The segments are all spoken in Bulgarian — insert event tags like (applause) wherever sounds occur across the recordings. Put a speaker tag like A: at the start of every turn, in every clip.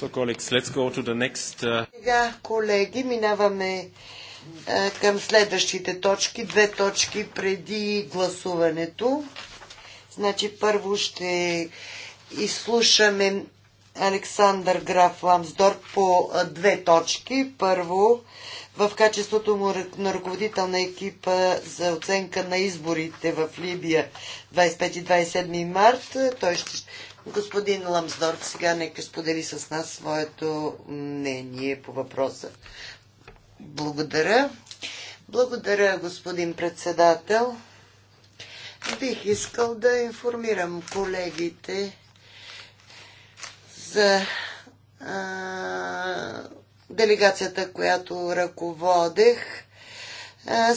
A: So, colleagues, let's go to the next... Uh... Сега, колеги, минаваме е, към следващите точки, две точки преди гласуването. Значи, първо ще изслушаме Александър Граф Ламсдор по е, две точки. Първо, в качеството му на ръководител на екипа за оценка на изборите в Либия 25 и 27 март, той ще, Господин Ламсдорф сега нека сподели с нас своето мнение по въпроса. Благодаря. Благодаря, господин председател. Бих искал да информирам колегите за а, делегацията, която ръководех.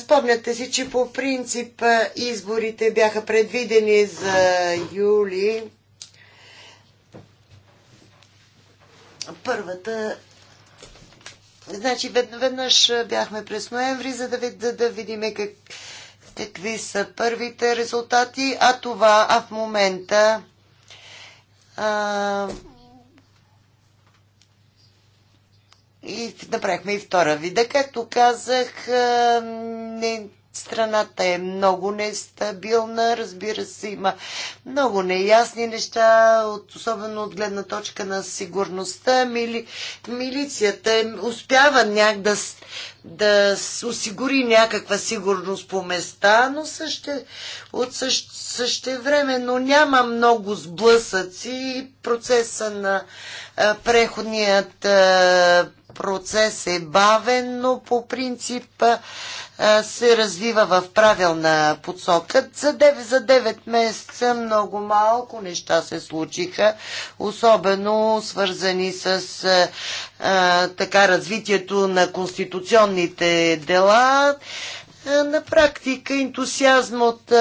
A: спомняте си, че по принцип изборите бяха предвидени за юли Първата Значи веднъж бяхме през ноември, за да, да, да видим как, какви са първите резултати, а това, а в момента а, и направихме и втора вида. Както казах, не, страната е много нестабилна, разбира се, има много неясни неща, от, особено от гледна точка на сигурността. Мили, милицията е, успява няк да, да осигури някаква сигурност по места, но също от време, но няма много сблъсъци и процеса на а, преходният а, процес е бавен, но по принцип се развива в правилна подсока. За 9, за 9 месеца много малко неща се случиха, особено свързани с а, така развитието на конституционните дела. На практика ентусиазмът,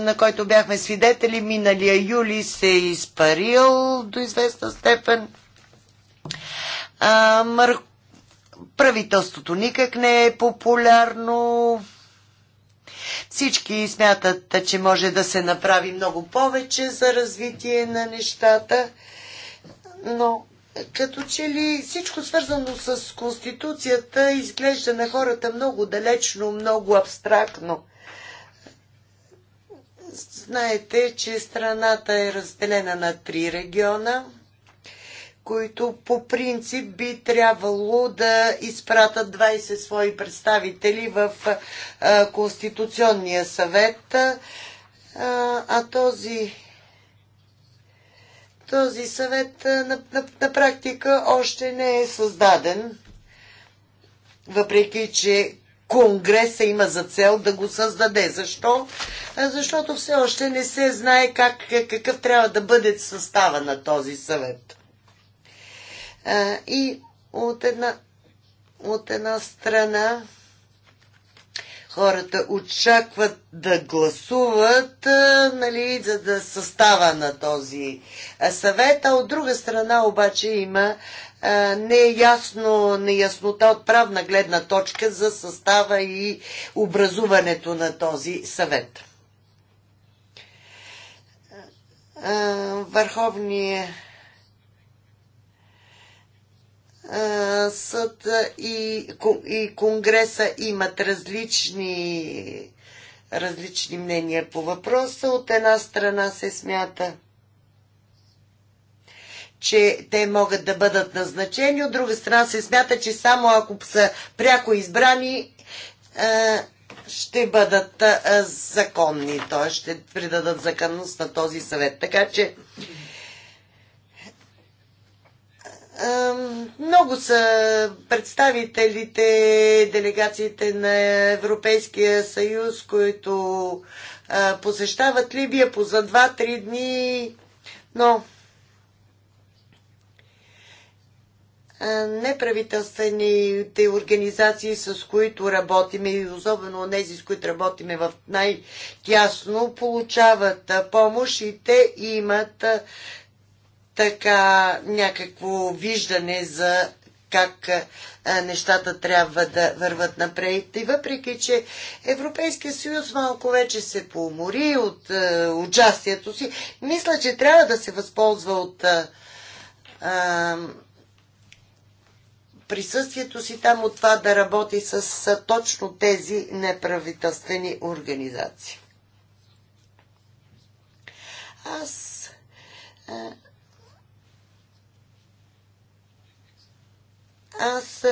A: на който бяхме свидетели миналия юли, се е изпарил до известна степен. Марко Правителството никак не е популярно. Всички смятат, че може да се направи много повече за развитие на нещата, но като че ли всичко свързано с Конституцията изглежда на хората много далечно, много абстрактно. Знаете, че страната е разделена на три региона – които по принцип би трябвало да изпратят 20 свои представители в Конституционния съвет, а този този съвет на, на, на практика още не е създаден, въпреки че Конгреса има за цел да го създаде. Защо? Защото все още не се знае как, какъв трябва да бъде състава на този съвет. И от една, от една страна хората очакват да гласуват, нали, за да състава на този съвет, а от друга страна обаче има неясно, неяснота от правна гледна точка за състава и образуването на този съвет. Върховният съд и, и Конгреса имат различни, различни мнения по въпроса. От една страна се смята, че те могат да бъдат назначени, от друга страна се смята, че само ако са пряко избрани, ще бъдат законни, т.е. ще придадат законност на този съвет. Така че много са представителите, делегациите на Европейския съюз, които посещават Либия по за 2-3 дни, но неправителствените организации, с които работиме и особено тези, с които работиме в най-тясно, получават помощ и те имат така някакво виждане за как нещата трябва да върват напред. И въпреки, че Европейския съюз малко вече се помори от е, участието си, мисля, че трябва да се възползва от е, е, присъствието си там, от това да работи с, с точно тези неправителствени организации. Аз Аз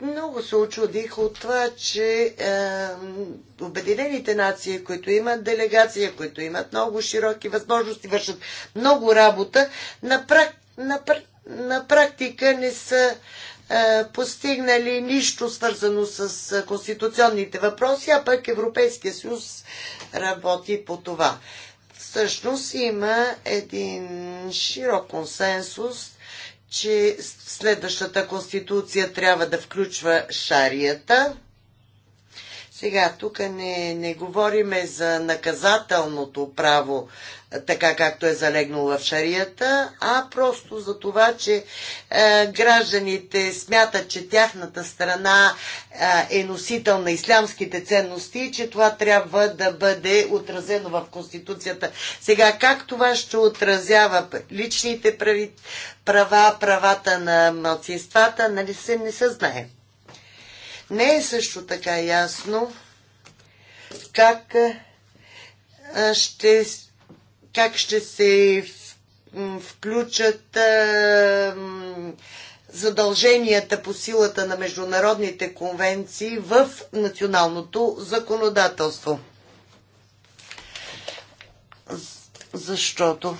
A: много се очудих от това, че е, Обединените нации, които имат делегация, които имат много широки възможности, вършат много работа, на, прак, на, на практика не са е, постигнали нищо свързано с конституционните въпроси, а пък Европейския съюз работи по това. Всъщност има един широк консенсус че следващата конституция трябва да включва шарията. Сега, тук не, не говориме за наказателното право, така както е залегнало в шарията, а просто за това, че е, гражданите смятат, че тяхната страна е, е носител на ислямските ценности и че това трябва да бъде отразено в Конституцията. Сега, как това ще отразява личните прави, права, правата на малцинствата, нали се не се знае. Не е също така ясно как ще, как ще се включат задълженията по силата на международните конвенции в националното законодателство. Защото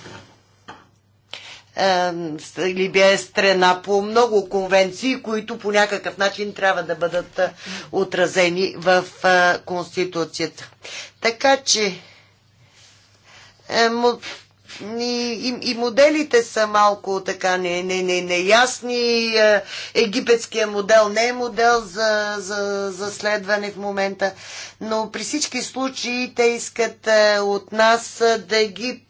A: Либия е страна по много конвенции, които по някакъв начин трябва да бъдат отразени в Конституцията. Така че и, и моделите са малко така не, не, не, неясни. Египетския модел не е модел за, за, за следване в момента, но при всички случаи те искат от нас да ги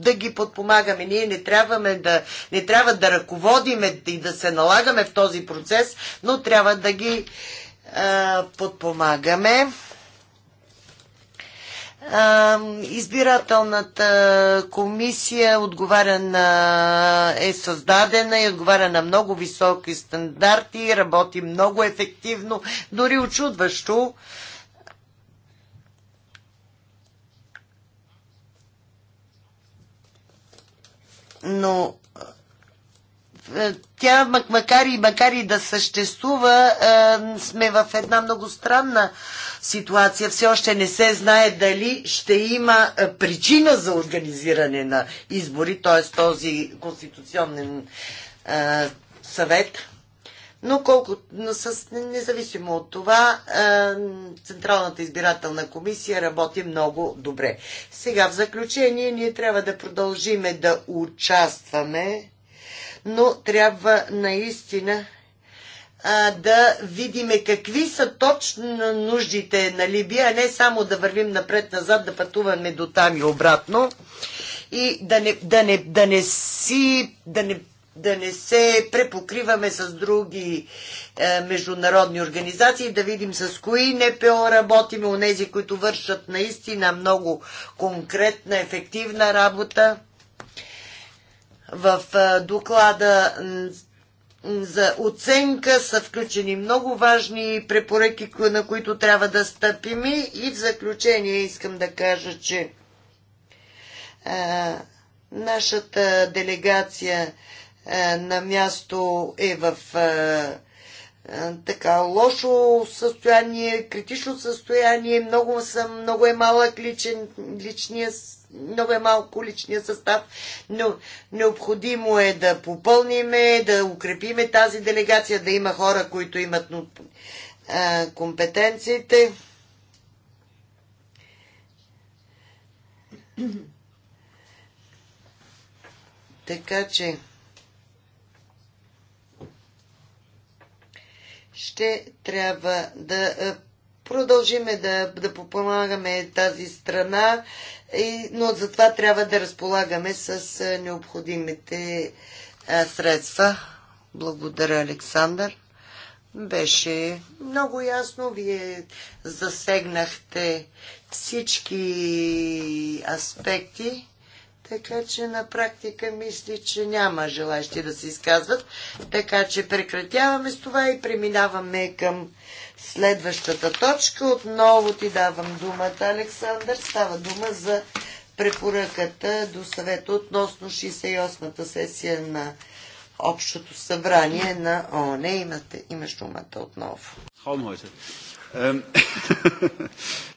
A: да ги подпомагаме. Ние не, трябваме да, не трябва да ръководиме и да се налагаме в този процес, но трябва да ги а, подпомагаме. А, избирателната комисия отговаря на, е създадена и отговаря на много високи стандарти, работи много ефективно, дори очудващо. А, но е, тя, макар и, макар и да съществува, е, сме в една много странна ситуация. Все още не се знае дали ще има е, причина за организиране на избори, т.е. този конституционен съвет. Но колко, но с, независимо от това, е, Централната избирателна комисия работи много добре. Сега в заключение ние трябва да продължиме да участваме, но трябва наистина а, да видиме какви са точно нуждите на Либия, а не само да вървим напред-назад, да пътуваме до там и обратно и да не, да не, да не си, да не да не се препокриваме с други е, международни организации, да видим с кои НПО работиме, нези, които вършат наистина много конкретна, ефективна работа. В е, доклада за оценка са включени много важни препоръки, на които трябва да стъпим и в заключение искам да кажа, че е, нашата делегация е, на място е в е, е, така лошо състояние, критично състояние, много, съм, много е малък личен, личния, много е малко личния състав, но необходимо е да попълниме, да укрепиме тази делегация, да има хора, които имат а, компетенциите. Така че ще трябва да е, продължиме да, да попомагаме тази страна, и, но затова трябва да разполагаме с е, необходимите е, средства. Благодаря, Александър. Беше много ясно. Вие засегнахте всички аспекти. Така че на практика мисли, че няма желащи да се изказват. Така че прекратяваме с това и преминаваме към следващата точка. Отново ти давам думата, Александър. Става дума за препоръката до съвета относно 68-та сесия на Общото събрание на ООН. Имате, имаш думата отново.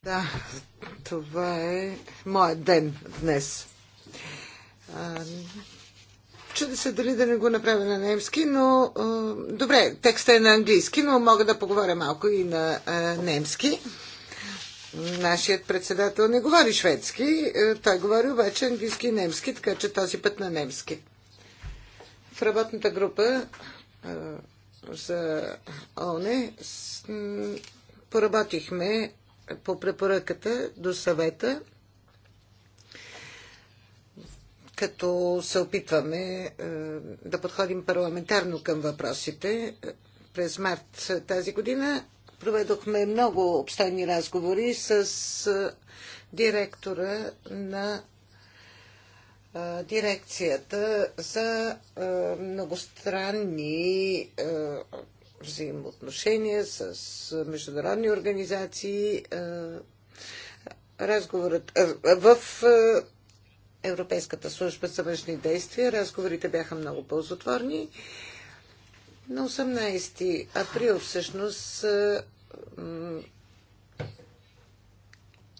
A: да, това е моят ден днес. Чуда се дали да не го направя на немски, но добре, текста е на английски, но мога да поговоря малко и на немски. Нашият председател не говори шведски, той говори обаче английски и немски, така че този път на немски. В работната група за ОНЕ поработихме по препоръката до съвета като се опитваме е, да подходим парламентарно към въпросите. През март тази година проведохме много обстойни разговори с е, директора на е, дирекцията за многостранни взаимоотношения с международни организации. Разговорът в Европейската служба за външни действия. Разговорите бяха много ползотворни. На 18 април всъщност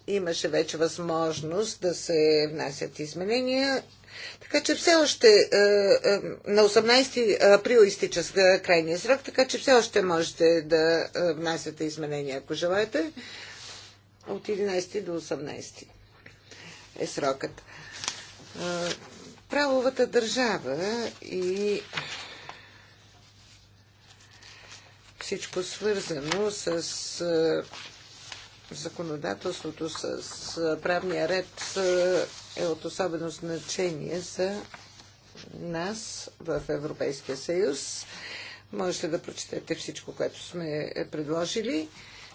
A: имаше вече възможност да се внасят изменения. Така че все още на 18 април изтича крайния срок, така че все още можете да внасяте изменения, ако желаете, от 11 до 18 е срокът правовата държава и всичко свързано с законодателството, с правния ред е от особено значение за нас в Европейския съюз. Можете да прочетете всичко, което сме предложили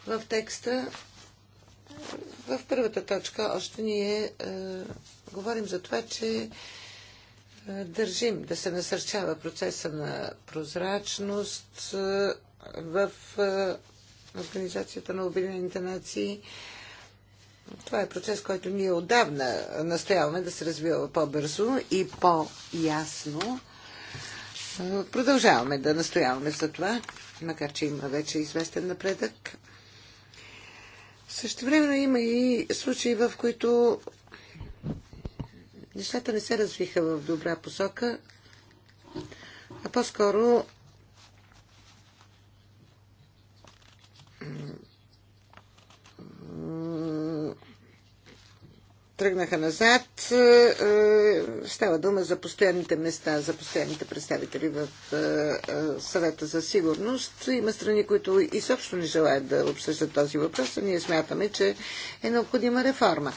A: в текста. В първата точка още ни е. Говорим за това, че е, държим да се насърчава процеса на прозрачност е, в е, Организацията на Обединените нации. Това е процес, който ние отдавна настояваме да се развива по-бързо и по-ясно. Продължаваме да настояваме за това, макар че има вече известен напредък. Също време има и случаи, в които Нещата не се развиха в добра посока, а по-скоро тръгнаха назад. Е, е, става дума за постоянните места, за постоянните представители в е, съвета за сигурност. Има страни, които изобщо не желаят да обсъждат този въпрос, а ние смятаме, че е необходима реформа.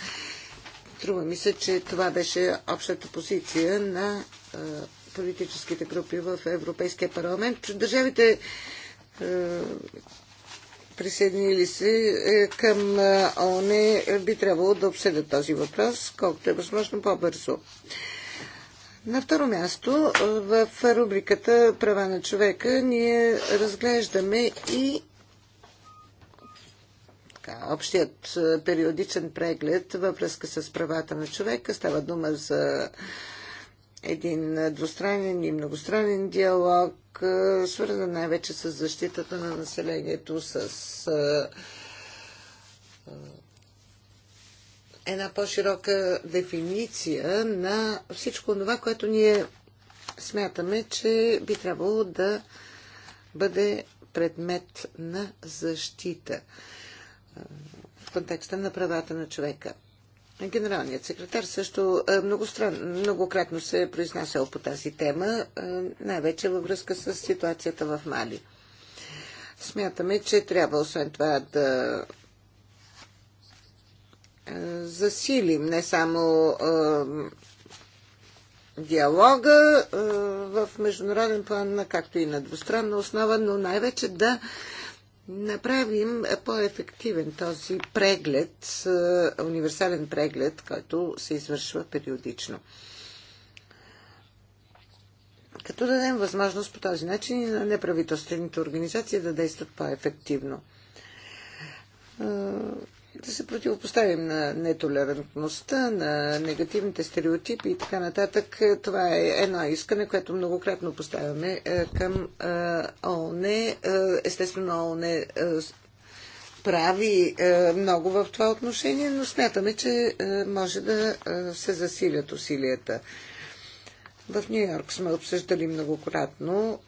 A: Струва ми се, че това беше общата позиция на политическите групи в Европейския парламент. Държавите присъединили се е, към ОНЕ би трябвало да обсъдят този въпрос, колкото е възможно по-бързо. На второ място, в рубриката Права на човека ние разглеждаме и така, общият е, периодичен преглед във връзка с правата на човека. Става дума за един е, двустранен и многостранен диалог, е, свързан най-вече с защитата на населението, с една по-широка дефиниция на всичко това, което ние смятаме, че би трябвало да бъде предмет на защита в контекста на правата на човека. Генералният секретар също е, стран, многократно се е произнасял по тази тема, е, най-вече във връзка с ситуацията в Мали. Смятаме, че трябва освен това да е, засилим не само диалога в международен план, както и на двустранна основа, но най-вече да направим по-ефективен този преглед, е, универсален преглед, който се извършва периодично. Като дадем възможност по този начин и на неправителствените организации да действат по-ефективно. Е, да се противопоставим на нетолерантността, на негативните стереотипи и така нататък. Това е едно искане, което многократно поставяме е, към е, ООН. Е, естествено, ООН прави много в това отношение, но смятаме, че може да се засилят усилията. В Нью Йорк сме обсъждали многократно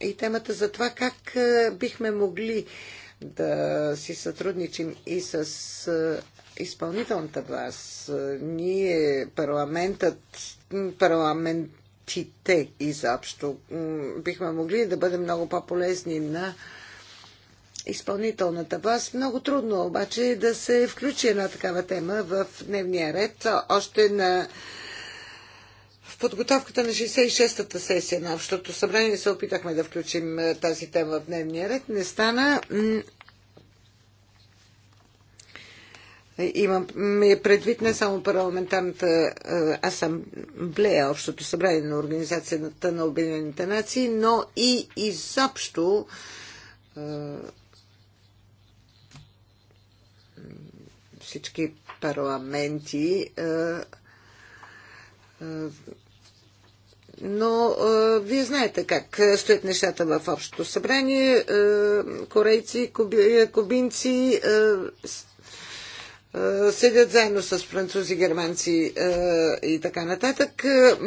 A: и темата за това как бихме могли да си сътрудничим и с изпълнителната власт. Ние, парламентът, парламентите изобщо, бихме могли да бъдем много по-полезни на изпълнителната власт. Много трудно обаче е да се включи една такава тема в дневния ред. Още на подготовката на 66-та сесия на Общото събрание се опитахме да включим е, тази тема в дневния ред. Не стана. Имам е предвид не само парламентарната е, асамблея, Общото събрание на Организацията на Обединените нации, но и изобщо всички парламенти но а, вие знаете как стоят нещата в Общото събрание. А, корейци, куби, кубинци а, е, седят заедно с французи, германци е, и така нататък, е,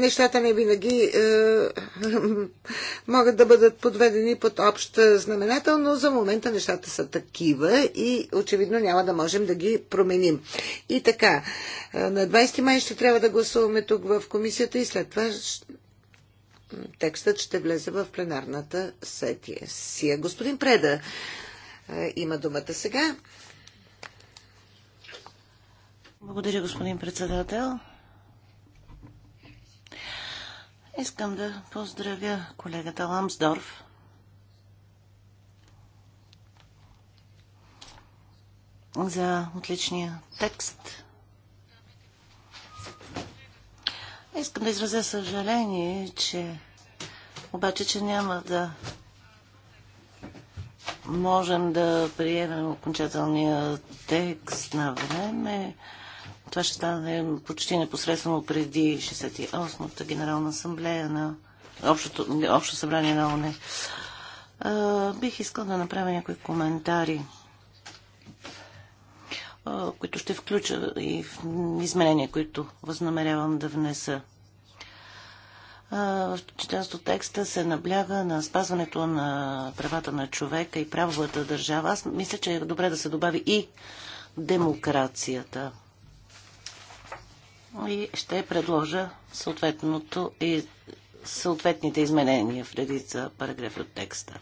A: нещата не винаги (laughs) могат да бъдат подведени под общ знаменател, но за момента нещата са такива и очевидно няма да можем да ги променим. И така, на 20 май ще трябва да гласуваме тук в комисията и след това текстът ще влезе в пленарната сетия. Сия господин Преда има думата сега.
B: Благодаря, господин председател. Искам да поздравя колегата Ламсдорф. за отличния текст. Искам да изразя съжаление, че обаче, че няма да можем да приемем окончателния текст на време. Това ще стане почти непосредствено преди 68-та Генерална асамблея на Общото, Общо събрание на ОНЕ. Бих искал да направя някои коментари, които ще включа и в изменения, които възнамерявам да внеса. в част от текста се набляга на спазването на правата на човека и правовата държава. Аз мисля, че е добре да се добави и демокрацията и ще предложа съответното и съответните изменения в редица параграфи от текста.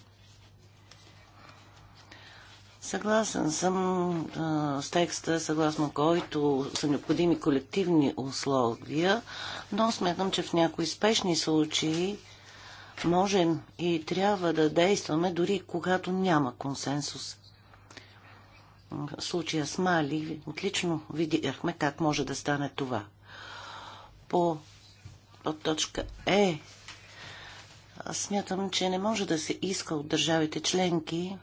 B: Съгласен съм а, с текста, съгласно който са необходими колективни условия, но смятам, че в някои спешни случаи можем и трябва да действаме дори когато няма консенсус. В случая с Мали отлично видяхме как може да стане това по точка Е, аз смятам, че не може да се иска от държавите членки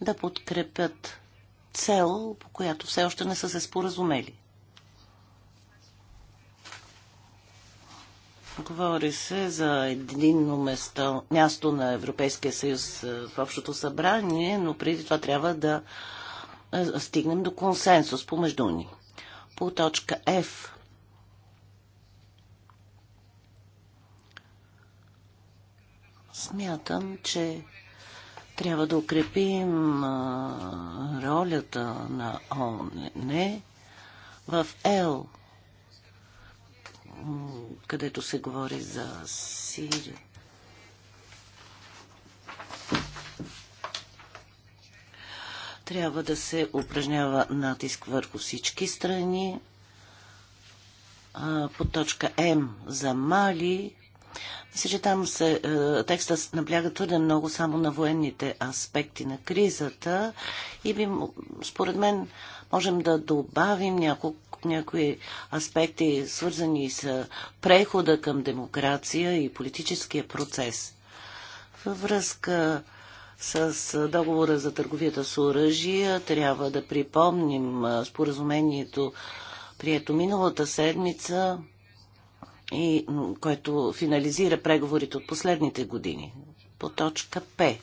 B: да подкрепят цел, по която все още не са се споразумели. Говори се за единно место, място на Европейския съюз е, в Общото събрание, но преди това трябва да е, стигнем до консенсус помежду ни. По точка F Смятам, че трябва да укрепим ролята на ООН в ЕЛ, където се говори за Сирия. Трябва да се упражнява натиск върху всички страни. По точка М за Мали мисля, че там се, е, текста набляга твърде много само на военните аспекти на кризата и би, според мен можем да добавим няколко, някои аспекти, свързани с прехода към демокрация и политическия процес. Във връзка с е, договора за търговията с оръжия трябва да припомним е, споразумението, прието миналата седмица и, който финализира преговорите от последните години. По точка П.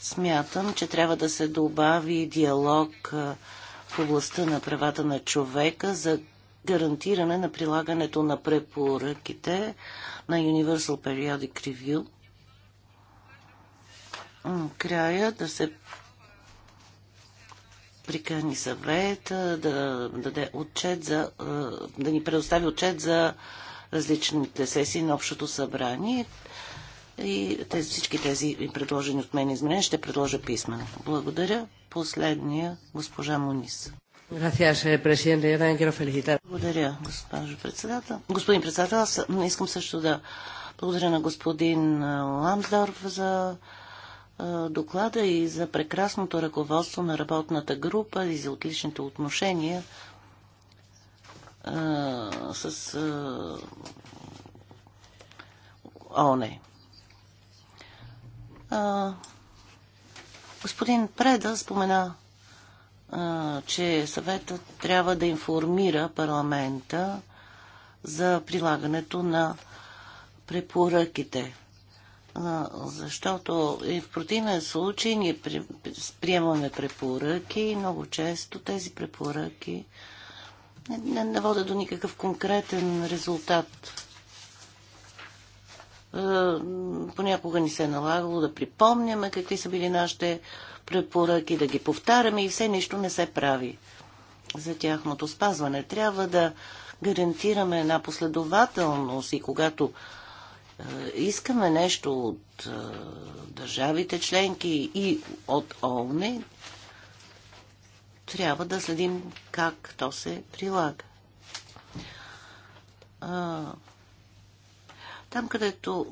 B: Смятам, че трябва да се добави диалог в областта на правата на човека за гарантиране на прилагането на препоръките на Universal Periodic Review. Края да се прикани съвет, да даде отчет за, е, да ни предостави отчет за различните сесии на общото събрание. И тези, всички тези предложени от мен изменения ще предложа писмено. Благодаря. Последния госпожа Мунис. Eh, благодаря, госпожо председател. Господин председател, аз искам също да благодаря на господин е, Ламсдорф за доклада и за прекрасното ръководство на работната група и за отличните отношения а, с а, ОНЕ. А, господин Преда спомена, а, че съветът трябва да информира парламента за прилагането на препоръките защото и в противен случай ние приемаме препоръки и много често тези препоръки не, не, не водят до никакъв конкретен резултат. Понякога ни се е налагало да припомняме какви са били нашите препоръки, да ги повтаряме и все нищо не се прави за тяхното спазване. Трябва да гарантираме една последователност и когато е, искаме нещо от е, държавите членки и от ООН, трябва да следим как то се прилага. Там, където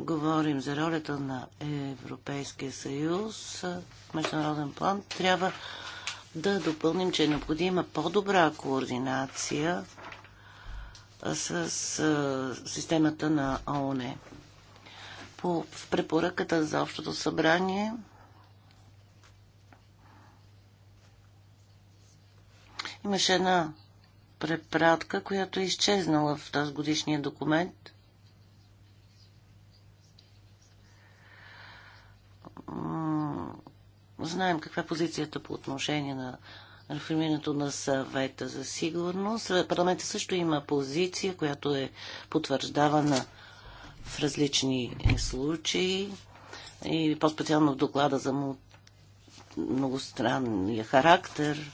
B: говорим за ролята на Европейския съюз, е, международен план, трябва да допълним, че е необходима по-добра координация с, системата на ООН. По в препоръката за общото събрание имаше една препратка, която е изчезнала в тази годишния документ. Знаем каква е позицията по отношение на реформирането на съвета за сигурност. Парламентът също има позиция, която е потвърждавана в различни случаи и по-специално в доклада за многостранния характер.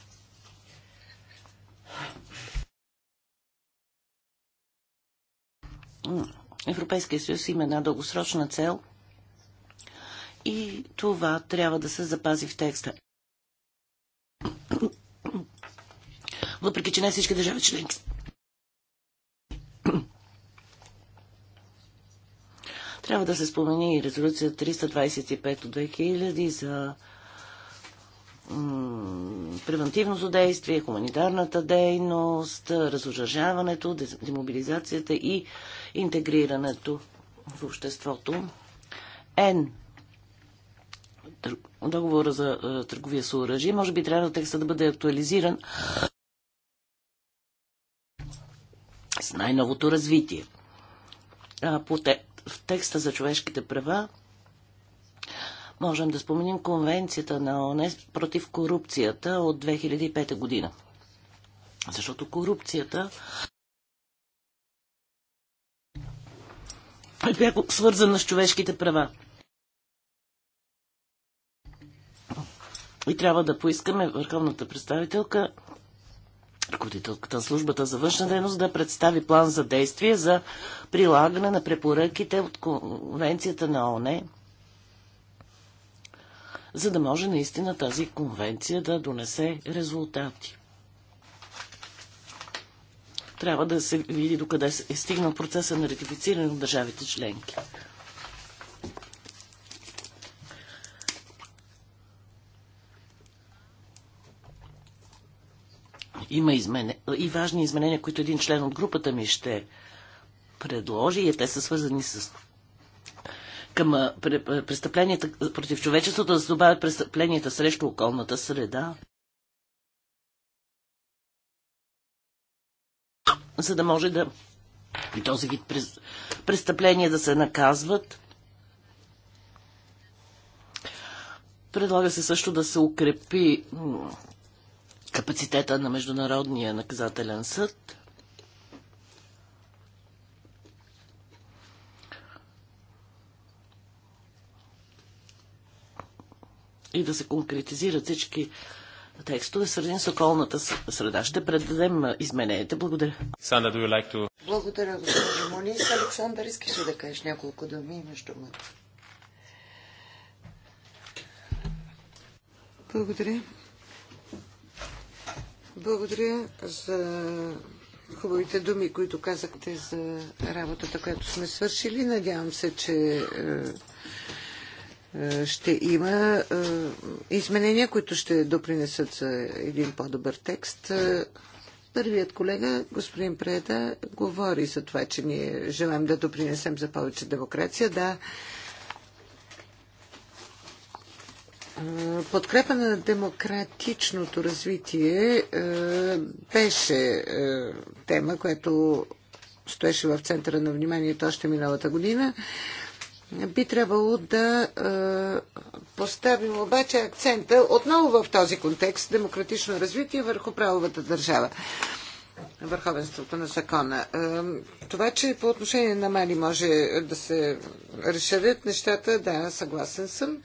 B: Европейския съюз има една дългосрочна цел и това трябва да се запази в текста въпреки че не всички държави членки. Трябва да се спомени и резолюция 325 от 2000 за превентивното действие, хуманитарната дейност, разоръжаването, демобилизацията и интегрирането в обществото. Н. Договора за търговия с оръжие. Може би трябва текста да бъде актуализиран, с най-новото развитие. А, по те, в текста за човешките права можем да споменим конвенцията на ОНЕ против корупцията от 2005 година. Защото корупцията е пряко свързана с човешките права. И трябва да поискаме върховната представителка ръководителката на службата за външна дейност да представи план за действие за прилагане на препоръките от конвенцията на ОНЕ, за да може наистина тази конвенция да донесе резултати. Трябва да се види докъде е стигнал процеса на ратифициране от държавите членки. Има измене... и важни изменения, които един член от групата ми ще предложи и те са свързани с към престъпленията против човечеството да се добавят престъпленията срещу околната среда. За да може да и този вид престъпления да се наказват. Предлага се също да се укрепи капацитета на Международния наказателен съд. И да се конкретизират всички текстове, свързани с околната среда. Ще предадем измененията. Благодаря. Санда, do you like to...
A: Благодаря, господин Монис. Александър, искаш ли да кажеш няколко думи Имаш думата? Благодаря. Благодаря за хубавите думи, които казахте за работата, която сме свършили. Надявам се, че е, е, ще има е, изменения, които ще допринесат за един по-добър текст. Първият колега, господин Преда, говори за това, че ние желаем да допринесем за повече демокрация. Да, Е, подкрепа на демократичното развитие е, беше е, тема, която стоеше в центъра на вниманието още миналата година. Би трябвало да поставим обаче акцента отново в този контекст демократично развитие върху правовата държава върховенството на закона. Това, че по отношение на Мали може да се решават нещата, да, съгласен съм.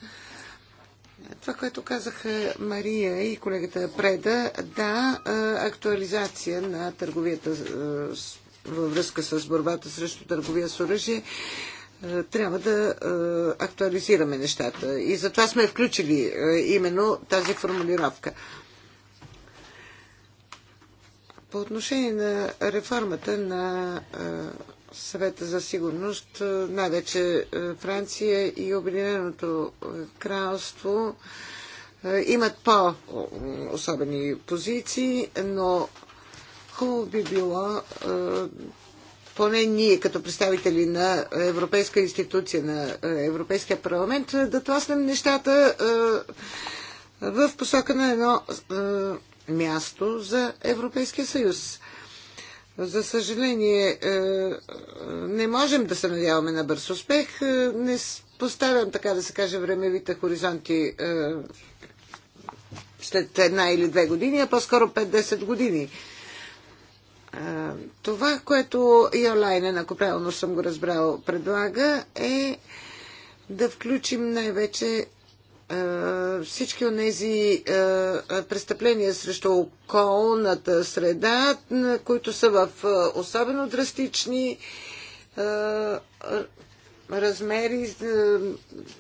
A: Това, което казаха Мария и колегата Преда, да, актуализация на търговията във връзка с борбата срещу търговия с оръжие трябва да актуализираме нещата. И затова сме включили именно тази формулировка. По отношение на реформата на съвета за сигурност, е, най-вече е, Франция и Обединеното е, кралство имат по-особени позиции, но хубаво би било поне ние като представители на Европейска институция, на Европейския парламент, да тласнем нещата в посока на едно място за Европейския съюз. За съжаление, е, е, не можем да се надяваме на бърз успех. Е, не поставям, така да се каже, времевите хоризонти след една или две години, а по-скоро 5-10 години. Това, което и Йолайнен, ако правилно съм го разбрал, предлага е да включим най-вече е, всички от тези е, престъпления срещу околната среда, които са в е, особено драстични размери,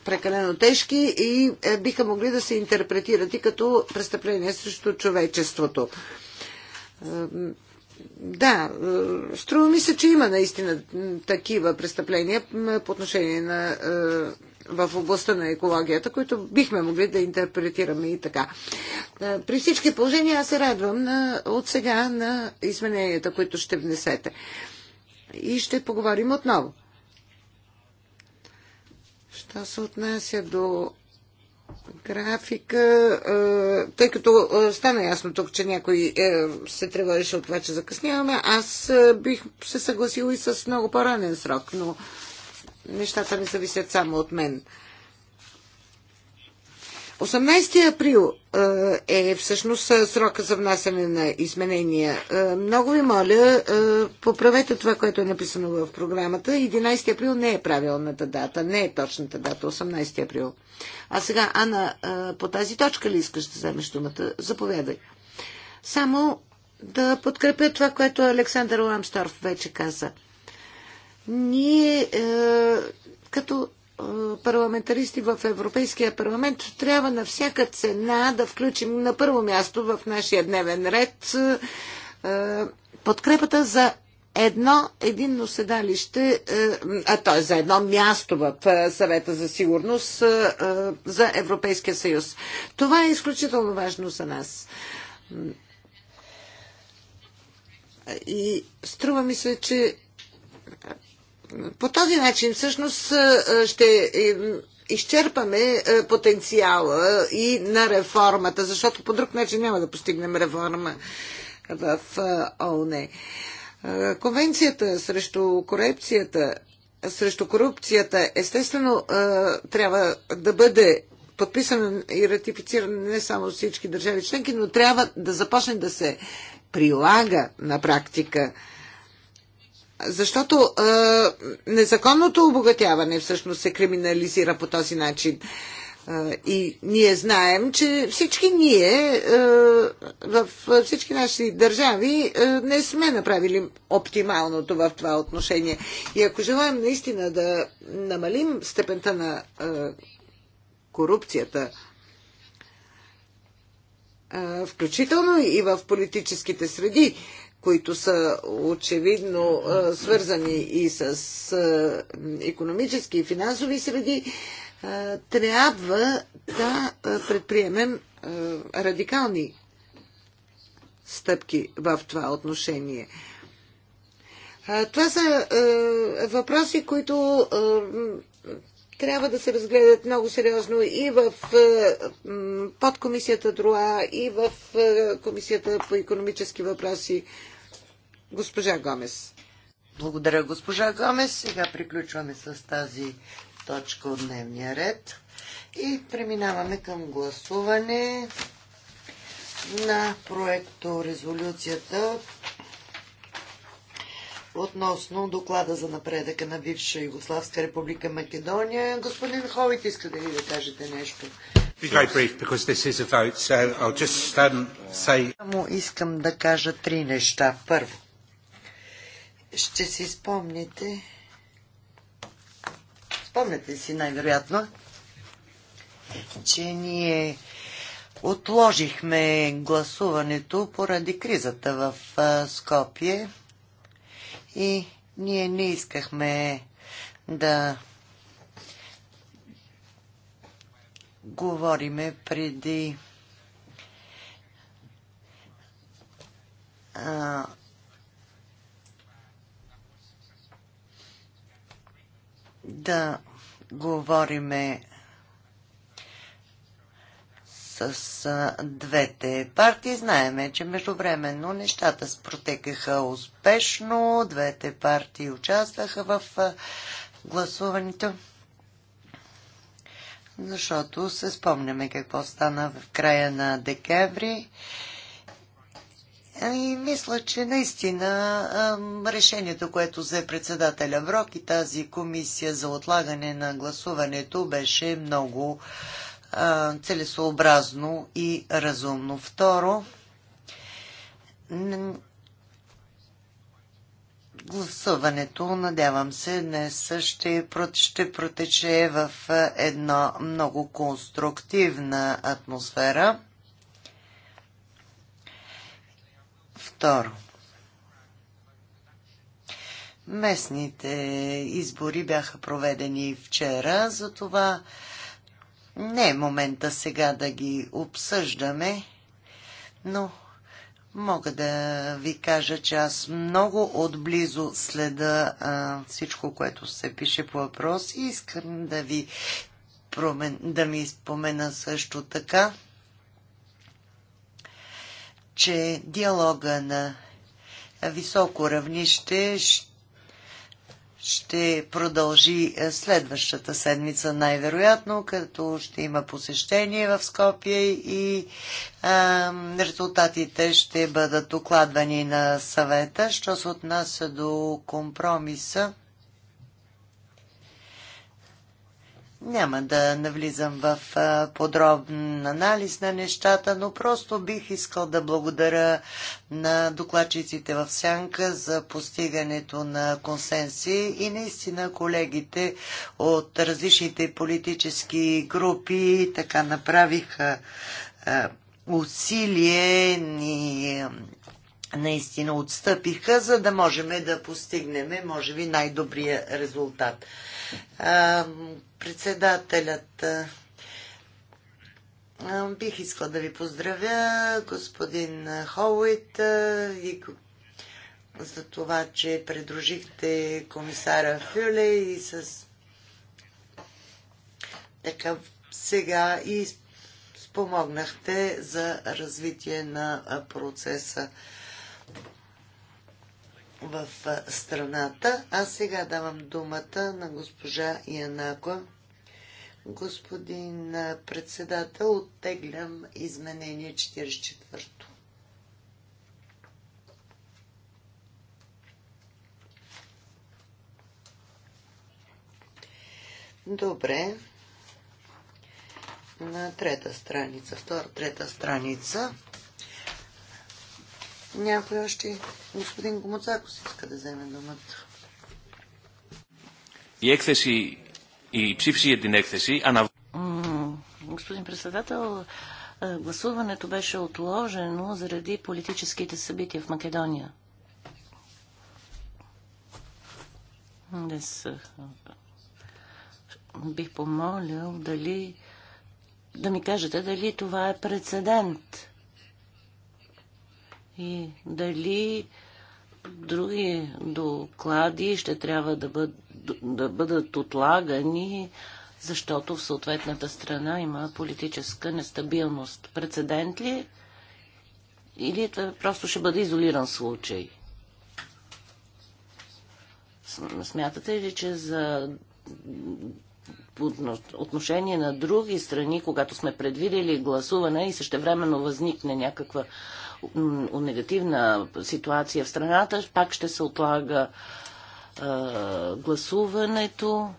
A: прекалено тежки и биха могли да се интерпретират и като престъпления срещу човечеството. Да, струва ми се, че има наистина такива престъпления по отношение на в областта на екологията, които бихме могли да интерпретираме и така. Е, при всички положения аз се радвам на, от сега на измененията, които ще внесете. И ще поговорим отново. Що се отнася до графика, е, тъй като е, стана ясно тук, че някой се тревожеше от това, че закъсняваме, аз бих се съгласил и с много по-ранен срок, но нещата не зависят само от мен. 18 април е, е всъщност е, срока за внасяне на изменения. Е, много ви моля, поправете това, което е написано в програмата. 11 април не е правилната дата, не е точната дата, 18 април. А сега, Ана, по тази точка ли искаш да вземеш думата? Заповядай. Само да подкрепя това, което Александър Ламсторф вече каза. Ние е, като е, парламентаристи в Европейския парламент трябва на всяка цена да включим на първо място в нашия дневен ред е, подкрепата за едно единно седалище, е, а т.е. за едно място в е, съвета за сигурност за Европейския съюз. Това е изключително важно за нас. И струва ми се, че по този начин всъщност е, е, ще е, изчерпаме потенциала и на реформата, защото по друг начин няма да постигнем реформа в ООН. Конвенцията срещу корупцията, срещу корупцията естествено трябва да бъде подписана и ратифицирана не само всички държави членки, но трябва да започне да се прилага на практика. Защото а, незаконното обогатяване всъщност се криминализира по този начин. И ние знаем, че всички ние в всички наши държави не сме направили оптималното в това отношение. И ако желаем наистина да намалим степента на корупцията, включително и в политическите среди, които са очевидно свързани и с економически и финансови среди, трябва да предприемем радикални стъпки в това отношение. Това са въпроси, които трябва да се разгледат много сериозно и в е, подкомисията ДРУА, и в е, комисията по економически въпроси. Госпожа Гомес. Благодаря, госпожа Гомес. Сега приключваме с тази точка от дневния ред и преминаваме към гласуване на проекто резолюцията относно доклада за напредъка на бивша Югославска република Македония. Господин Ховит, иска да ви да кажете нещо. Само искам да кажа три неща. Първо, ще си спомните, спомняте си най-вероятно, че ние отложихме гласуването поради кризата в Скопие и ние не искахме да говориме преди а, да говориме с двете партии. Знаеме, че междувременно нещата протекаха успешно, двете партии участваха в гласуването. Защото се спомняме какво стана в края на декември. И мисля, че наистина решението, което взе председателя Брок и тази комисия за отлагане на гласуването беше много целесообразно и разумно. Второ, гласуването, надявам се, днес ще, ще протече в една много конструктивна атмосфера. Второ. Местните избори бяха проведени вчера, затова това не е момента сега да ги обсъждаме, но мога да ви кажа, че аз много отблизо следа а, всичко, което се пише по въпрос и искам да ви промен, да ми спомена също така, че диалога на високо равнище ще ще продължи е, следващата седмица най-вероятно, като ще има посещение в Скопия, и а, резултатите ще бъдат докладвани на съвета. Що се отнася до компромиса, Няма да навлизам в подробен анализ на нещата, но просто бих искал да благодаря на докладчиците в Сянка за постигането на консенси и наистина колегите от различните политически групи така направиха усилие и наистина отстъпиха, за да можем да постигнем, може би, най-добрия резултат. Председателят бих искал да ви поздравя, господин Холуит, и за това, че предружихте комисара Фюле и с така сега и спомогнахте за развитие на процеса в страната. А сега давам думата на госпожа Янако. Господин председател, оттеглям изменение 44-то. Добре. На трета страница, втора, трета страница. Някой още? Господин Гомоцакос иска
B: да вземе думата.
A: И екфеси и ψήφιση για την έκθεση ανα...
B: Господин председател, гласуването беше отложено заради политическите събития в Македония. Днес бих помолил дали да ми кажете дали това е прецедент и дали други доклади ще трябва да, бъд, да бъдат отлагани, защото в съответната страна има политическа нестабилност. Прецедент ли? Е? Или това просто ще бъде изолиран случай? Смятате ли, че за отношение на други страни, когато сме предвидели гласуване и същевременно възникне някаква негативна ситуация в страната, пак ще се отлага е, гласуването,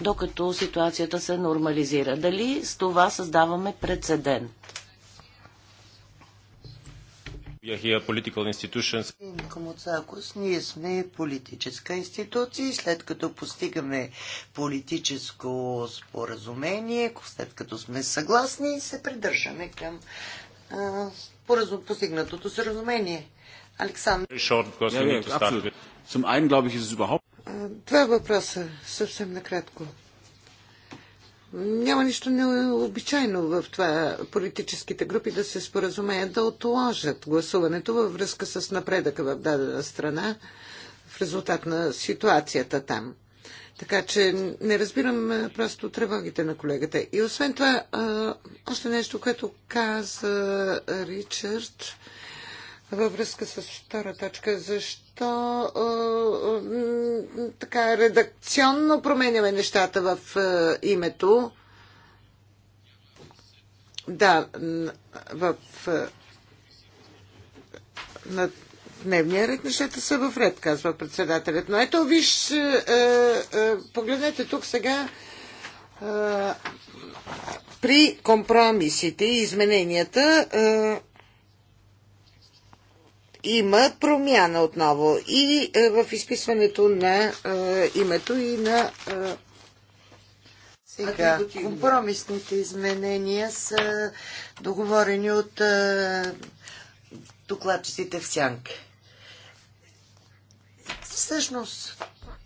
B: докато ситуацията се нормализира. Дали с това създаваме прецедент?
A: ние сме политическа институция и след като постигаме политическо споразумение, след като сме съгласни, се придържаме към поразум, постигнатото споразумение. Александър. Това е въпроса, съвсем накратко. Няма нищо необичайно в това политическите групи да се споразумеят да отложат гласуването във връзка с напредъка в дадена страна в резултат на ситуацията там. Така че не разбирам просто тревогите на колегата. И освен това, още нещо, което каза Ричард във връзка с втора точка. Защо така редакционно променяме нещата в името? Да, в. на дневния ред нещата са в ред, казва председателят. Но ето, виж, е, е, е погледнете тук сега е, при компромисите и измененията е, има промяна отново и е, в изписването на името и на сега, компромисните изменения са договорени от докладчиците в сянка. Всъщност,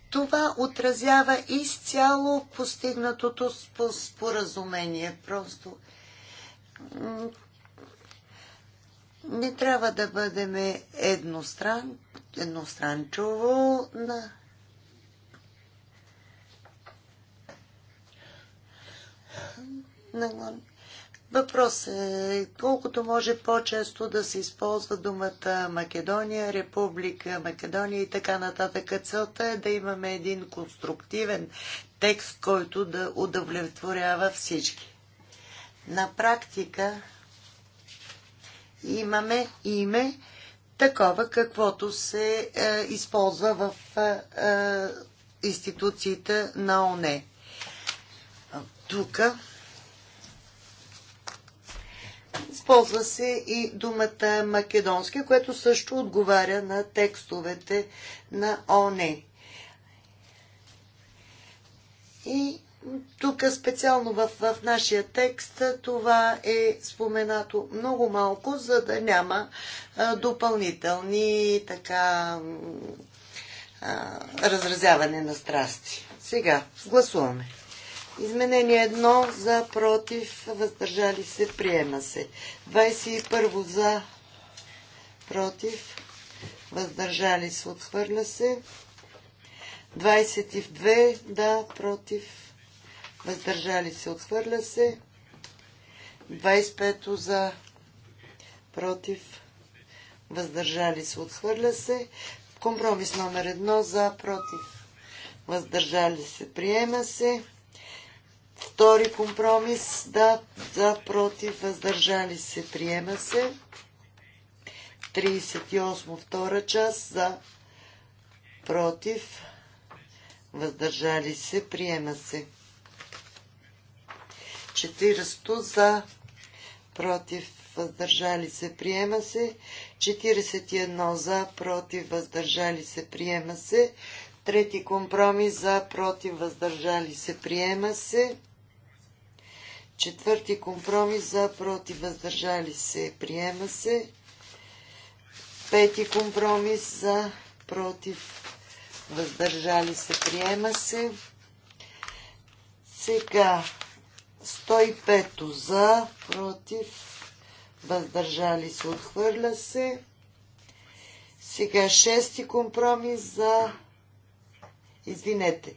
A: това отразява изцяло постигнатото споразумение. Просто не трябва да бъдем едностран, едностранчово на на Въпрос е колкото може по-често да се използва думата Македония, Република Македония и така нататък. Целта е да имаме един конструктивен текст, който да удовлетворява всички. На практика имаме име такова, каквото се е, използва в е, е институциите на ОНЕ. Тук Използва се и думата македонски, което също отговаря на текстовете на ОНЕ. И тук специално в, в нашия текст това е споменато много малко, за да няма а, допълнителни така а, разразяване на страсти. Сега гласуваме. Изменение 1 за против, въздържали се, приема се. 21 за против, въздържали се, отхвърля се. 22 да против, въздържали се, отхвърля се. 25 за против, въздържали се, отхвърля се. Компромис номер 1 за против, въздържали се, приема се. Втори компромис, да, за, против, въздържали се, приема се. 38 втора част, за, против, въздържали се, приема се. 40 за, против, въздържали се, приема се. 41 за, против, въздържали се, приема се. Трети компромис за, против, въздържали се, приема се. Четвърти компромис за против въздържали се. Приема се. Пети компромис за против въздържали се. Приема се. Сега 105 за против въздържали се. Отхвърля се. Сега шести компромис за Извинете.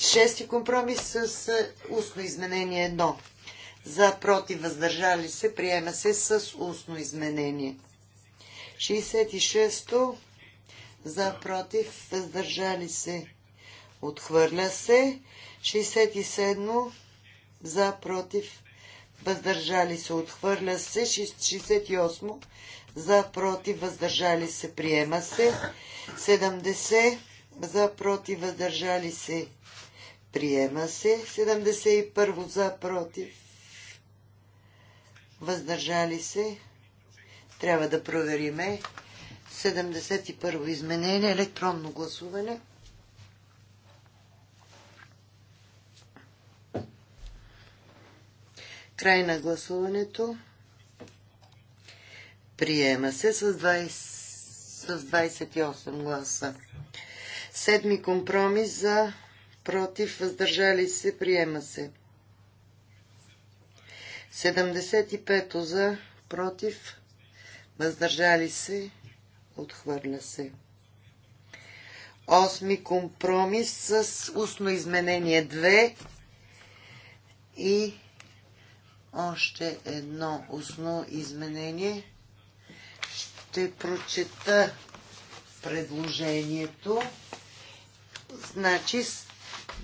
A: Шести компромис с е, устно изменение 1. За, против, въздържали се, приема се с устно изменение. 66-то. За, против, въздържали се, отхвърля се. 67-то. За, против, въздържали се, отхвърля се. 68-то. За, против, въздържали се, приема се. 70 за против, въздържали се, приема се. 71 за против, въздържали се. Трябва да провериме. 71 изменение, електронно гласуване. Край на гласуването. Приема се с, 20, с 28 гласа. Седми компромис за против, въздържали се, приема се. 75 за против, въздържали се, отхвърля се. Осми компромис с устно изменение 2 и още едно устно изменение. Ще прочета предложението. Значи,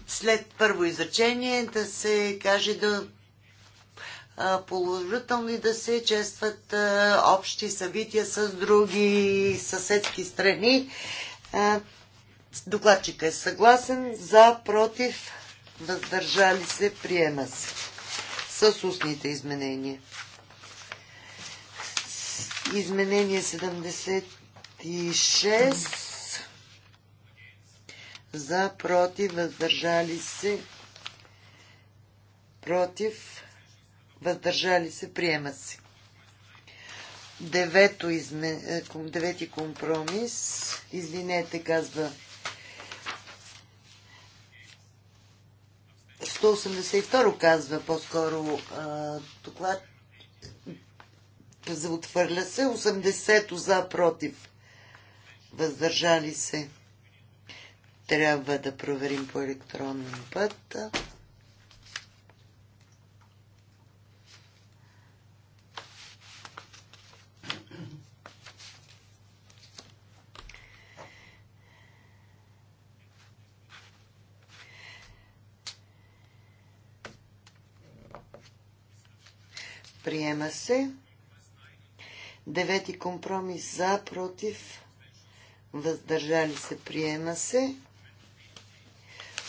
A: след първо изречение да се каже да положително и да се честват общи събития с други съседски страни. Докладчика е съгласен. За, против, въздържали се, приема се. С устните изменения. Изменение 76 за, против, въздържали се, против, въздържали се, приема се. Девето изме, е, девети компромис, извинете, казва 182 казва по-скоро доклад отвърля се, 80 за против. Въздържали се трябва да проверим по електронен път. Приема се. Девети компромис за, против, въздържали се, приема се.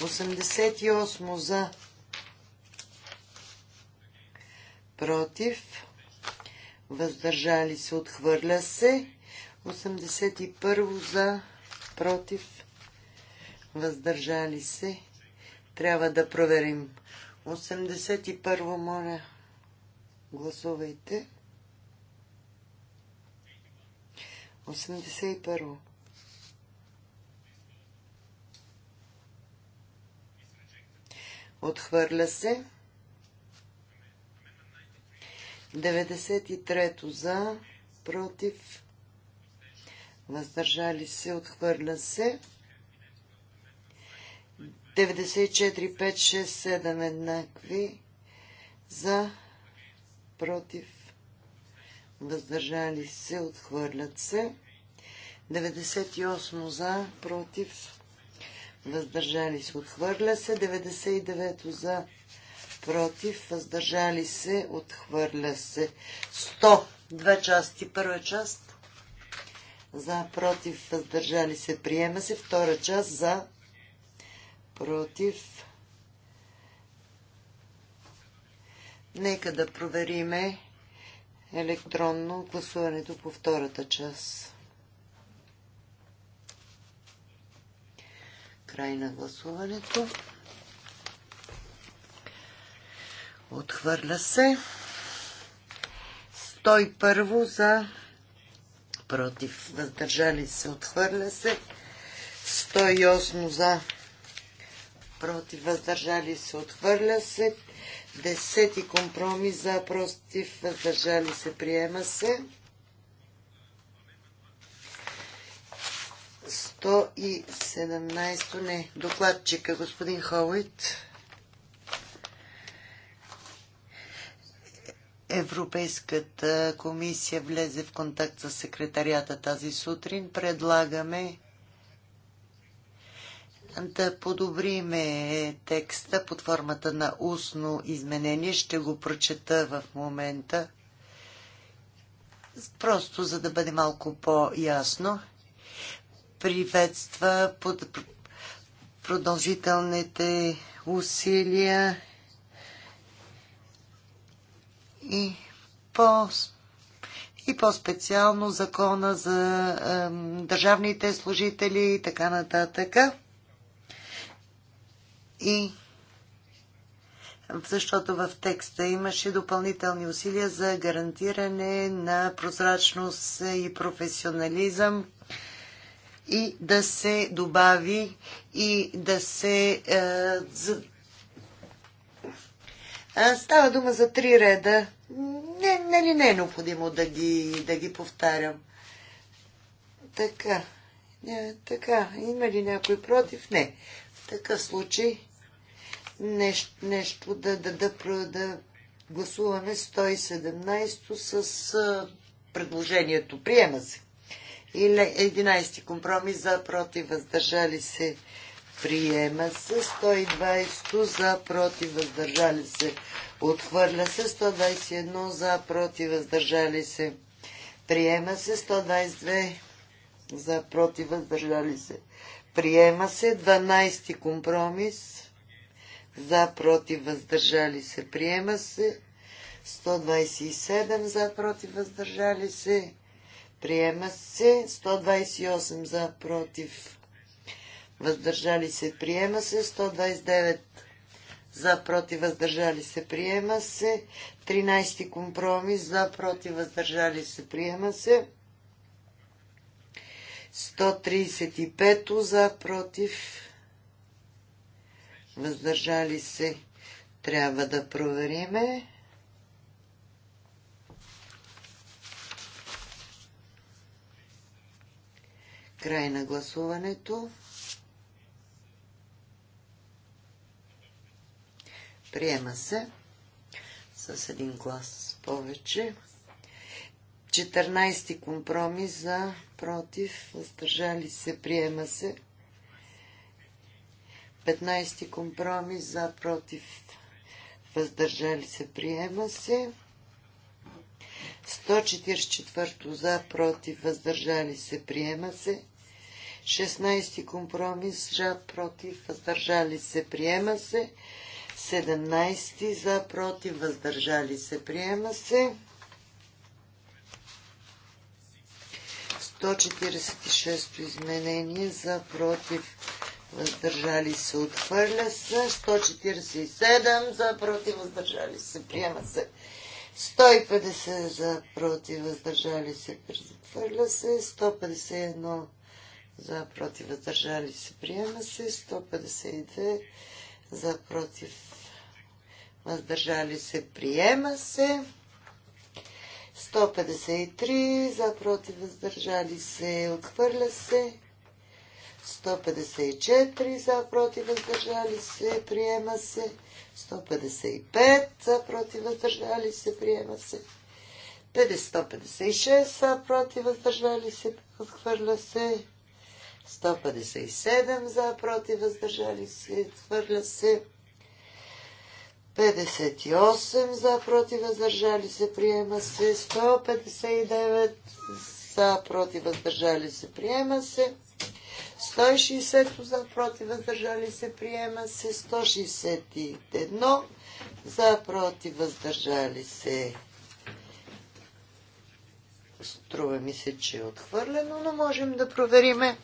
A: 88 за против. Въздържали се, отхвърля се. 81 за против. Въздържали се. Трябва да проверим. 81 моля. Гласувайте. 81. Отхвърля се. 93-то за, против, въздържали се, отхвърля се. 94, 5, 6, 7 еднакви за, против, въздържали се, отхвърлят се. 98 за, против, въздържали се, отхвърля се, 99 за, против, въздържали се, отхвърля се, 100, две части, първа част, за, против, въздържали се, приема се, втора част, за, против, Нека да провериме електронно гласуването по втората част. Край на гласуването. Отхвърля се. 101 за против. Въздържали се. Отхвърля се. 108 за против. Въздържали се. Отхвърля се. Десети компромис за против. Въздържали се. Приема се. 117 не, докладчика господин Ховит. Европейската комисия влезе в контакт с секретарията тази сутрин. Предлагаме да подобриме текста под формата на устно изменение. Ще го прочета в момента. Просто за да бъде малко по-ясно приветства под продължителните усилия и по и по-специално закона за е, държавните служители и така нататък. И защото в текста имаше допълнителни усилия за гарантиране на прозрачност и професионализъм и да се добави и да се. Е, за... а, става дума за три реда. Не, не ли не е необходимо да ги, да ги повтарям? Така. Не, така. Има ли някой против? Не. В такъв случай нещо, нещо да, да, да, да, да гласуваме 117 с а, е, предложението. Приема се. И 11 компромис за против въздържали се приема се. 120 за против въздържали се отхвърля се. 121 за против въздържали се приема се. 122 за против въздържали се приема се. 12 компромис за против въздържали се приема се. 127 за против въздържали се. Приема се 128 за против. Въздържали се. Приема се 129 за против. Въздържали се. Приема се 13 компромис за против. Въздържали се. Приема се 135 за против. Въздържали се. Трябва да провериме. Край на гласуването. Приема се с един глас повече. 14 компромис за против, въздържали се, приема се. 15 компромис за против, въздържали се, приема се. 144 за, против, въздържали се, приема се. 16 компромис за, против, въздържали се, приема се. 17 за, против, въздържали се, приема се. 146 изменение за, против, въздържали се, отхвърля се. 147 за, против, въздържали се, приема се. 150 за против, въздържали се, прехвърля се. 151 за против, въздържали се, приема се. 152 за против, въздържали се, приема се. 153 за против, въздържали се, отхвърля се. 154 за против, въздържали се, приема се. 155 за против въздържали се, приема се. 156 за против въздържали се, отхвърля се. 157 за против въздържали се, отхвърля се. 58 за против въздържали се, приема се. 159 за против въздържали се, приема се. 160 за против въздържали се приема се 161 за против въздържали се струва ми се, че е отхвърлено, но можем да провериме.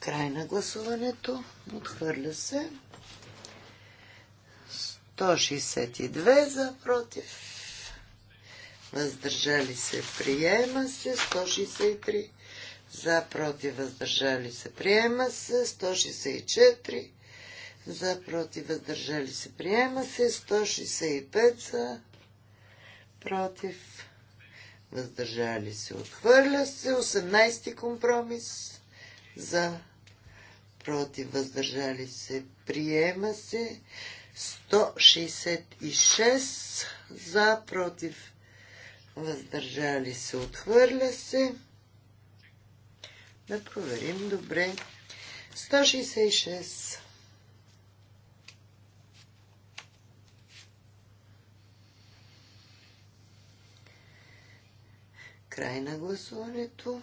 A: Край на гласуването. Отхвърля се. 162 за против. Въздържали се, приема се. 163 за против, въздържали се, приема се. 164 за против, въздържали се, приема се. 165 за против, въздържали се, отхвърля се. 18 компромис за против, въздържали се, приема се. 166 за, против, въздържали се, отхвърля се. Да проверим добре. 166. Край на гласуването.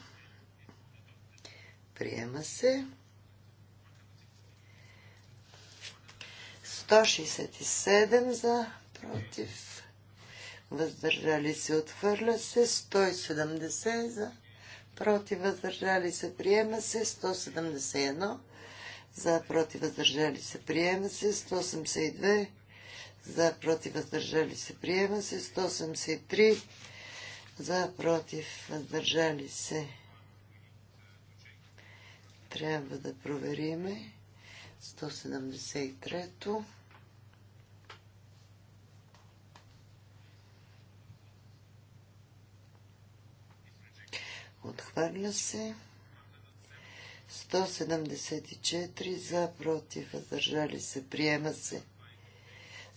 A: Приема се. 167 за против. Въздържали се, отхвърля се. 170 за против, въздържали се, приема се. 171 за против, въздържали се, приема се. 182 за против, въздържали се, приема се. 183 за против, въздържали се. Трябва да провериме. 173 Отхвърля се. 174 за, против, въздържали се, приема се.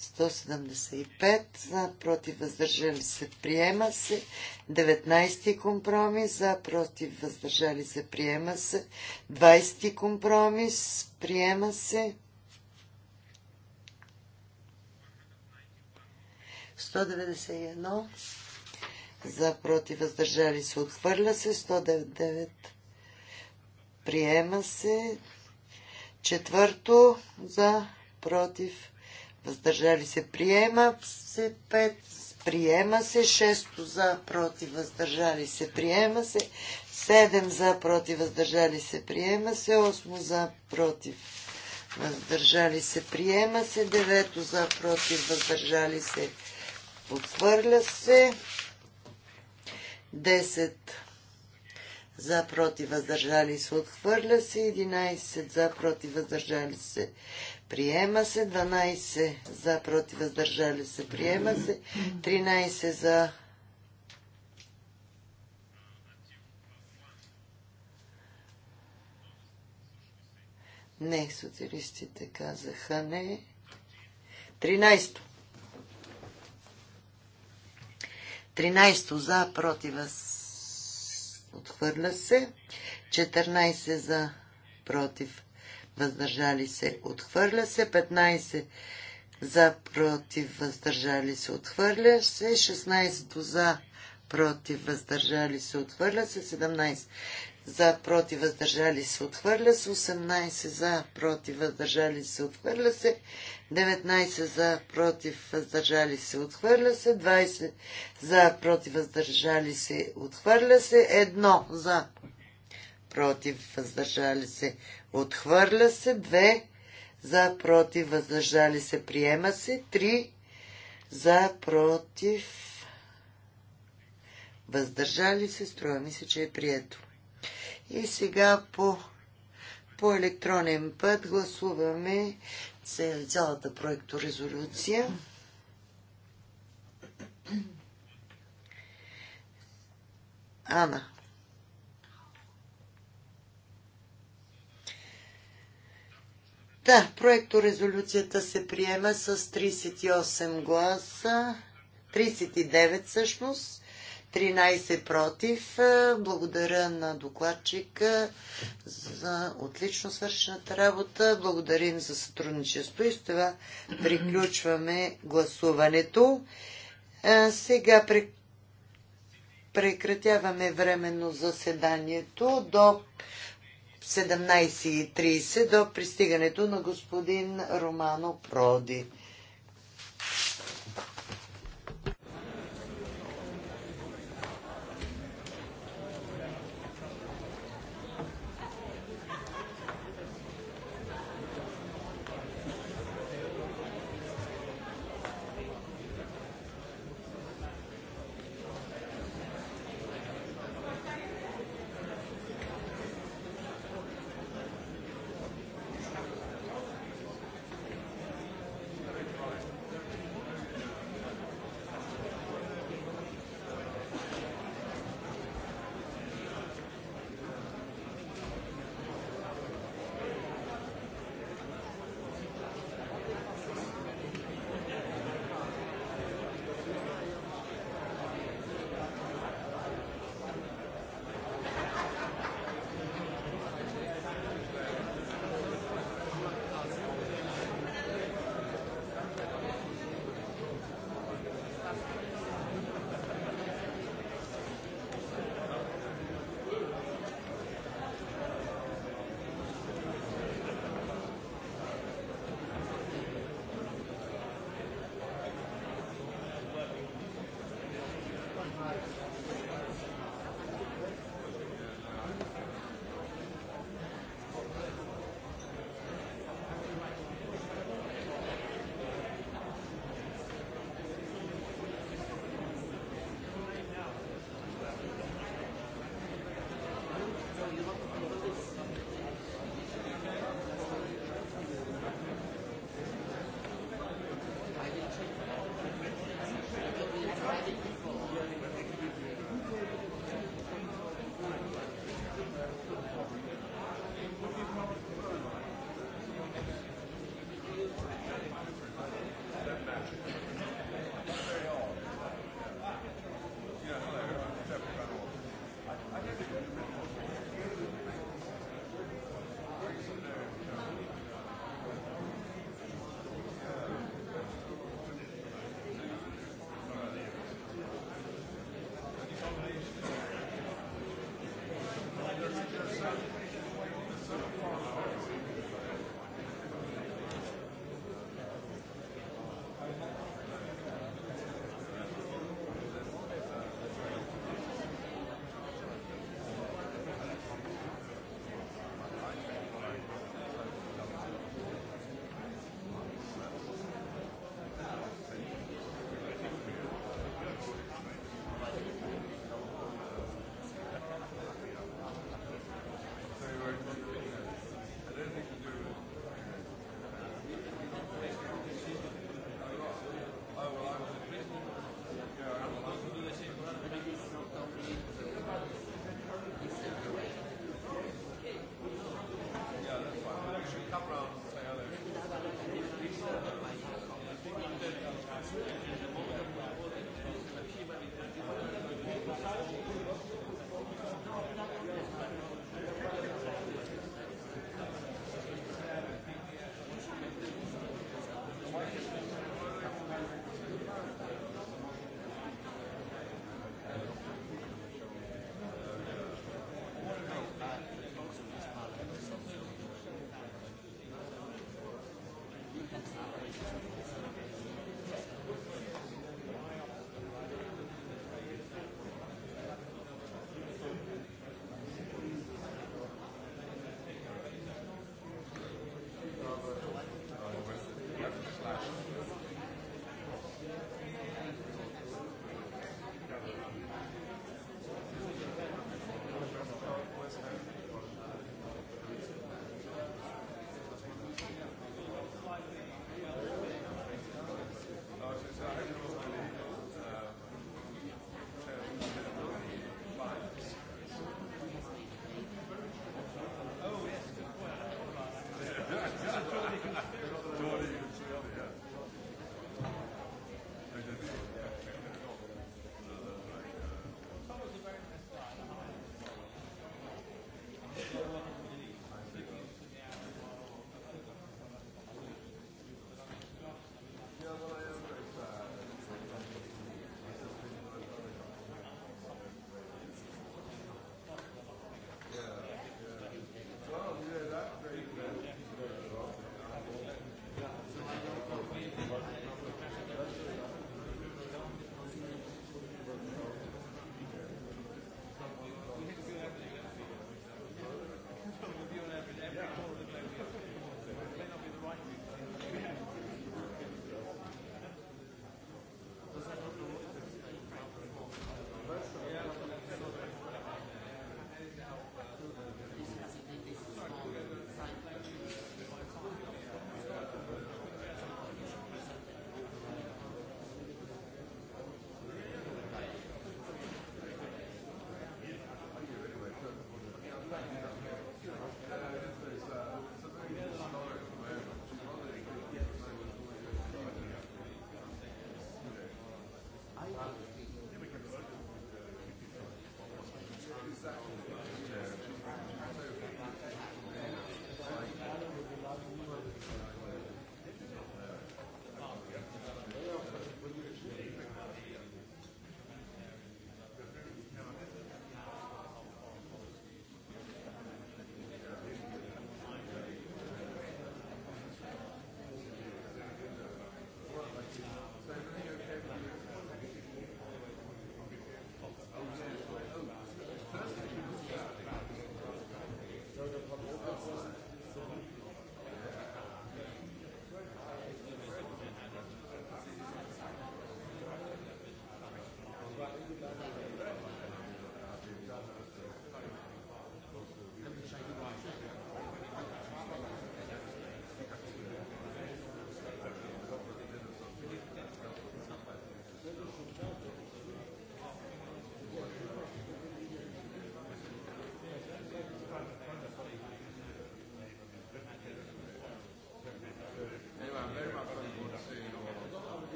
A: 175 за, против, въздържали се, приема се. 19 компромис за, против, въздържали се, приема се. 20 компромис, приема се. 191 за против въздържали се отхвърля се 199 приема се четвърто за против въздържали се приема се 5 приема се 6 за против въздържали се приема се 7 за против въздържали се приема се 8 за против въздържали се приема се 9 за против въздържали се отхвърля се 10 за против въздържали се отхвърля се, 11 за против въздържали се приема се, 12 за против въздържали се приема се, 13 за Не, социалистите казаха не. 13. 13 за, против, отхвърля се. 14 за, против, въздържали се, отхвърля се. 15 за, против, въздържали се, отхвърля се. 16 за, против, въздържали се, отхвърля се. 17 за, против, въздържали се, отхвърля се, 18 за, против, въздържали се, отхвърля се, 19 за, против, въздържали се, отхвърля се, 20 за, против, въздържали се, отхвърля се, 1 за, против, въздържали се, отхвърля се, 2 за, против, въздържали се, приема се, 3 за, против, въздържали се, струва ми се, че е прието. И сега по, по електронен път гласуваме цялата проекторезолюция. Ана. Да, проекторезолюцията се приема с 38 гласа, 39 всъщност, 13 против. Е, благодаря на докладчика за отлично свършената работа. Благодарим за сътрудничество и с това приключваме гласуването. Е, сега прекратяваме временно заседанието до 17.30 до пристигането на господин Романо Проди.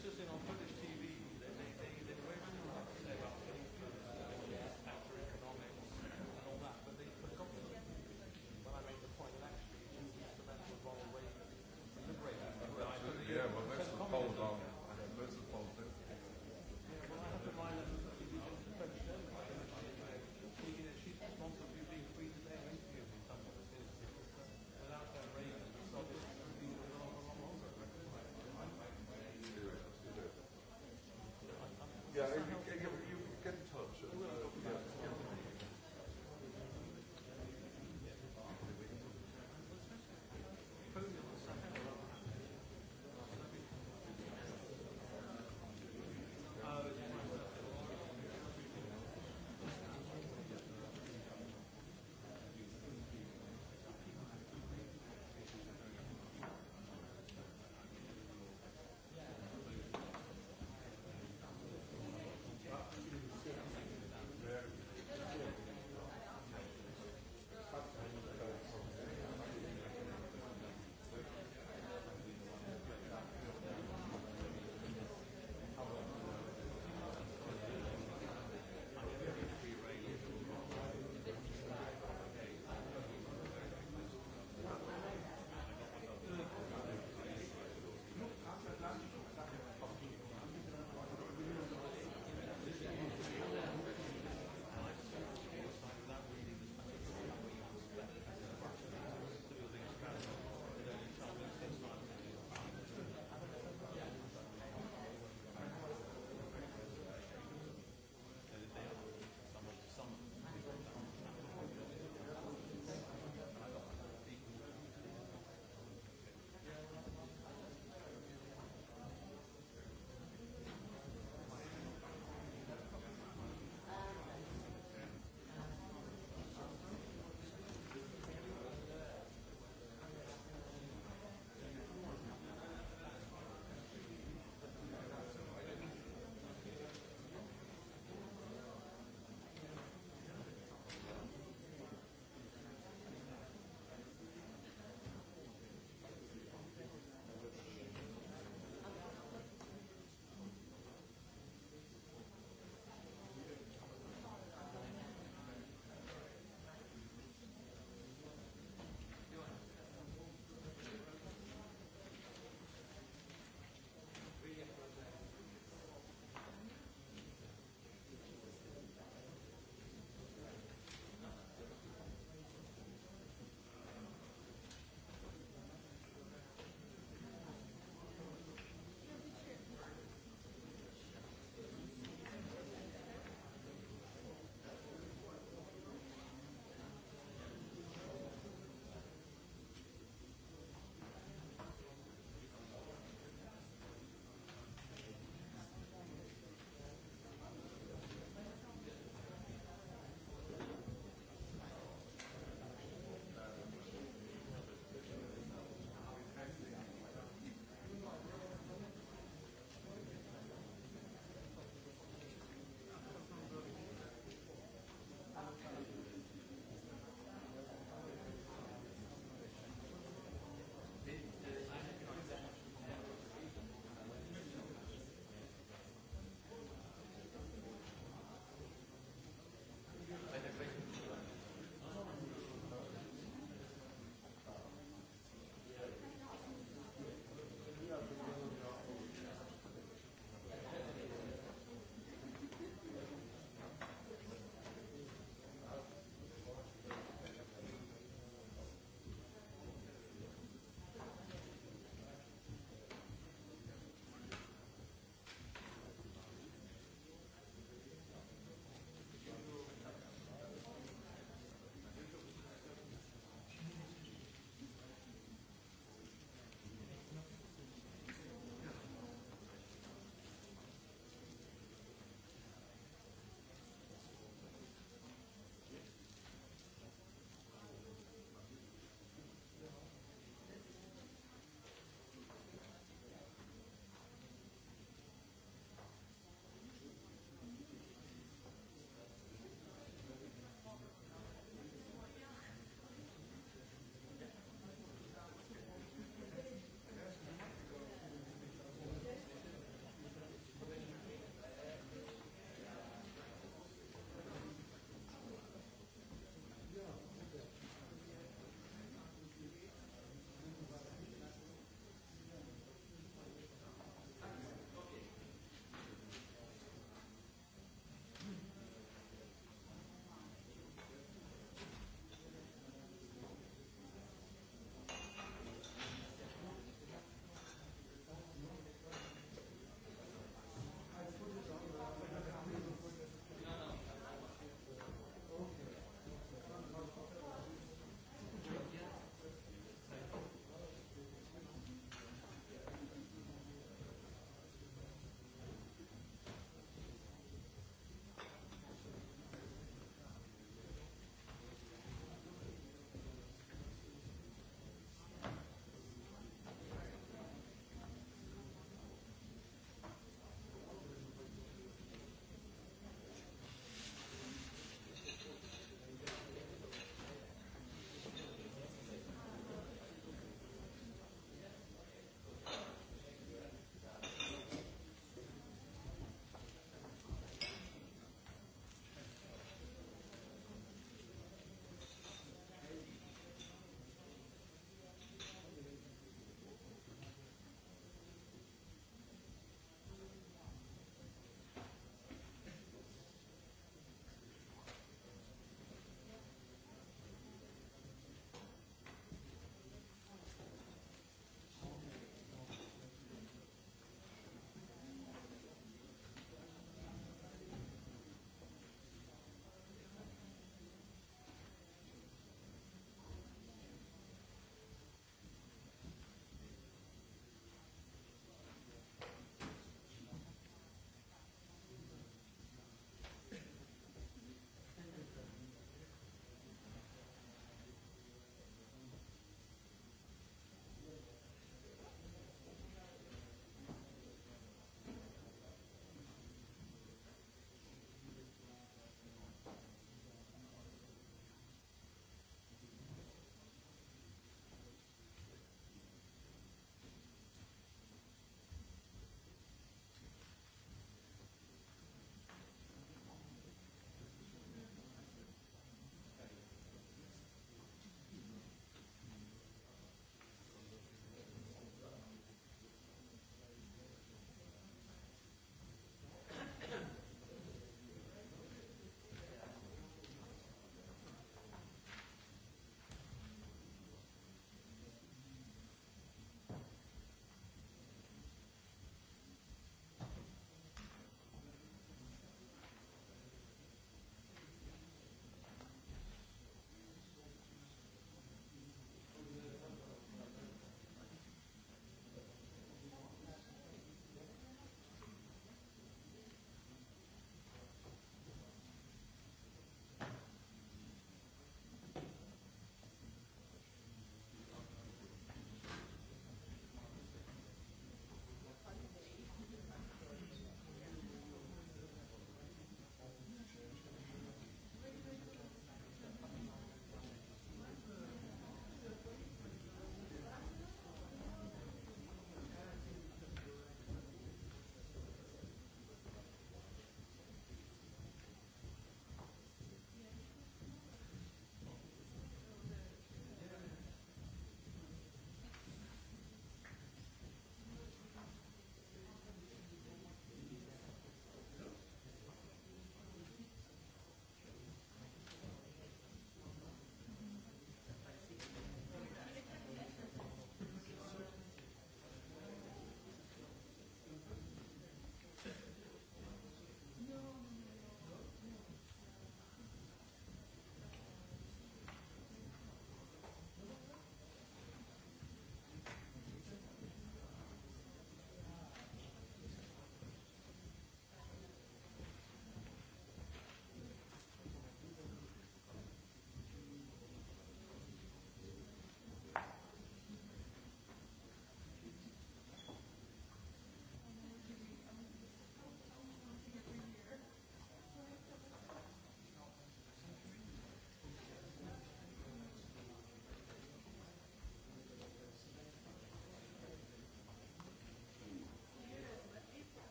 A: Muchas gracias.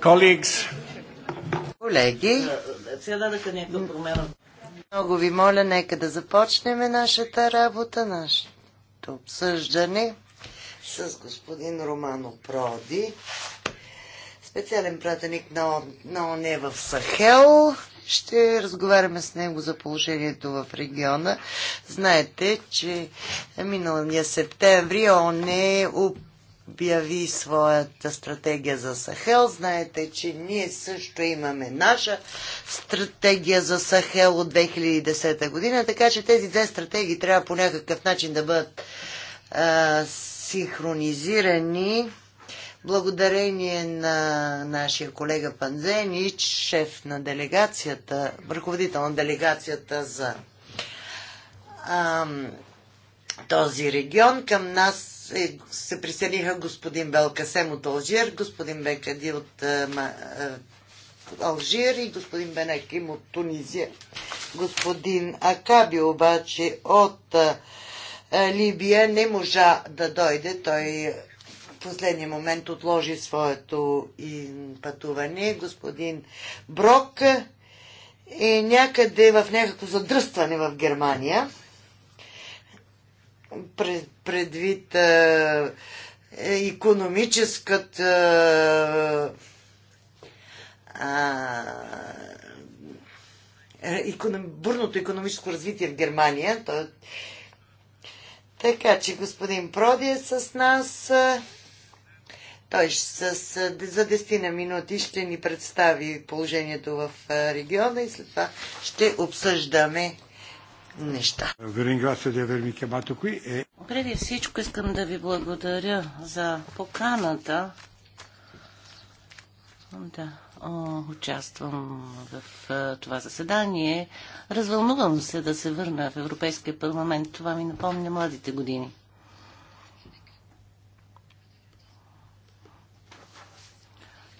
A: Colleagues. Колеги, е много ви моля, нека да започнем нашата работа, нашето обсъждане с господин Романо Проди, специален пратеник на, на ОНЕ в Сахел. Ще разговаряме с него за положението в региона. Знаете, че миналия септември ОНЕ обяви своята стратегия за Сахел. Знаете, че ние също имаме наша стратегия за Сахел от 2010 година, така че тези две стратегии трябва по някакъв начин да бъдат а, синхронизирани благодарение на нашия колега Панзенич, шеф на делегацията, ръководител на делегацията за а, този регион. Към нас е, се, присъединиха господин Белкасем от Алжир, господин Бекади от е, е, Алжир и господин Бенеким от Тунизия. Господин Акаби обаче от Либия не можа да дойде. Той в последния момент отложи своето пътуване. Господин Брок е някъде в някакво задръстване в Германия предвид а, економическата а, економ, бурното економическо развитие в Германия. То... Е- така че господин Проди е с нас. Той с, за 10 на минути ще ни представи положението в региона и след това ще обсъждаме
B: неща. Преди всичко искам да ви благодаря за поканата да участвам в е, това заседание. Развълнувам се да се върна в Европейския парламент. Това ми напомня младите години.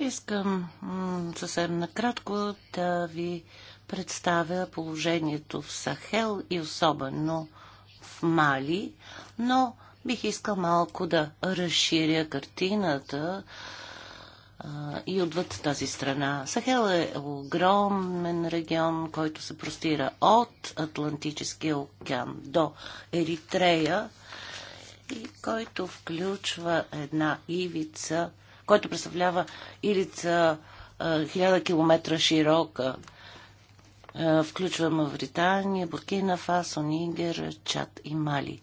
B: Искам съвсем накратко да ви представя положението в Сахел и особено в Мали, но бих искал малко да разширя картината а, и отвъд тази страна. Сахел е огромен регион, който се простира от Атлантическия океан до Еритрея и който включва една ивица, който представлява ивица 1000 км широка, е, включва Мавритания, Буркина, Фасо, Нигер, Чад и Мали.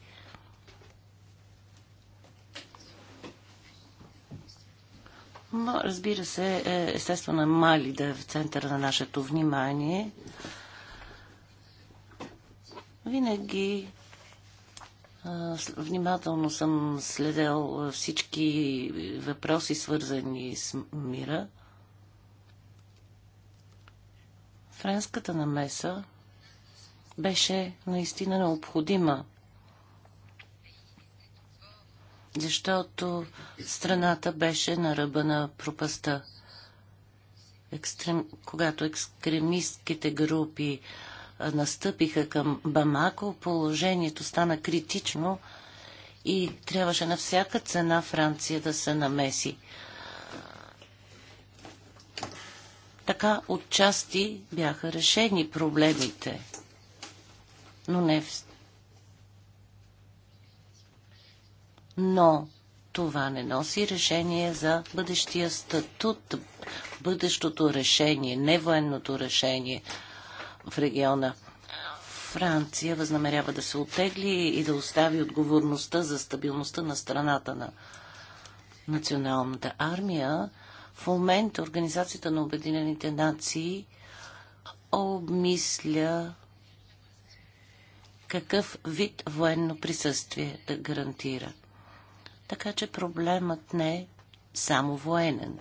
B: Но, разбира се, е, естествено е Мали да е в центъра на нашето внимание. Винаги внимателно съм следел всички въпроси, свързани с мира – Френската намеса беше наистина необходима, защото страната беше на ръба на пропаста. Екстрем... Когато екстремистските групи настъпиха към Бамако, положението стана критично и трябваше на всяка цена Франция да се намеси. Така отчасти бяха решени проблемите, но не в... Но това не носи решение за бъдещия статут, бъдещото решение, не военното решение в региона. Франция възнамерява да се отегли и да остави отговорността за стабилността на страната на националната армия в момента Организацията на Обединените нации обмисля какъв вид военно присъствие да гарантира. Така че проблемът не е само военен.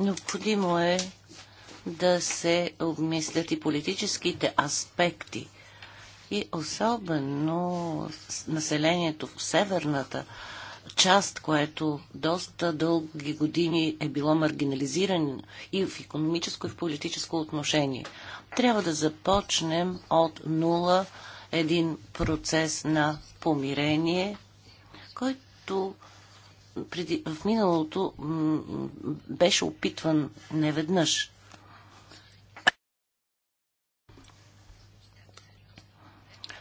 B: Необходимо е да се обмислят и политическите аспекти. И особено населението в северната част, което доста дълги години е било маргинализирано и в економическо, и в политическо отношение. Трябва да започнем от нула един процес на помирение, който преди, в миналото беше опитван неведнъж.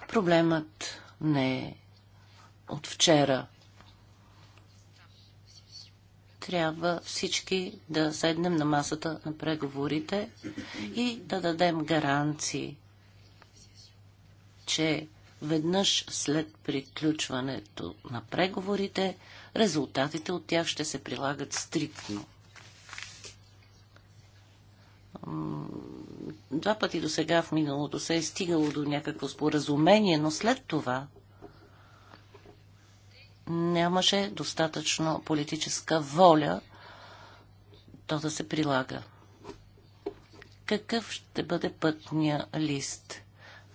B: Проблемът не е от вчера – трябва всички да седнем на масата на преговорите и да дадем гаранции, че веднъж след приключването на преговорите, резултатите от тях ще се прилагат стриктно. Два пъти до сега в миналото се е стигало до някакво споразумение, но след това нямаше достатъчно политическа воля то да се прилага. Какъв ще бъде пътния лист?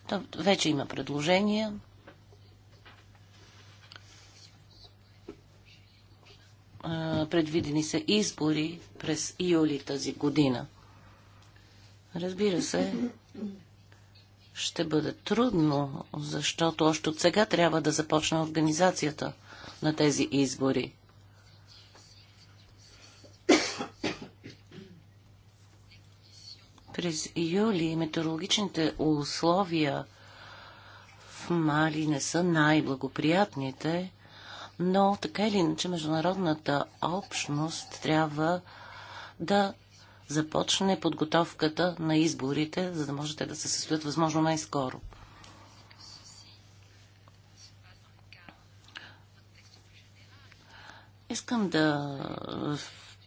B: То вече има предложения. Предвидени са избори през юли тази година. Разбира се, ще бъде трудно, защото още от сега трябва да започне организацията – на тези избори. През юли метеорологичните условия в Мали не са най-благоприятните, но така или иначе международната общност трябва да започне подготовката на изборите, за да можете да се състоят възможно най-скоро. искам да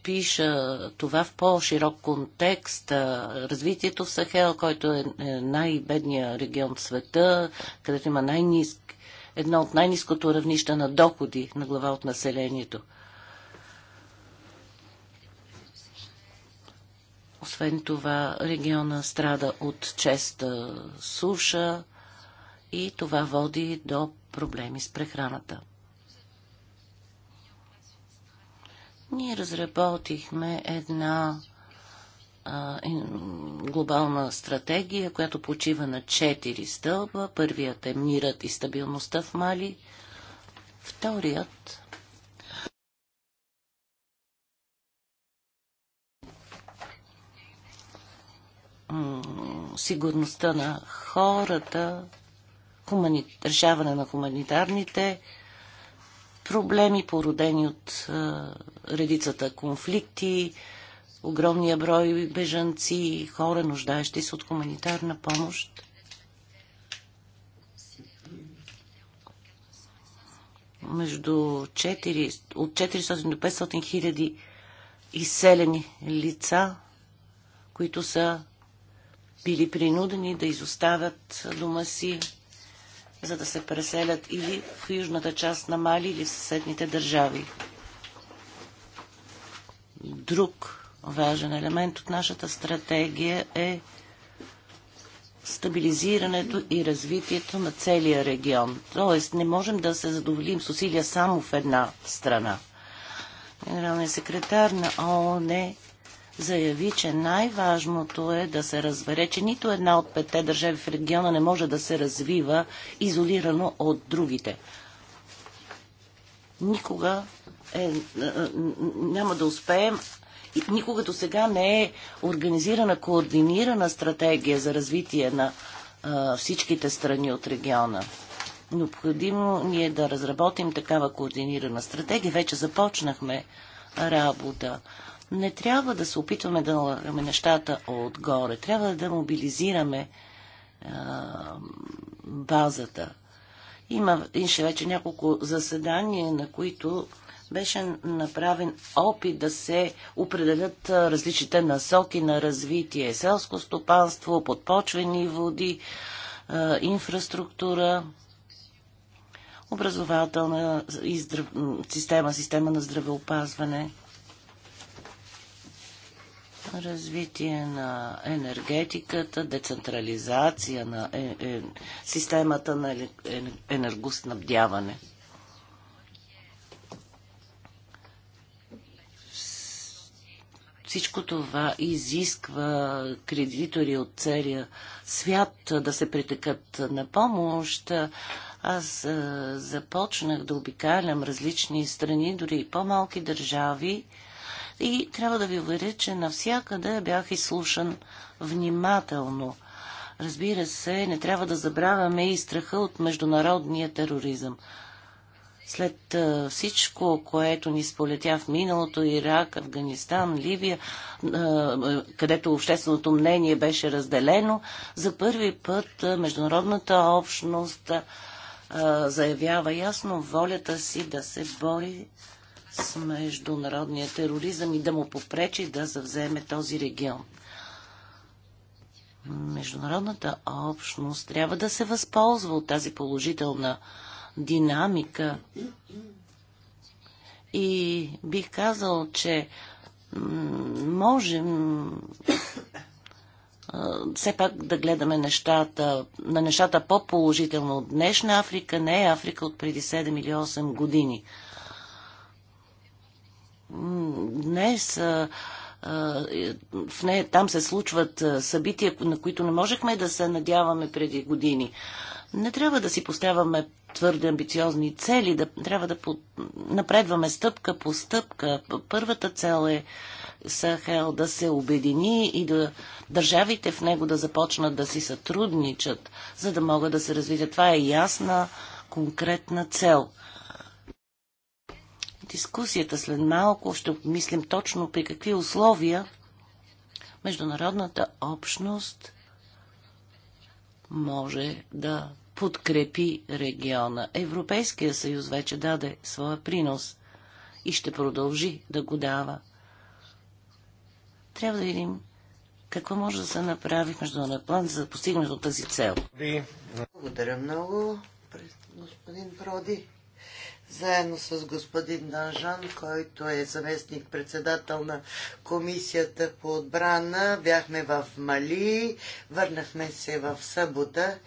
B: пиша това в по-широк контекст. Развитието в Сахел, който е, е най-бедният регион в света, където има най-низк, едно от най-низкото равнище на доходи на глава от населението. Освен това, региона страда от честа суша и това води до проблеми с прехраната. Ние разработихме една а, глобална стратегия, която почива на четири стълба. Първият е мирът и стабилността в Мали. Вторият сигурността на хората, хумани... на хуманитарните проблеми, породени от редицата конфликти, огромния брой бежанци, хора, нуждаещи се от хуманитарна помощ. Между 4, от 400 до 500 хиляди изселени лица, които са били принудени да изоставят дома си за да се преселят или в южната част на Мали, или в съседните държави. Друг важен елемент от нашата стратегия е стабилизирането и развитието на целия регион. Тоест, не можем да се задоволим с усилия само в една страна. Генералният секретар на ООН е заяви, че най-важното е да се разбере, че нито една от петте държави в региона не може да се развива изолирано от другите. Никога е, няма да успеем. Никога до сега не е организирана, координирана стратегия за развитие на а, всичките страни от региона. Необходимо ни е да разработим такава координирана стратегия. Вече започнахме работа не трябва да се опитваме да налагаме нещата отгоре. Трябва да мобилизираме а, базата. Има, имаше вече няколко заседания, на които беше направен опит да се определят различните насоки на развитие. Селско стопанство, подпочвени води, а, инфраструктура, образователна система, система на здравеопазване – развитие на енергетиката, децентрализация на е, е, системата на е, енергоснабдяване. Всичко това изисква кредитори от целия свят да се притекат на помощ. Аз започнах да обикалям различни страни, дори и по-малки държави, и трябва да ви уверя, че навсякъде бях изслушан внимателно. Разбира се, не трябва да забравяме и страха от международния тероризъм. След всичко, което ни сполетя в миналото, Ирак, Афганистан, Ливия, където общественото мнение беше разделено, за първи път международната общност заявява ясно волята си да се бори с международния тероризъм и да му попречи да завземе този регион. Международната общност трябва да се възползва от тази положителна динамика и бих казал, че можем все пак да гледаме нещата, на нещата по-положително. Днешна Африка не е Африка от преди 7 или 8 години. Днес е, в не, там се случват събития, на които не можехме да се надяваме преди години. Не трябва да си поставяме твърде амбициозни цели, да, трябва да по, напредваме стъпка по стъпка. Първата цел е Сахел да се обедини и да държавите в него да започнат да си сътрудничат, за да могат да се развият. Това е ясна, конкретна цел – дискусията след малко ще мислим точно при какви условия международната общност може да подкрепи региона. Европейския съюз вече даде своя принос и ще продължи да го дава. Трябва да видим какво може да се направи в международен план за да постигнато тази цел.
A: Благодаря много, господин Проди заедно с господин Данжан, който е заместник-председател на Комисията по отбрана. Бяхме в Мали, върнахме се в събота.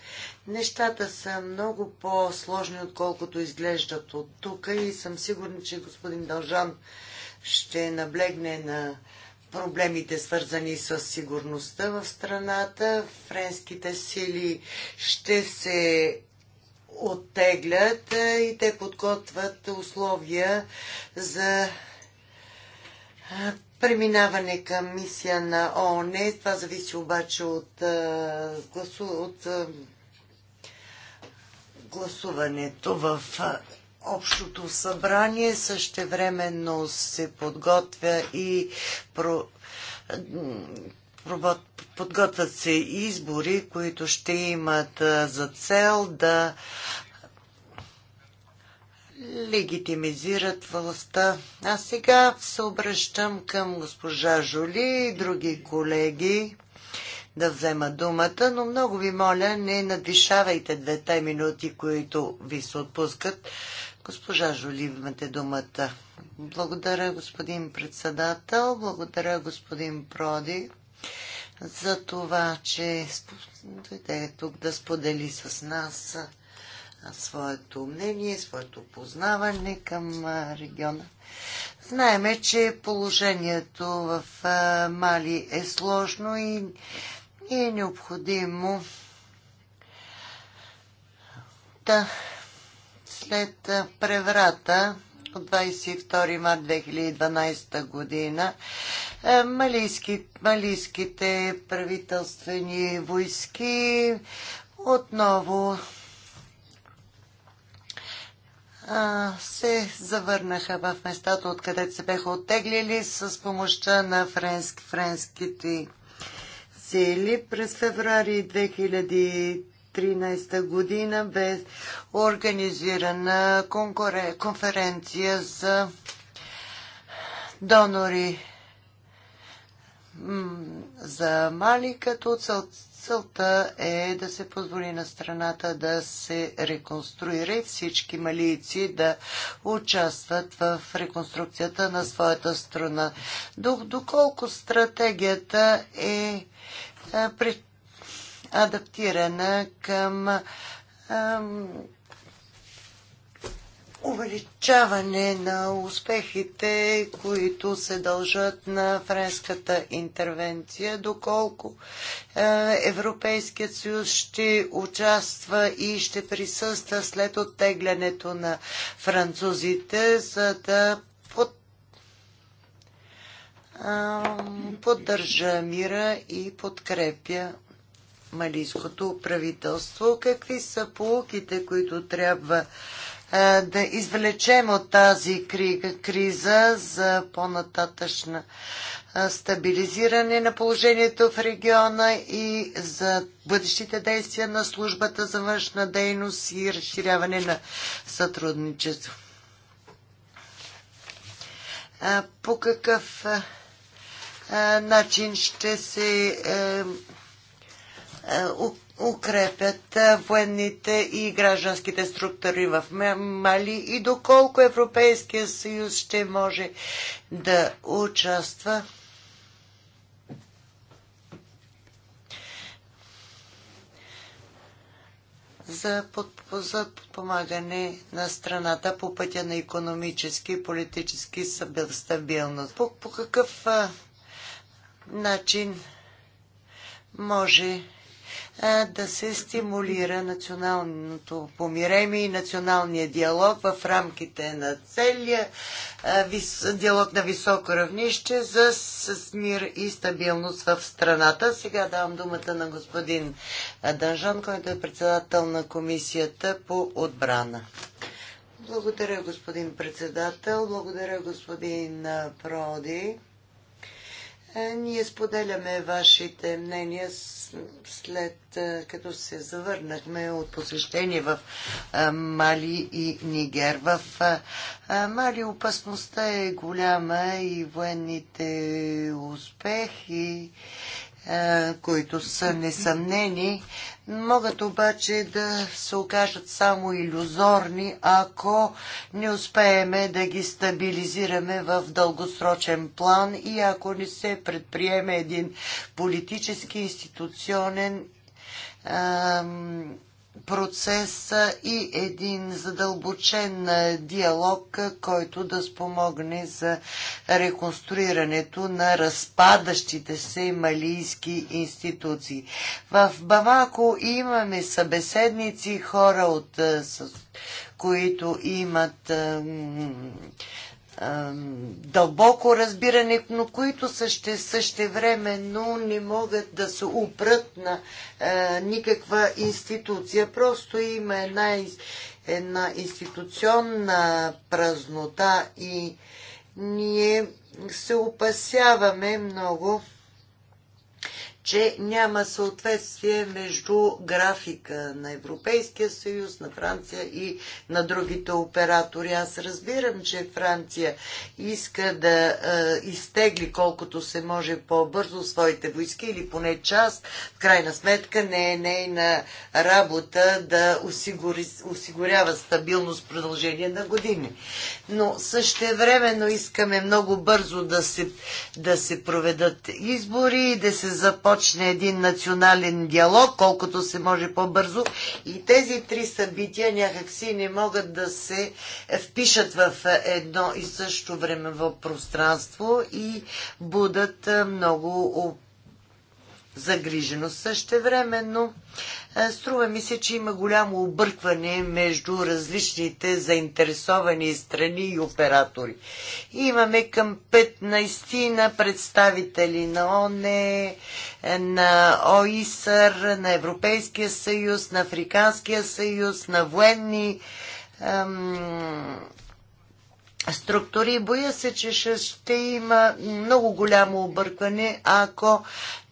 A: Нещата са много по-сложни, отколкото изглеждат от тук и съм сигурна, че господин Данжан ще наблегне на проблемите, свързани с сигурността в страната. Френските сили ще се оттеглят и те подготвят условия за преминаване към мисия на ООН. Това зависи обаче от, от гласуването в Общото събрание. Същевременно се подготвя и про подготвят се избори, които ще имат за цел да легитимизират властта. А сега се обръщам към госпожа Жоли и други колеги да взема думата, но много ви моля, не надвишавайте двете минути, които ви се отпускат. Госпожа Жоли, имате думата. Благодаря, господин председател. Благодаря, господин Проди за това, че дойде тук да сподели с нас своето мнение, своето познаване към региона. Знаеме, че положението в Мали е сложно и е необходимо да след преврата от 22 март 2012 година е, малийски, малийските правителствени войски отново се завърнаха в местата, откъдето се бяха оттеглили с помощта на френск, френските сили. През феврари 2013 година бе организирана конференция за донори за Мали, като цел, целта е да се позволи на страната да се реконструира и всички малийци да участват в реконструкцията на своята страна. Доколко стратегията е, е пред адаптирана към ам, увеличаване на успехите, които се дължат на френската интервенция, доколко е, Европейският съюз ще участва и ще присъства след оттеглянето на французите, за да под... поддържа мира и подкрепя малийското правителство. Какви са полуките, които трябва да извлечем от тази криза за по-нататъчна стабилизиране на положението в региона и за бъдещите действия на службата за външна дейност и разширяване на сътрудничество. по какъв начин ще се е, е, укрепят е, военните и гражданските структури в Мали и доколко Европейския съюз ще може да участва. за, подпомагане на страната по пътя на економически и политически стабилност. По, по какъв а, начин може да се стимулира националното помирение и националния диалог в рамките на целия диалог на високо равнище за мир и стабилност в страната. Сега давам думата на господин Данжан, който е председател на комисията по отбрана. Благодаря, господин председател. Благодаря, господин Проди. Е, ние споделяме вашите мнения след е, като се завърнахме от посещение в е, Мали и Нигер. В Мали опасността е голяма и военните успехи е, които са несъмнени, могат обаче да се окажат само иллюзорни, ако не успееме да ги стабилизираме в дългосрочен план и ако не се предприеме един политически, институционен процес и един задълбочен диалог, който да спомогне за реконструирането на разпадащите се малийски институции. В Бамако имаме събеседници, хора, от, които имат дълбоко разбиране, но които съще, същевременно не могат да се упрат на е, никаква институция. Просто има една, една институционна празнота и ние се опасяваме много че няма съответствие между графика на Европейския съюз, на Франция и на другите оператори. Аз разбирам, че Франция иска да е, изтегли колкото се може по-бързо своите войски или поне част. В крайна сметка не е нейна работа да осигури, осигурява стабилност в продължение на години. Но същевременно искаме много бързо да се, да се проведат избори и да се започне започне един национален диалог, колкото се може по-бързо. И тези три събития някакси не могат да се впишат в едно и също времево пространство и будат много загриженост. но е, струва ми се, че има голямо объркване между различните заинтересовани страни и оператори. Имаме към 15 на представители на ОНЕ, на ОИСР, на Европейския съюз, на Африканския съюз, на военни структури. Боя се, че ще има много голямо объркване, ако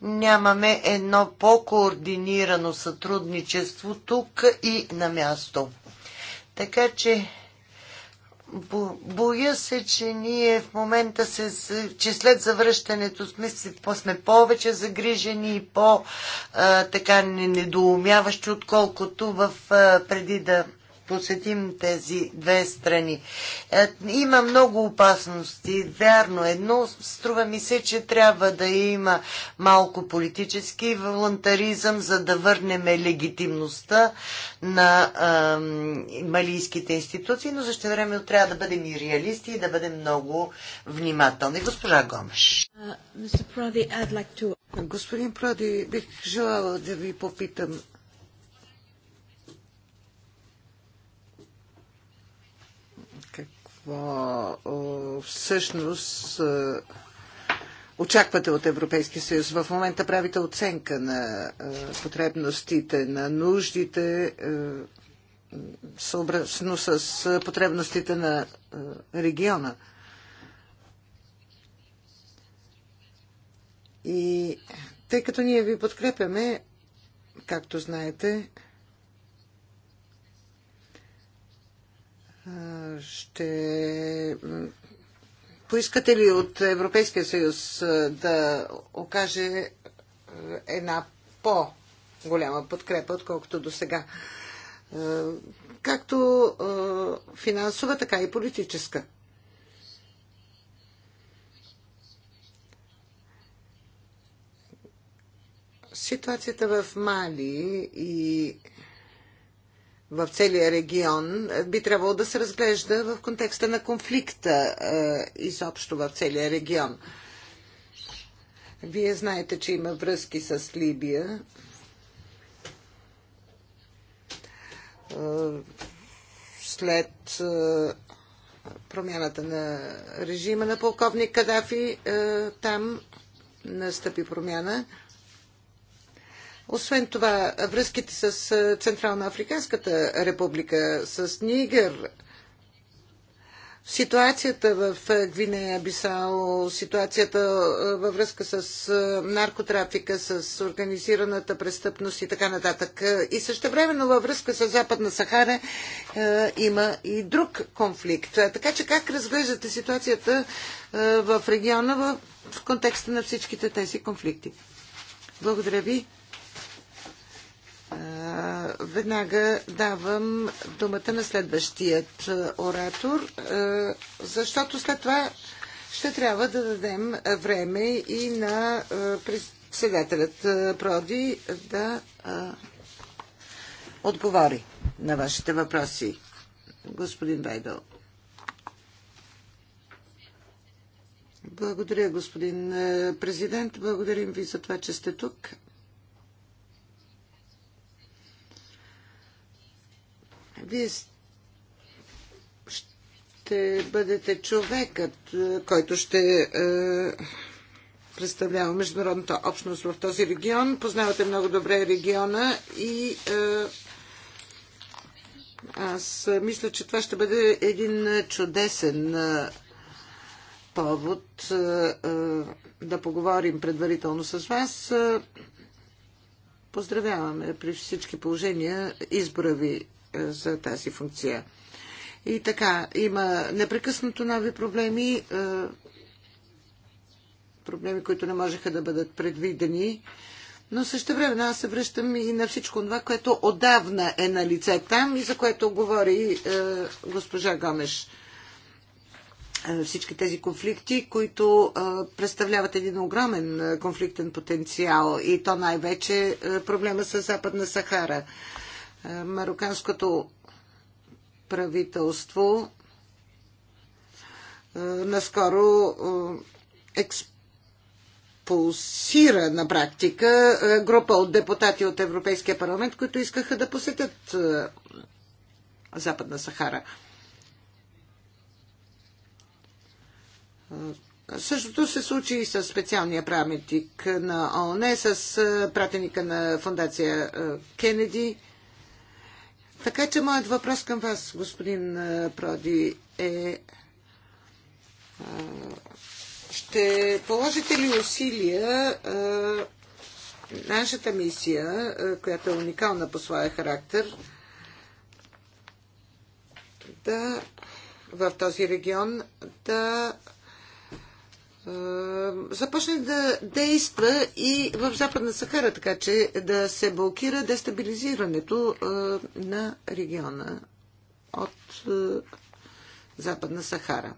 A: нямаме едно по-координирано сътрудничество тук и на място. Така че Боя се, че ние в момента се, че след завръщането сме, сме повече загрижени и по недоумяващи, отколкото в, преди да посетим тези две страни. Е, има много опасности, вярно едно. струва ми се, че трябва да има малко политически волонтаризъм, за да върнем легитимността на а, малийските институции, но също време трябва да бъдем и реалисти и да бъдем много внимателни. Госпожа Гомеш. Uh, Господин Проди, бих желала да ви попитам всъщност очаквате от Европейския съюз? В момента правите оценка на потребностите, на нуждите, съобразно с потребностите на региона. И тъй като ние ви подкрепяме, както знаете, Ще поискате ли от Европейския съюз да окаже една по-голяма подкрепа, отколкото до сега? Както финансова, така и политическа. Ситуацията в Мали и в целия регион е, би трябвало да се разглежда в контекста на конфликта е, изобщо в целия регион. Вие знаете, че има връзки с Либия. Е, след промяната на режима на полковник Кадафи, там настъпи промяна. Освен това, връзките с Централна Африканската република, с Нигер, ситуацията в Гвинея Бисао, ситуацията във връзка с наркотрафика, с организираната престъпност и така нататък. И също времено във връзка с Западна Сахара има и друг конфликт. Така че как разглеждате ситуацията в региона в контекста на всичките тези конфликти? Благодаря ви. Веднага давам думата на следващият оратор, защото след това ще трябва да дадем време и на председателят Проди да отговори на вашите въпроси. Господин Байдъл. Благодаря, господин президент. Благодарим ви за това, че сте тук. Вие ще бъдете човекът, е, който ще е, представлява международната общност в този регион. Познавате много добре региона и е, аз мисля, че това ще бъде един чудесен повод да поговорим предварително с вас. Поздравяваме при всички положения избора ви за тази функция. И така, има непрекъснато нови проблеми, е, проблеми, които не можеха да бъдат предвидени. Но също време аз се връщам и на всичко това, което отдавна е на лице там и за което говори е, госпожа Гомеш. Е, всички тези конфликти, които представляват един огромен конфликтен потенциал и то най-вече проблема с Западна Сахара. Мароканското правителство наскоро експулсира на практика група от депутати от Европейския парламент, които искаха да посетят Западна Сахара. Същото се случи и с специалния праметик на ООН, с пратеника на фундация Кенеди. Така че моят въпрос към вас, господин Проди, е ще положите ли усилия нашата мисия, която е уникална по своя характер, да в този регион да е, започне да действа и в Западна Сахара, така че да се блокира дестабилизирането
B: е, на региона от е, Западна Сахара.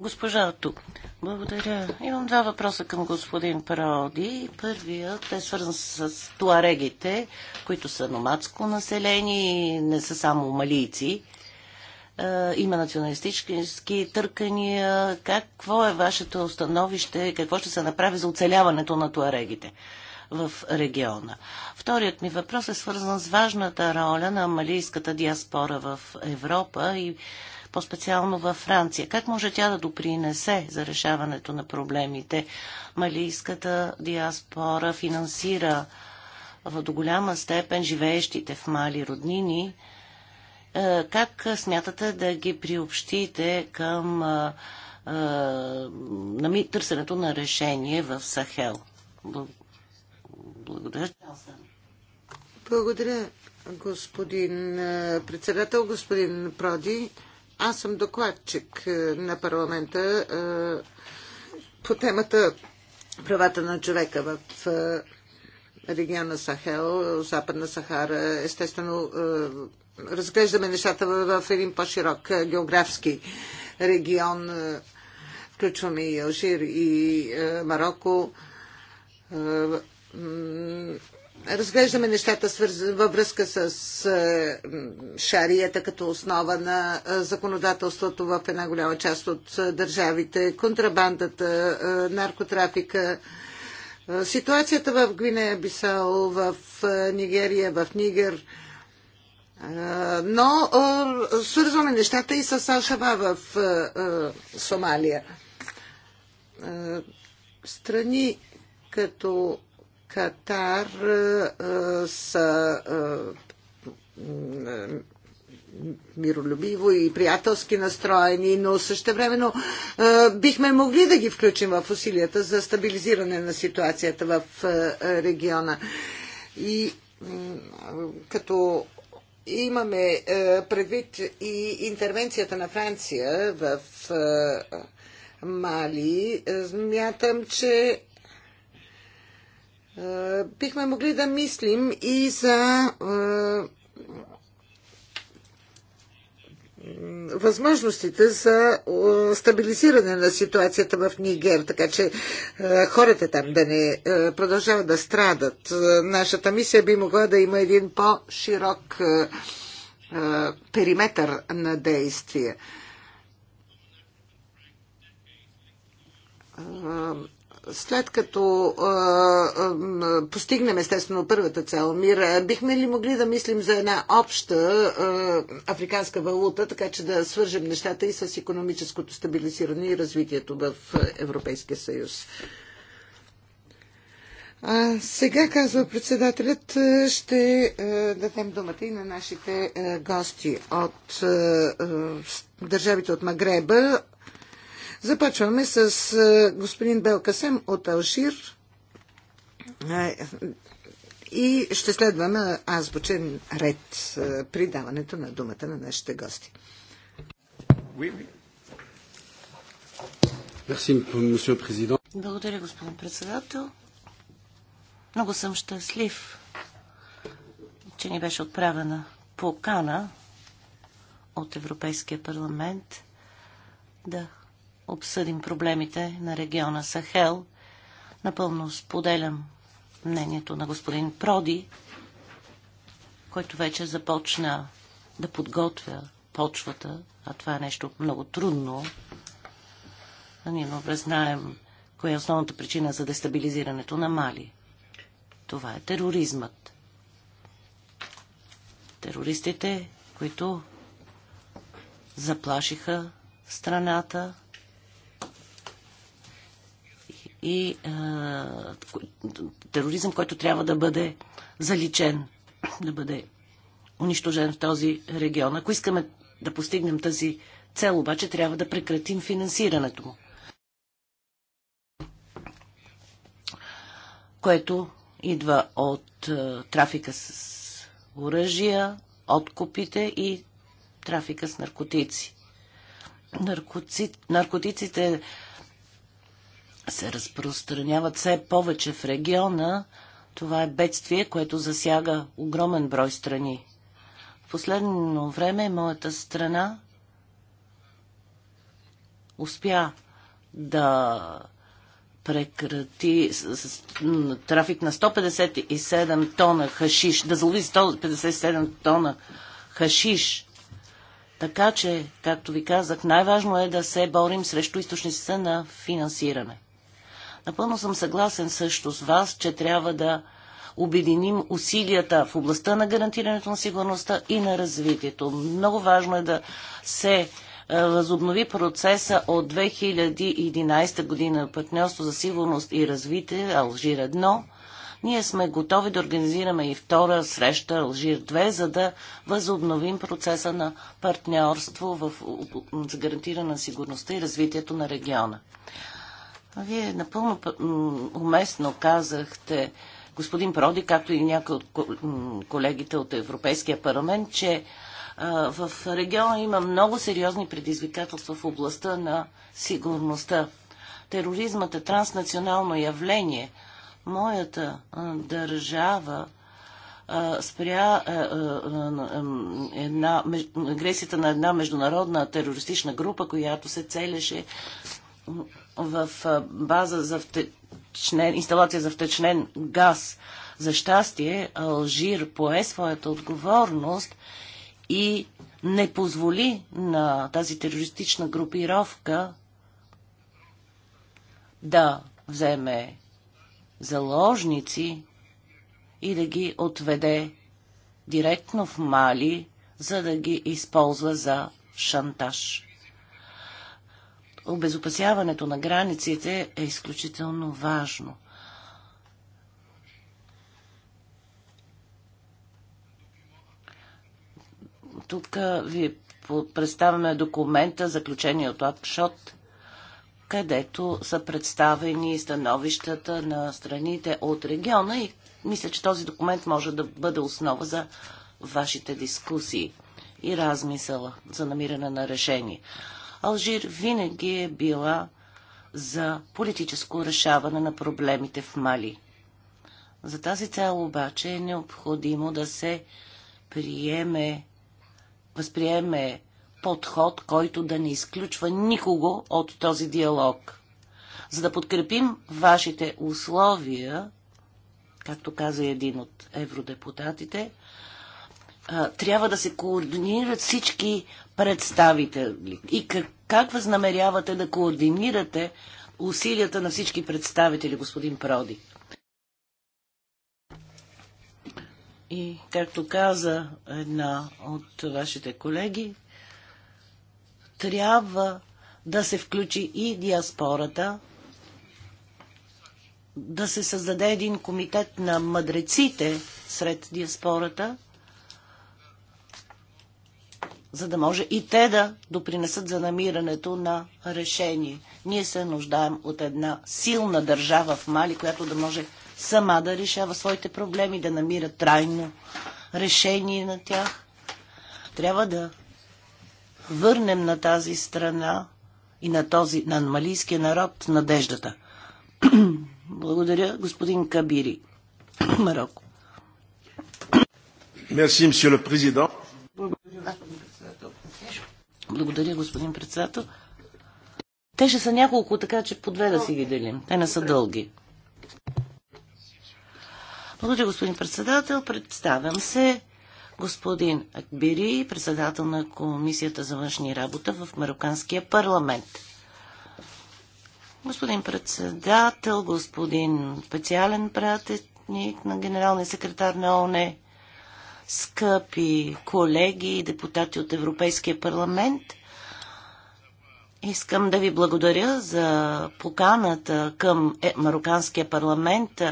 B: Госпожа тук. Благодаря. Имам два въпроса към господин Пароди. Първият е свързан с туарегите, които са номадско население и не са само малийци. Е, има националистически търкания. Какво е вашето становище? Какво ще се направи за оцеляването на туарегите в региона? Вторият ми въпрос е свързан с важната роля на малийската диаспора в Европа и по-специално във Франция. Как може тя да допринесе за решаването на проблемите? Малийската диаспора финансира в до голяма степен живеещите в мали роднини – е, как смятате да ги приобщите към е, е, търсенето на решение в Сахел? Благодаря. Благодаря,
A: господин председател, господин Проди. Аз съм докладчик на парламента по темата правата на човека в региона Сахел, Западна Сахара. Естествено, разглеждаме нещата в, в един по-широк географски регион. Включваме и Алжир, и Марокко. Разглеждаме нещата във връзка с шарията като основа на законодателството в една голяма част от държавите, контрабандата, наркотрафика, ситуацията в Гвинея Бисал, в Нигерия, в Нигер – но свързваме нещата и с Ашаба в Сомалия. Страни като Катар са миролюбиво и приятелски настроени, но същевременно бихме могли да ги включим в усилията за стабилизиране на ситуацията в региона. И като имаме е, предвид и интервенцията на Франция в е, Мали, е, смятам, че бихме могли да мислим и за възможностите за е, стабилизиране на ситуацията в Нигер, така че е, хората там да не е, продължават да страдат. Нашата мисия би могла да има един по-широк периметър на действие след като постигнем естествено първата цел мир, бихме ли могли да мислим за една обща африканска валута, така че да свържем нещата и с економическото стабилизиране и развитието в Европейския съюз? А, сега, казва председателят, ще дадем думата и на нашите гости от държавите от Магреба, Започваме с е, господин Белкасем от Алжир е, и ще следваме азбучен ред е, при даването на думата на нашите гости.
B: Благодаря, господин председател. Много съм щастлив, че ни беше отправена покана от Европейския парламент да обсъдим проблемите на региона Сахел. Напълно споделям мнението на господин Проди, който вече започна да подготвя почвата, а това е нещо много трудно. А ние много знаем коя е основната причина за дестабилизирането на Мали. Това е тероризмът. Терористите, които заплашиха страната, и а, тероризъм, който трябва да бъде заличен, да бъде унищожен в този регион. Ако искаме да постигнем тази цел, обаче трябва да прекратим финансирането му. Което идва от а, трафика с оръжия, откупите и трафика с наркотици. Наркоци... Наркотиците се разпространяват все повече в региона, това е бедствие, което засяга огромен брой страни. В последно време моята страна успя да прекрати с, с, трафик на 157 тона хашиш, да залови 157 тона хашиш. Така че, както ви казах, най-важно е да се борим срещу източниците на финансиране. Напълно съм съгласен също с вас, че трябва да обединим усилията в областта на гарантирането на сигурността и на развитието. Много важно е да се е, възобнови процеса от 2011 година партньорство за сигурност и развитие Алжир 1. Ние сме готови да организираме и втора среща Алжир 2, за да възобновим процеса на партньорство в, за гарантиране на сигурността и развитието на региона. Вие напълно уместно казахте, господин Проди, както и някои от колегите от Европейския парламент, че в региона има много сериозни предизвикателства в областта на сигурността. Тероризмът е транснационално явление. Моята държава спря една, агресията на една международна терористична група, която се целеше в база за втечнен, инсталация за втечнен газ. За щастие, Алжир пое своята отговорност и не позволи на тази терористична групировка да вземе заложници и да ги отведе директно в Мали, за да ги използва за шантаж обезопасяването на границите е изключително важно. Тук ви представяме документа заключение от акшот, където са представени становищата на страните от региона и мисля, че този документ може да бъде основа за вашите дискусии и размисъла за намиране на решение. Алжир винаги е била за политическо решаване на проблемите в Мали. За тази цел обаче е необходимо да се приеме, възприеме подход, който да не изключва никого от този диалог. За да подкрепим вашите условия, както каза един от евродепутатите, трябва да се координират всички представители? И как, как възнамерявате да координирате усилията на всички представители, господин Проди? И както каза една от вашите колеги, трябва да се включи и диаспората, да се създаде един комитет на мъдреците сред диаспората, за да може и те да допринесат за намирането на решение. Ние се нуждаем от една силна държава в Мали, която да може сама да решава своите проблеми, да намира трайно решение на тях. Трябва да върнем на тази страна и на този, на малийския народ надеждата. (clears throat) Благодаря, господин Кабири. Мароко.
A: Мерси, мсье
B: президент. Благодаря, господин благодаря, господин председател. Те ще са няколко, така че по две да си ги делим. Те не са дълги. Благодаря, господин председател. Представям се господин Акбири, председател на Комисията за външни работа в Мароканския парламент. Господин председател, господин специален пратетник на генералния секретар на ОНЕ, скъпи колеги и депутати от Европейския парламент. Искам да ви благодаря за поканата към е, Марокканския парламент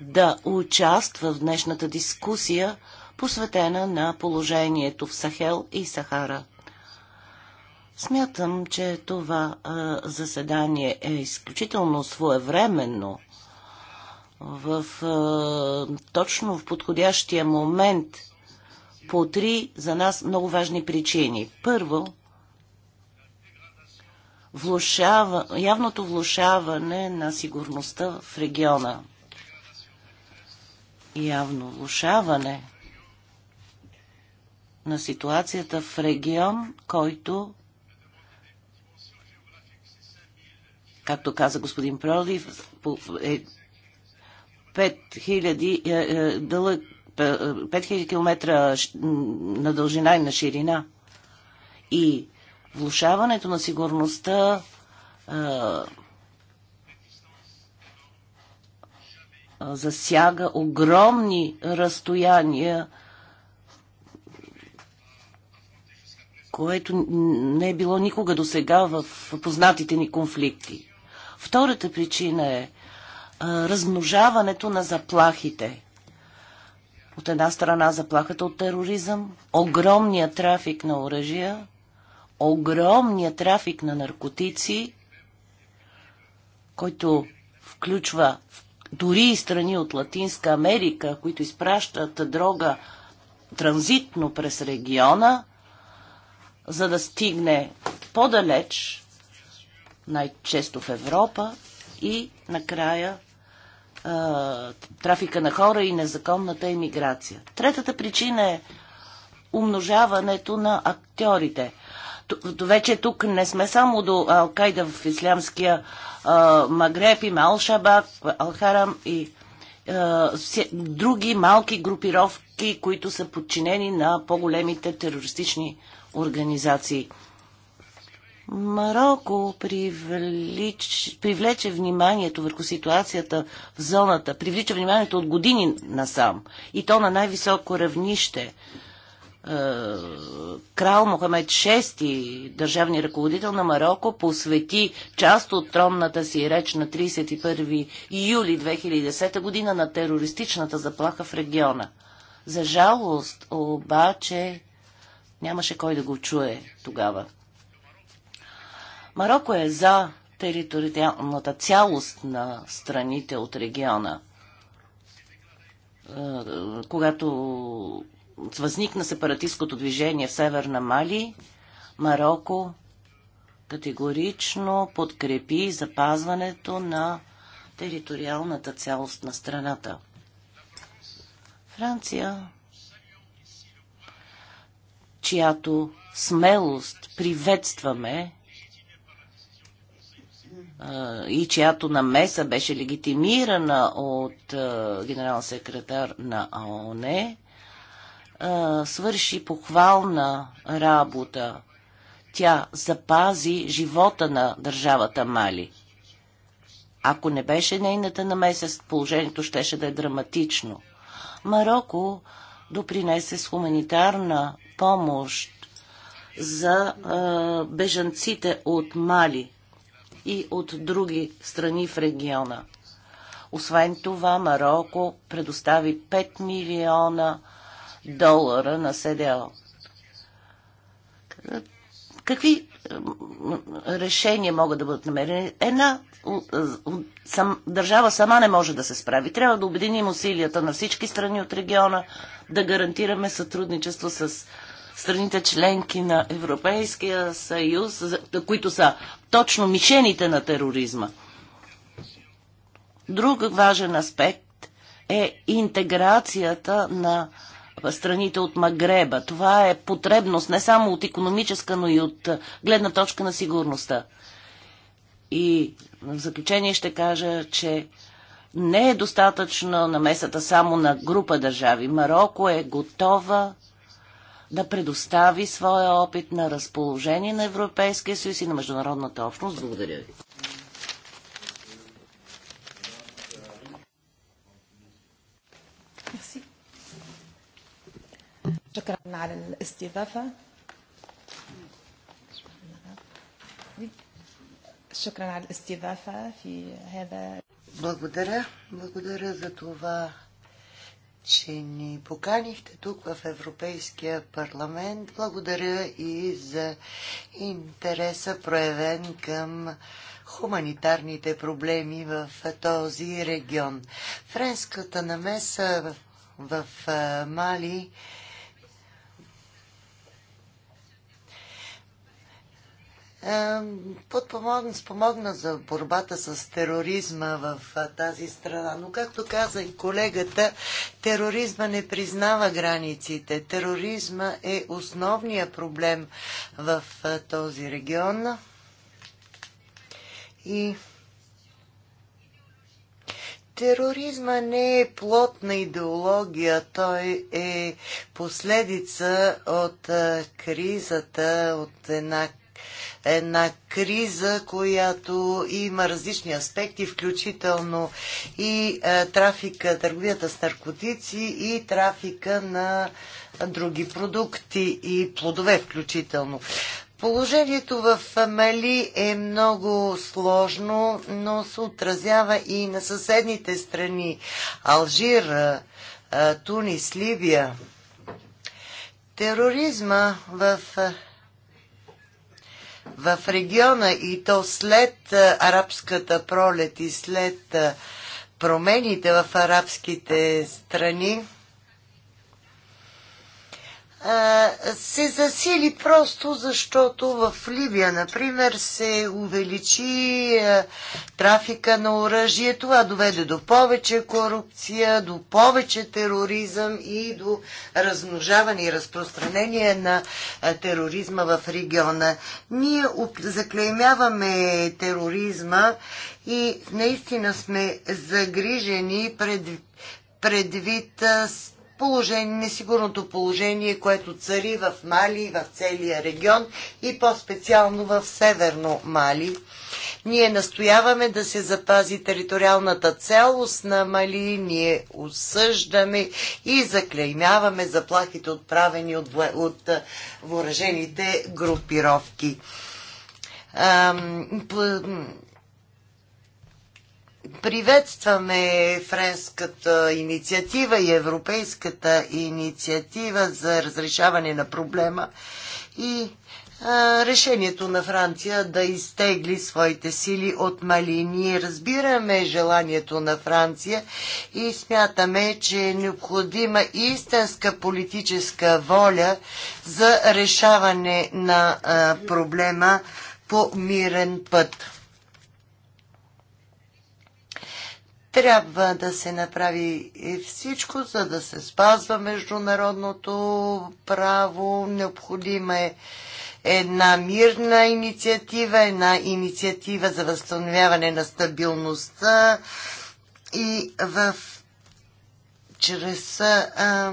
B: да участва в днешната дискусия, посветена на положението в Сахел и Сахара. Смятам, че това заседание е изключително своевременно – в, а, точно в подходящия момент по три за нас много важни причини. Първо, влушава, явното влушаване на сигурността в региона. Явно влушаване на ситуацията в регион, който, както каза господин Пролив, е 5000, е, е, дълъг, 5000 е, км на дължина и на ширина. И влушаването на сигурността засяга огромни разстояния, което не е било никога до сега в познатите ни конфликти. Втората причина е, размножаването на заплахите. От една страна заплахата от тероризъм, огромния трафик на оръжия, огромния трафик на наркотици, който включва дори и страни от Латинска Америка, които изпращат дрога транзитно през региона, за да стигне по-далеч, най-често в Европа и накрая трафика на хора и незаконната иммиграция. Третата причина е умножаването на актьорите. Т вече тук не сме само до Алкайда в ислямския Магреб, има Ал-Шабак, Ал-Харам и а, други малки групировки, които са подчинени на по-големите терористични организации. Марокко привлич, привлече вниманието върху ситуацията в зоната, привлича вниманието от години насам и то на най-високо равнище. Е, крал Мохамед VI, държавни ръководител на Марокко, посвети част от тронната си реч на 31 юли 2010 година на терористичната заплаха в региона. За жалост, обаче, нямаше кой да го чуе тогава. Марокко е за териториалната цялост на страните от региона. Е, когато възникна сепаратистското движение в Северна Мали, Марокко категорично подкрепи запазването на териториалната цялост на страната. Франция, чиято смелост приветстваме, и чиято намеса беше легитимирана от генерал секретар на ООН, свърши похвална работа. Тя запази живота на държавата Мали. Ако не беше нейната намеса, положението щеше да е драматично. Марокко допринесе с хуманитарна помощ за е, бежанците от Мали и от други страни в региона. Освен това, Марокко предостави 5 милиона долара на СДО. Какви решения могат да бъдат намерени? Една сам, държава сама не може да се справи. Трябва да обединим усилията на всички страни от региона, да гарантираме сътрудничество с страните членки на Европейския съюз, които са точно мишените на тероризма. Друг важен аспект е интеграцията на страните от Магреба. Това е потребност не само от економическа, но и от гледна точка на сигурността. И в заключение ще кажа, че не е достатъчно намесата само на група държави. Марокко е готова да предостави своя опит на разположение на Европейския съюз и на международната общност. Благодаря ви. Благодаря. Благодаря
A: за това че ни поканихте тук в Европейския парламент. Благодаря и за интереса проявен към хуманитарните проблеми в този регион. Френската намеса в, в Мали Е, подпомогна, спомогна за борбата с тероризма в тази страна. Но както каза и колегата, тероризма не признава границите. Тероризма е основния проблем в този регион. И тероризма не е плотна идеология, той е последица от кризата, от една една криза, която има различни аспекти, включително и е, трафика, търговията с наркотици и трафика на други продукти и плодове включително. Положението в Мали е много сложно, но се отразява и на съседните страни Алжир, е, е, Тунис, Либия. Тероризма в в региона и то след арабската пролет и след промените в арабските страни, се засили просто защото в Ливия, например, се увеличи трафика на оръжие. Това доведе до повече корупция, до повече тероризъм и до размножаване и разпространение на тероризма в региона. Ние заклеймяваме тероризма и наистина сме загрижени пред, предвид положение, несигурното положение, което цари в Мали, в целия регион и по-специално в Северно Мали. Ние настояваме да се запази териториалната цялост на Мали, ние осъждаме и заклеймяваме заплахите отправени от, от въоръжените групировки Приветстваме френската инициатива и европейската инициатива за разрешаване на проблема и а, решението на Франция да изтегли своите сили от Мали. Ние разбираме желанието на Франция и смятаме, че е необходима истинска политическа воля за решаване на а, проблема по мирен път. Трябва да се направи всичко, за да се спазва международното право. Необходима е една мирна инициатива, една инициатива за възстановяване на стабилността и в чрез а,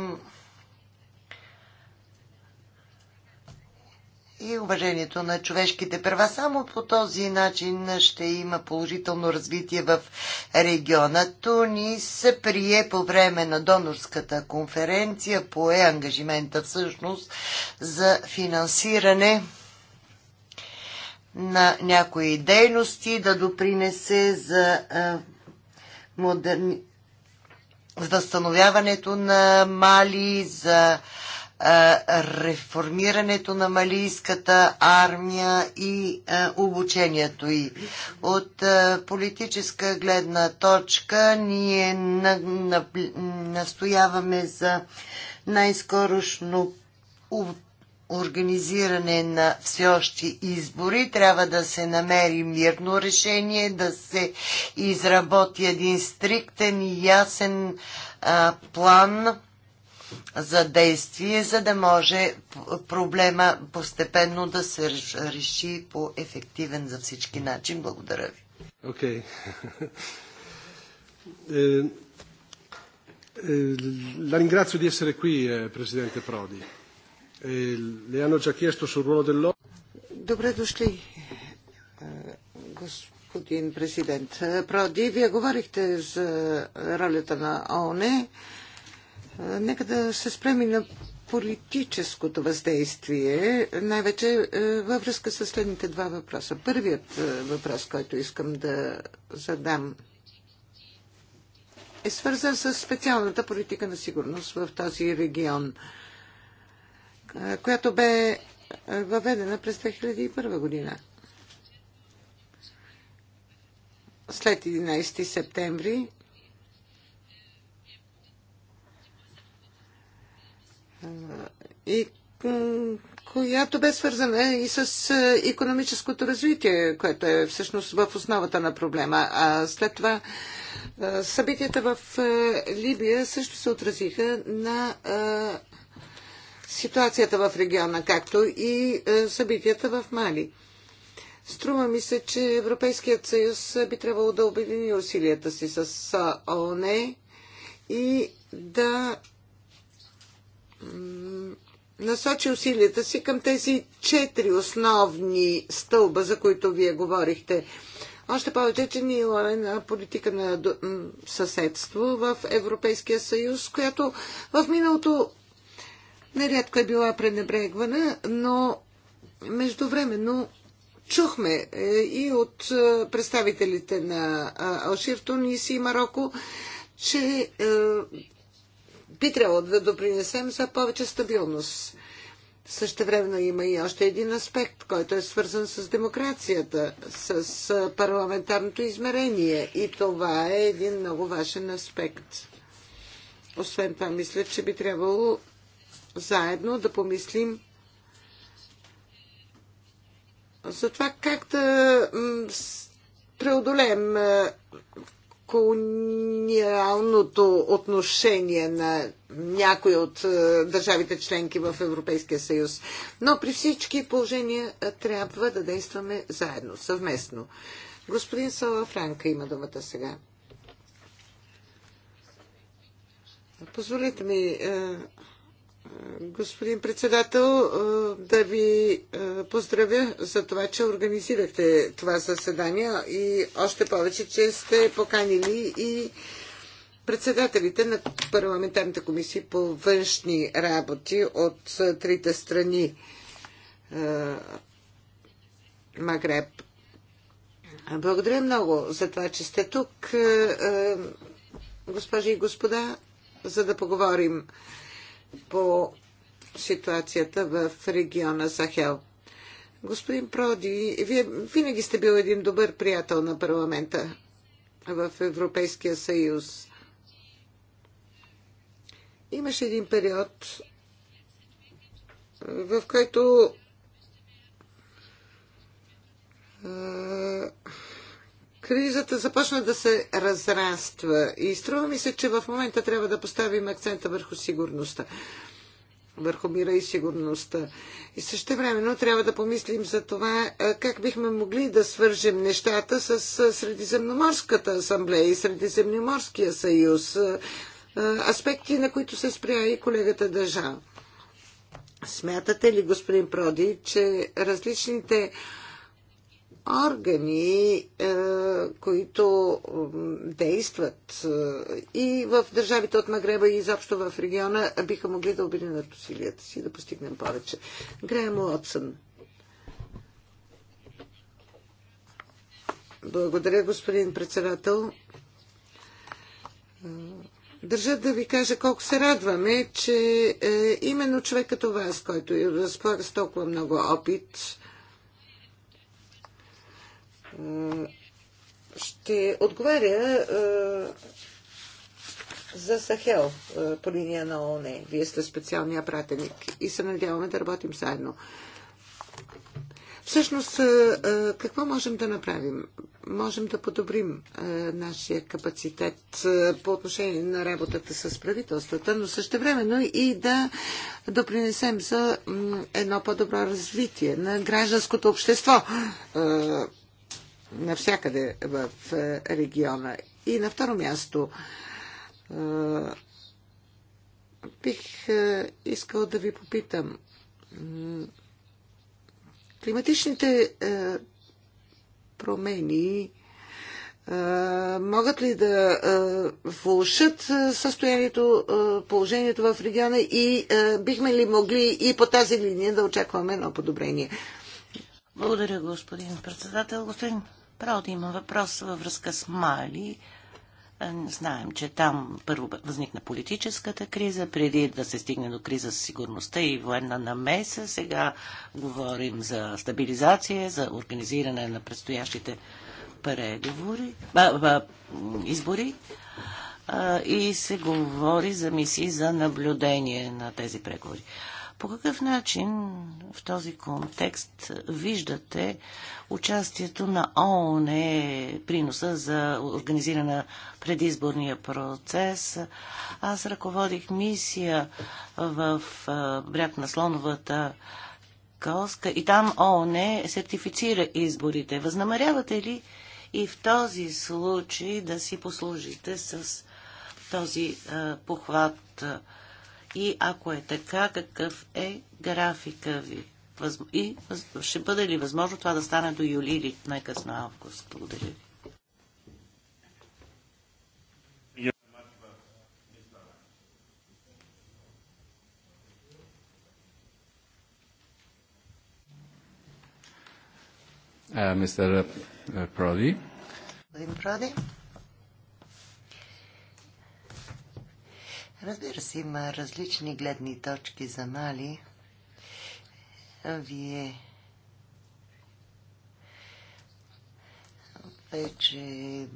A: и уважението на човешките права. Само по този начин ще има положително развитие в региона. Тунис прие по време на донорската конференция, пое ангажимента всъщност за финансиране на някои дейности, да допринесе за модерни... възстановяването на Мали, за реформирането на малийската армия и обучението й. От политическа гледна точка ние настояваме за най-скорошно организиране на още избори. Трябва да се намери мирно решение, да се изработи един стриктен и ясен а, план за действие, за да може проблема постепенно да се реши по ефективен за всички начин. Благодаря ви.
B: Okay. La (laughs) е, е, ringrazio di essere qui, eh, Presidente Prodi. E le hanno già chiesto sul ruolo dell'ONU.
A: Добре дошли, е, господин президент. Проди, вие говорихте за ролята на ОНЕ. Е, нека да се спрем и на политическото въздействие, най-вече е, във връзка с следните два въпроса. Първият е, въпрос, който искам да задам, е свързан с специалната политика на сигурност в този регион, която бе въведена през 2001 година. След 11 септември и която бе свързана и с економическото развитие, което е всъщност в основата на проблема. А след това събитията в Либия също се отразиха на ситуацията в региона, както и събитията в Мали. Струва ми се, че Европейският съюз би трябвало да обедини усилията си с ООН и да насочи усилията си към тези четири основни стълба, за които вие говорихте. Още повече, че ние имаме на политика на съседство в Европейския съюз, която в миналото нерядко е била пренебрегвана, но междувременно чухме е, и от е, представителите на е, Алжир, Тунис и Марокко, че би трябвало да допринесем за повече стабилност. времено има и още един аспект, който е свързан с демокрацията, с парламентарното измерение. И това е един много важен аспект. Освен това, мисля, че би трябвало заедно да помислим за това как да преодолеем колониалното отношение на някои от е, държавите членки в Европейския съюз. Но при всички положения е, трябва да действаме заедно, съвместно. Господин Сала Франка има думата сега. Позволите ми е, господин председател, да ви поздравя за това, че организирахте това заседание и още повече, че сте поканили и председателите на парламентарните комисии по външни работи от трите страни Магреб. Благодаря много за това, че сте тук, госпожи и господа, за да поговорим по ситуацията в региона Сахел. Господин Проди, вие винаги сте бил един добър приятел на парламента в Европейския съюз. Имаше един период, в който кризата започна да се разраства и струва ми се, че в момента трябва да поставим акцента върху сигурността върху мира и сигурността. И също времено трябва да помислим за това как бихме могли да свържем нещата с Средиземноморската асамблея и Средиземноморския съюз. Аспекти, на които се спря и колегата Държава. Смятате ли, господин Проди, че различните органи, е, които действат е, и в държавите от Магреба и изобщо в региона, биха могли да обединят усилията си да постигнем повече. Греем Уотсън. Благодаря, господин председател. Е, държа да ви кажа колко се радваме, че именно човек като вас, който разполага с толкова много опит, ще отговаря е, за Сахел е, по линия на ООН. Вие сте специалния пратеник и се надяваме да работим заедно. Всъщност, е, какво можем да направим? Можем да подобрим нашия капацитет по отношение на работата с правителствата, но същевременно и да допринесем за едно по-добро развитие на гражданското общество навсякъде в е, региона. И на второ място е, бих е, искал да ви попитам. Климатичните промени могат ли да влушат състоянието, положението в региона и бихме ли могли и по тази линия да очакваме едно подобрение?
B: Благодаря, господин председател. Господин Проди има въпрос във връзка с Мали. Е, знаем, че там първо възникна политическата криза, преди да се стигне до криза с сигурността и военна намеса. Сега говорим за стабилизация, за организиране на предстоящите преговори, ба, ба, избори а, и се говори за мисии за наблюдение на тези преговори. По какъв начин в този контекст виждате участието на ООН, приноса за организирана предизборния процес? Аз ръководих мисия в бряг на Слоновата коска и там ООН сертифицира изборите. Възнамерявате ли и в този случай да си послужите с този похват? И ако е така, какъв е графика ви? Възм... И въз... ще бъде ли възможно това да стане до юли или най-късно август? Благодаря ви.
A: Uh, Проди. Prodi. Господин Разбира се, има различни гледни точки за Мали. Вие вече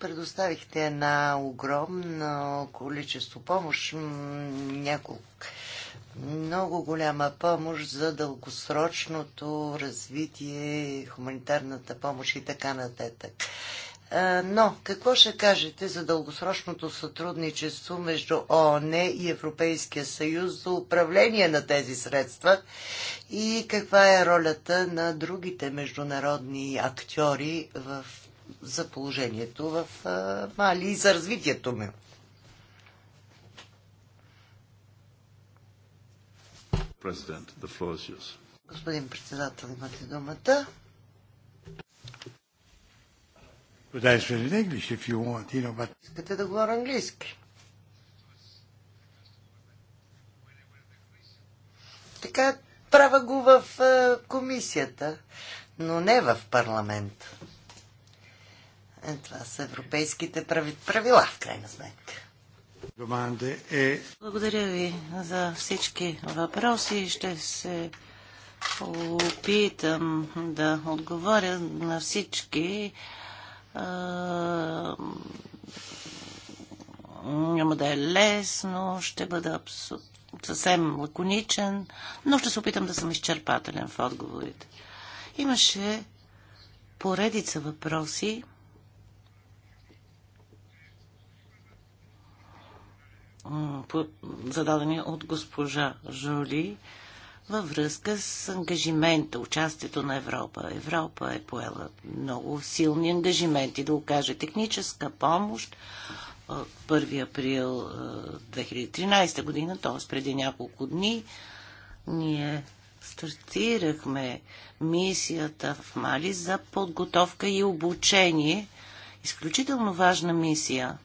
A: предоставихте една огромна количество помощ, няколко много голяма помощ за дългосрочното развитие, хуманитарната помощ и така нататък. Но какво ще кажете за дългосрочното сътрудничество между ООН и Европейския съюз за управление на тези средства и каква е ролята на другите международни актьори в, за положението в Мали и за развитието му? Господин председател, имате думата.
B: But I in English if you want, you know, but...
A: Искате да говоря английски? Така правя го в е, комисията, но не в парламент. Е, това са европейските правила, в крайна сметка.
B: Е- Благодаря ви за всички въпроси. Ще се опитам да отговоря на всички няма да е лесно, ще бъда съвсем лаконичен, но ще се опитам да съм изчерпателен в отговорите. Имаше поредица въпроси, зададени от госпожа Жоли във връзка с ангажимента, участието на Европа. Европа е поела много силни ангажименти да окаже техническа помощ 1 април 2013 година, т.е. преди няколко дни, ние стартирахме мисията в Мали за подготовка и обучение. Изключително важна мисия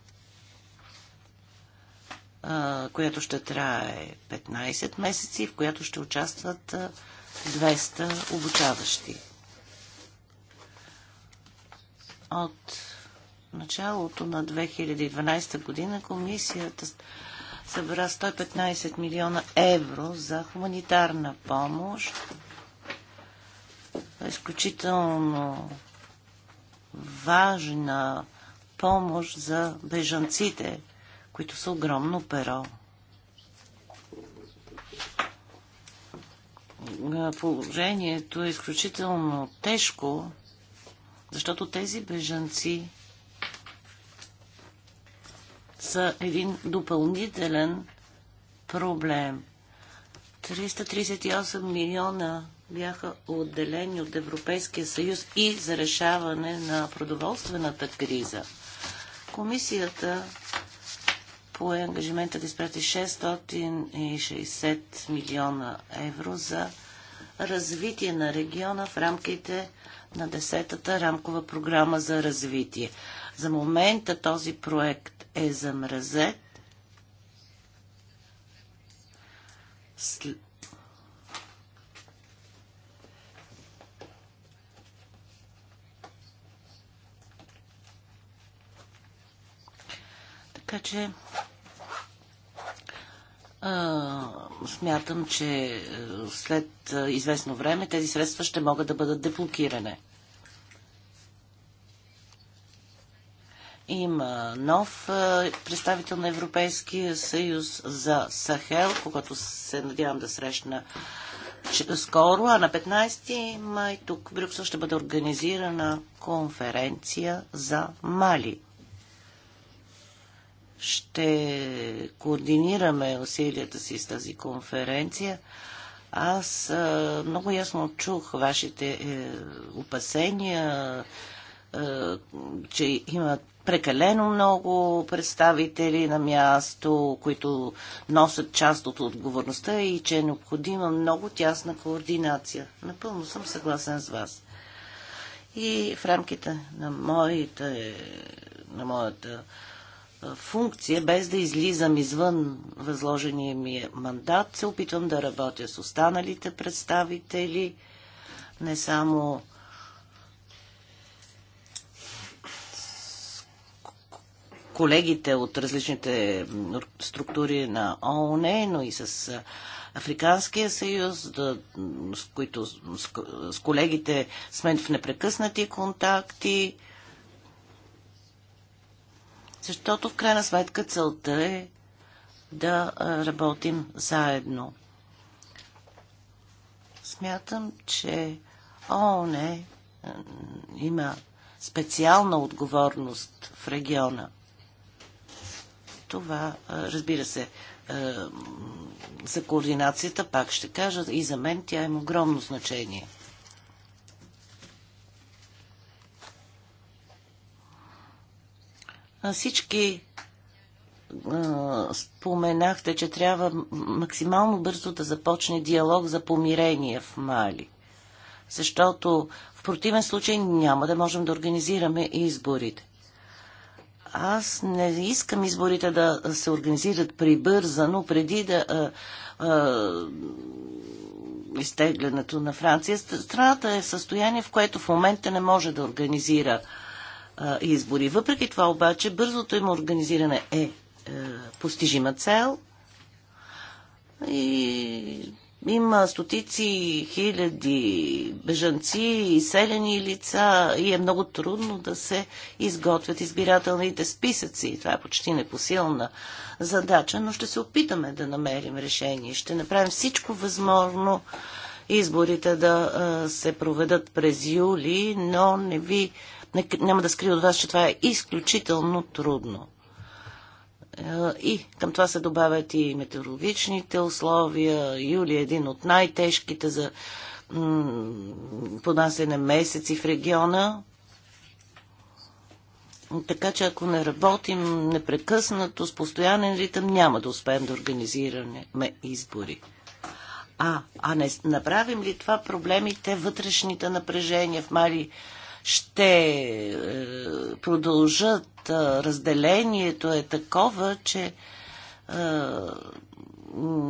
B: която ще трае 15 месеци, в която ще участват 200 обучаващи. От началото на 2012 година комисията събра 115 милиона евро за хуманитарна помощ. Изключително важна помощ за бежанците, които са огромно перо. Положението е изключително тежко, защото тези бежанци са един допълнителен проблем. 338 милиона бяха отделени от Европейския съюз и за решаване на продоволствената криза. Комисията пое ангажимента да изпрати 660 милиона евро за развитие на региона в рамките на 10-та рамкова програма за развитие. За момента този проект е замразен. Така че а, смятам, че е, след е, известно време тези средства ще могат да бъдат деблокиране. Има нов е, представител на Европейския съюз за Сахел, когато се надявам да срещна скоро, а на 15 май тук в Брюксел ще бъде организирана конференция за Мали. Ще координираме усилията си с тази конференция. Аз много ясно чух вашите е, опасения, че има прекалено много представители на място, които носят част от отговорността и че е необходима много тясна координация. Напълно съм съгласен с вас. И в рамките на, моите, на моята функция, без да излизам извън възложения ми мандат, се опитвам да работя с останалите представители, не само колегите от различните структури на ООН, но и с Африканския съюз, да, с, които, с, с колегите сме в непрекъснати контакти защото в крайна сметка целта е да работим заедно. Смятам, че ООН е, има специална отговорност в региона. Това, разбира се, за координацията, пак ще кажа, и за мен тя има огромно значение – Всички споменахте, че трябва максимално бързо да започне диалог за помирение в Мали. Защото в противен случай няма да можем да организираме изборите. Аз не искам изборите да се организират прибързано, преди да а, а, изтеглянето на Франция. Страната е в състояние, в което в момента не може да организира а, а, избори. Въпреки това обаче бързото им организиране е, е постижима цел и има стотици хиляди бежанци и селени лица и е много трудно да се изготвят избирателните списъци. Това е почти непосилна задача, но ще се опитаме да намерим решение. Ще направим всичко възможно изборите да се проведат през юли, но не ви няма да скрия от вас, че това е изключително трудно. Е, и към това се добавят и метеорологичните условия. Юли е един от най-тежките за понасене месеци в региона. Така че ако не работим непрекъснато, с постоянен ритъм, няма да успеем да организираме избори. А, а не направим ли това проблемите, вътрешните напрежения в мали ще е, продължат. Е, разделението е такова, че е,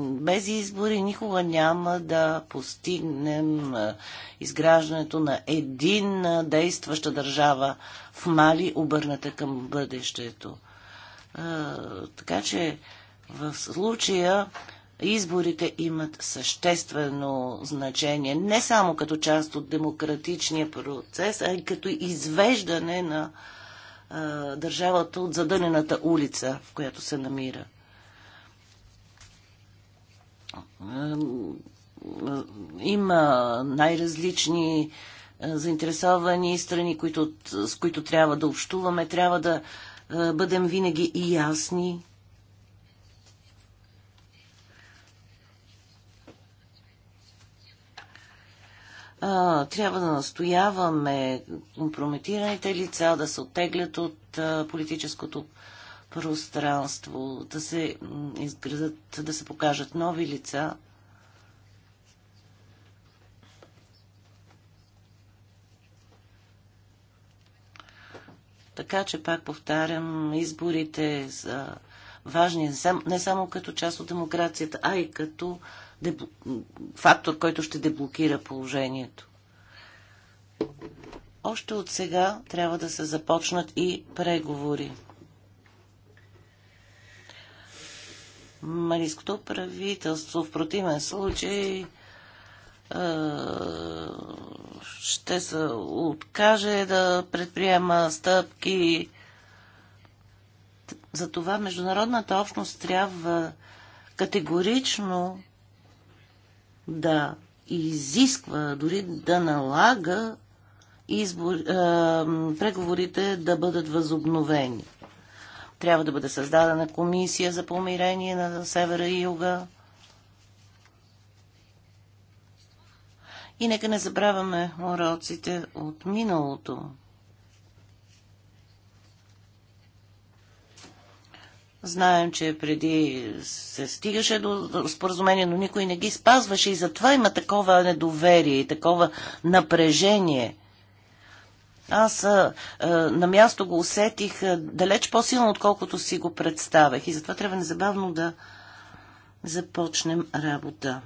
B: без избори никога няма да постигнем изграждането на един действаща държава в Мали, обърната към бъдещето. Така че в случая изборите имат съществено значение, не само като част от демократичния процес, а и като извеждане на а, държавата от задънената улица, в която се намира. Има най-различни заинтересовани страни, които, с които трябва да общуваме, трябва да бъдем винаги и ясни а, трябва да настояваме компрометираните лица да се оттеглят от а, политическото пространство, да се изградат, да се покажат нови лица. Така че, пак повтарям, изборите са важни не само като част от демокрацията, а и като дебл... фактор, който ще деблокира положението. Още от сега трябва да се започнат и преговори. Малийското правителство в противен случай е, ще се откаже да предприема стъпки. Затова международната общност трябва категорично да изисква, дори да налага избор, е, преговорите да бъдат възобновени. Трябва да бъде създадена комисия за помирение на севера и юга. И нека не забравяме уроците от миналото. Знаем, че преди се стигаше до споразумение, но никой не ги спазваше и затова има такова недоверие и такова напрежение. Аз а, а, на място го усетих а, далеч по-силно, отколкото си го представях и затова трябва незабавно да започнем работа.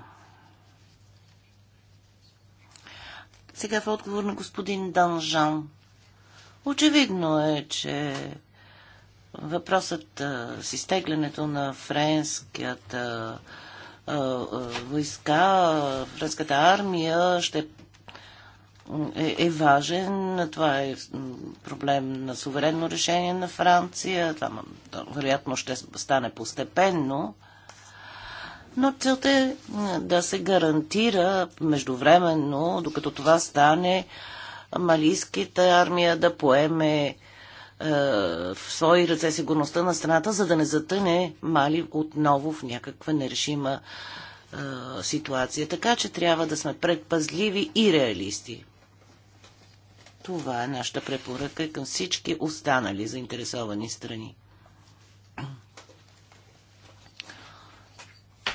B: Сега в отговор на господин Данжан. Очевидно е, че Въпросът с изтеглянето на френската войска, френската армия ще е, е важен. Това е проблем на суверенно решение на Франция. Това вероятно ще стане постепенно. Но целта е да се гарантира междувременно, докато това стане, малийската армия да поеме е, в свои ръце сигурността на страната, за да не затъне Мали отново в някаква нерешима е, ситуация. Така че трябва да сме предпазливи и реалисти. Това е нашата препоръка към всички останали заинтересовани страни.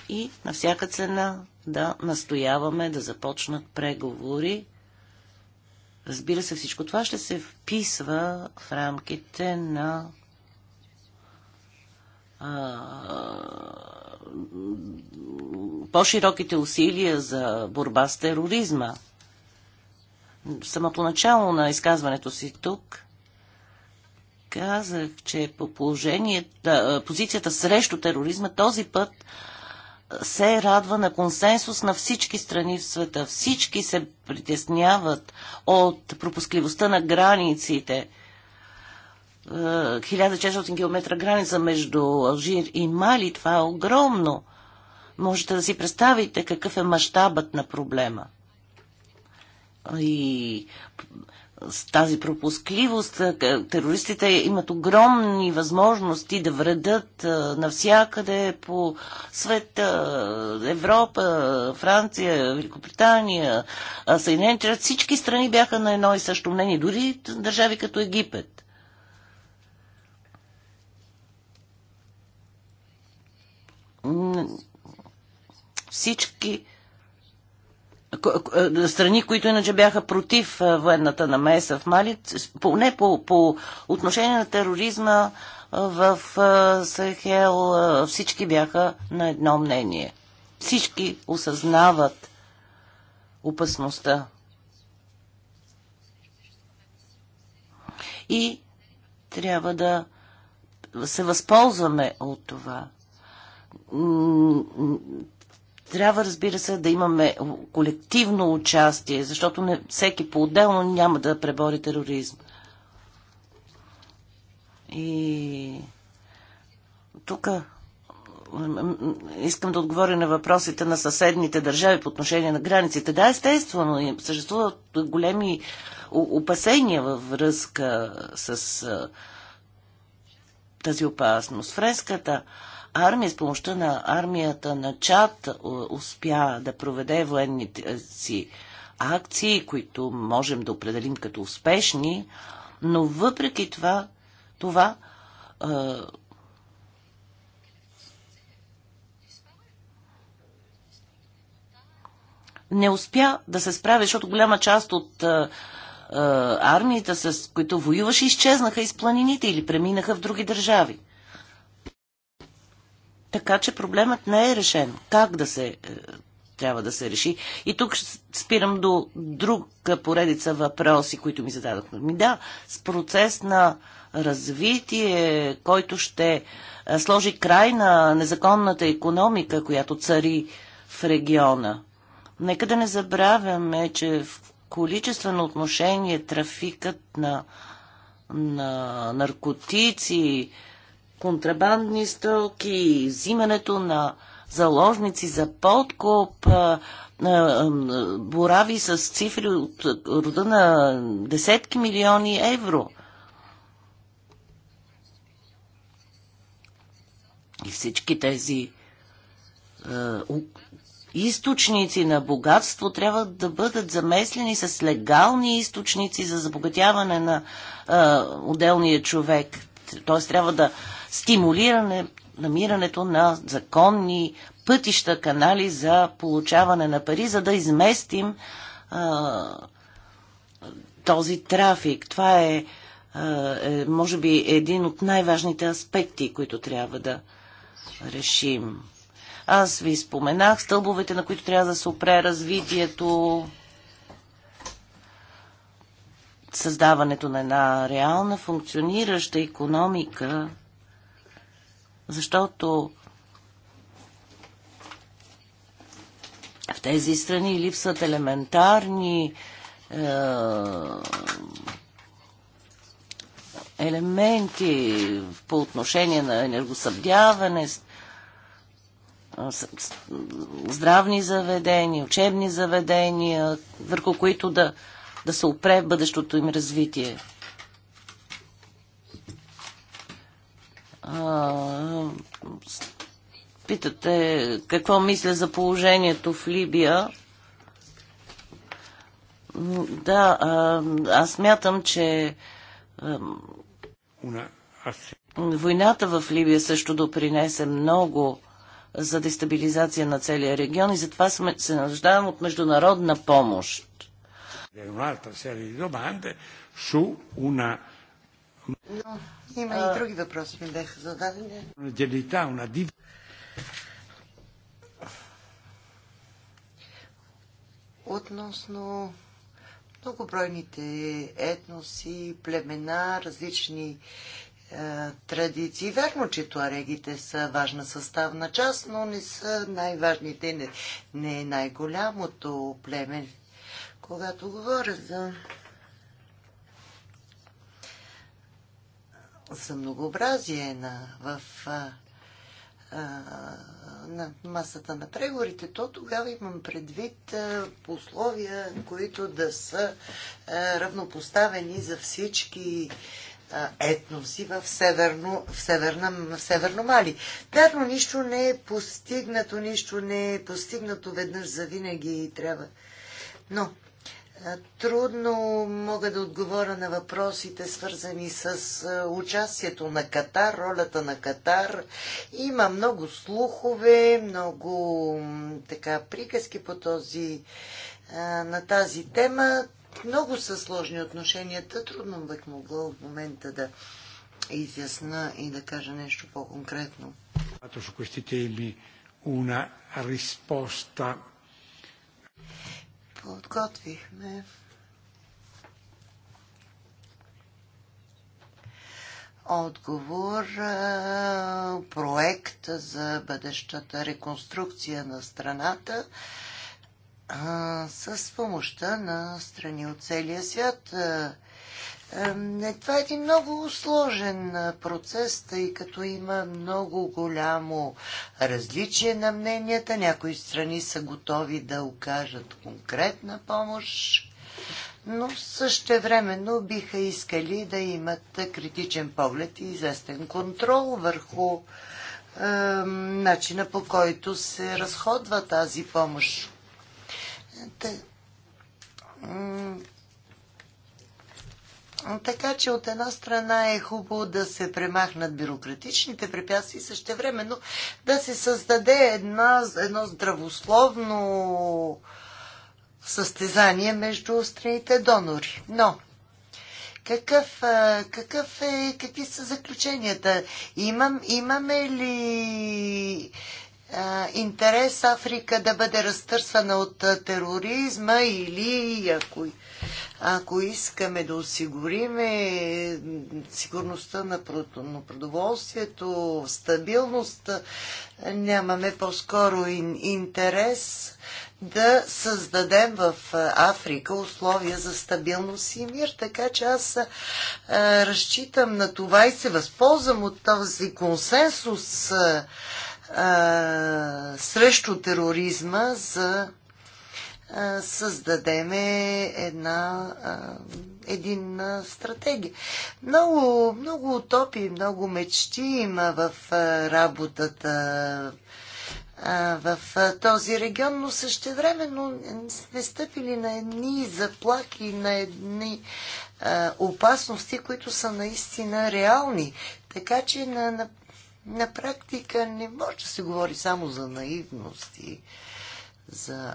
B: И на всяка цена да настояваме да започнат преговори Разбира се, всичко това ще се вписва в рамките на по-широките усилия за борба с тероризма. Самото начало на изказването си тук казах, че по положението, позицията срещу тероризма този път се радва на консенсус на всички страни в света. Всички се притесняват от пропускливостта на границите. 1600 е, км граница между Алжир и Мали, това е огромно. Можете да си представите какъв е мащабът на проблема. И с тази пропускливост. Терористите имат огромни възможности да вредат навсякъде по света, Европа, Франция, Великобритания, Съединените щати. Всички страни бяха на едно и също мнение, дори държави като Египет. Всички е, страни, които иначе бяха против е, военната намеса в Мали, поне по, по отношение на тероризма е, в Сахел всички бяха на едно мнение. Всички осъзнават опасността. И трябва да се възползваме от това трябва, разбира се, да имаме колективно участие, защото не, всеки по-отделно няма да пребори тероризм. И тук искам да отговоря на въпросите на съседните държави по отношение на границите. Да, естествено, съществуват големи опасения във връзка с тази опасност. Френската армия, с помощта на армията на Чад е, успя да проведе военните е, си акции, които можем да определим като успешни, но въпреки това, това е, не успя да се справи, защото голяма част от е, е армиите, с които воюваше, изчезнаха из планините или преминаха в други държави. Така че проблемът не е решен. Как да се е, трябва да се реши. И тук спирам до друга поредица въпроси, които ми зададохме. Ми да, с процес на развитие, който ще е, сложи край на незаконната економика, която цари в региона. Нека да не забравяме, че в количествено отношение трафикът на, на наркотици, контрабандни стоки, взимането на заложници за подкоп, борави с цифри от рода на десетки милиони евро. И всички тези източници на богатство трябва да бъдат замеслени с легални източници за забогатяване на а, отделния човек. Т.е. трябва да стимулираме намирането на законни пътища, канали за получаване на пари, за да изместим а, този трафик. Това е, а, е, може би, един от най-важните аспекти, които трябва да решим. Аз ви споменах стълбовете, на които трябва да се опре развитието, създаването на една реална функционираща економика, защото в тези страни липсват елементарни е, елементи по отношение на енергосъбдяване, здравни заведения, учебни заведения, върху които да да се опре в бъдещото им развитие. А, питате какво мисля за положението в Либия. Да, аз мятам, че войната в Либия също допринесе много за дестабилизация на целия регион и затова се нуждаем от международна помощ. Un'altra serie di domande su una
A: но има и други въпроси ми зададени.
B: una
A: Относно многобройните етноси, племена, различни е, традиции. Верно, че туарегите са важна съставна част, но не са най-важните, не, не е най-голямото племе когато говоря за за многообразие на, в а, а, на масата на преговорите, то тогава имам предвид а, условия, които да са а, равнопоставени за всички а, етноси в, северно, в, северна, в Северно Мали. Вярно, нищо не е постигнато, нищо не е постигнато веднъж за винаги и трябва. Но Трудно мога да отговоря на въпросите, свързани с участието на Катар, ролята на Катар. Има много слухове, много така приказки по този, на тази тема. Много са сложни отношенията. Трудно бих могла в момента да изясна и да кажа нещо по-конкретно подготвихме отговор, проект за бъдещата реконструкция на страната с помощта на страни от целия свят. Е, това е един много сложен процес, тъй като има много голямо различие на мненията. Някои страни са готови да окажат конкретна помощ, но също времено биха искали да имат критичен поглед и известен контрол върху е, начина по който се разходва тази помощ е, така че от една страна е хубаво да се премахнат бюрократичните препятствия и същевременно да се създаде една, едно здравословно състезание между страните донори. Но какъв, какъв е, какви са заключенията? Имам, имаме ли а, интерес Африка да бъде разтърсвана от тероризма или ако ако искаме да осигурим сигурността на продоволствието, стабилност, нямаме по-скоро интерес да създадем в Африка условия за стабилност и мир. Така че аз разчитам на това и се възползвам от този консенсус срещу тероризма за създадеме една един стратегия. Много, много утопии, много мечти има в работата в този регион, но същевременно сме стъпили на едни заплаки, на едни опасности, които са наистина реални. Така че на, на, на практика не може да се говори само за наивност и за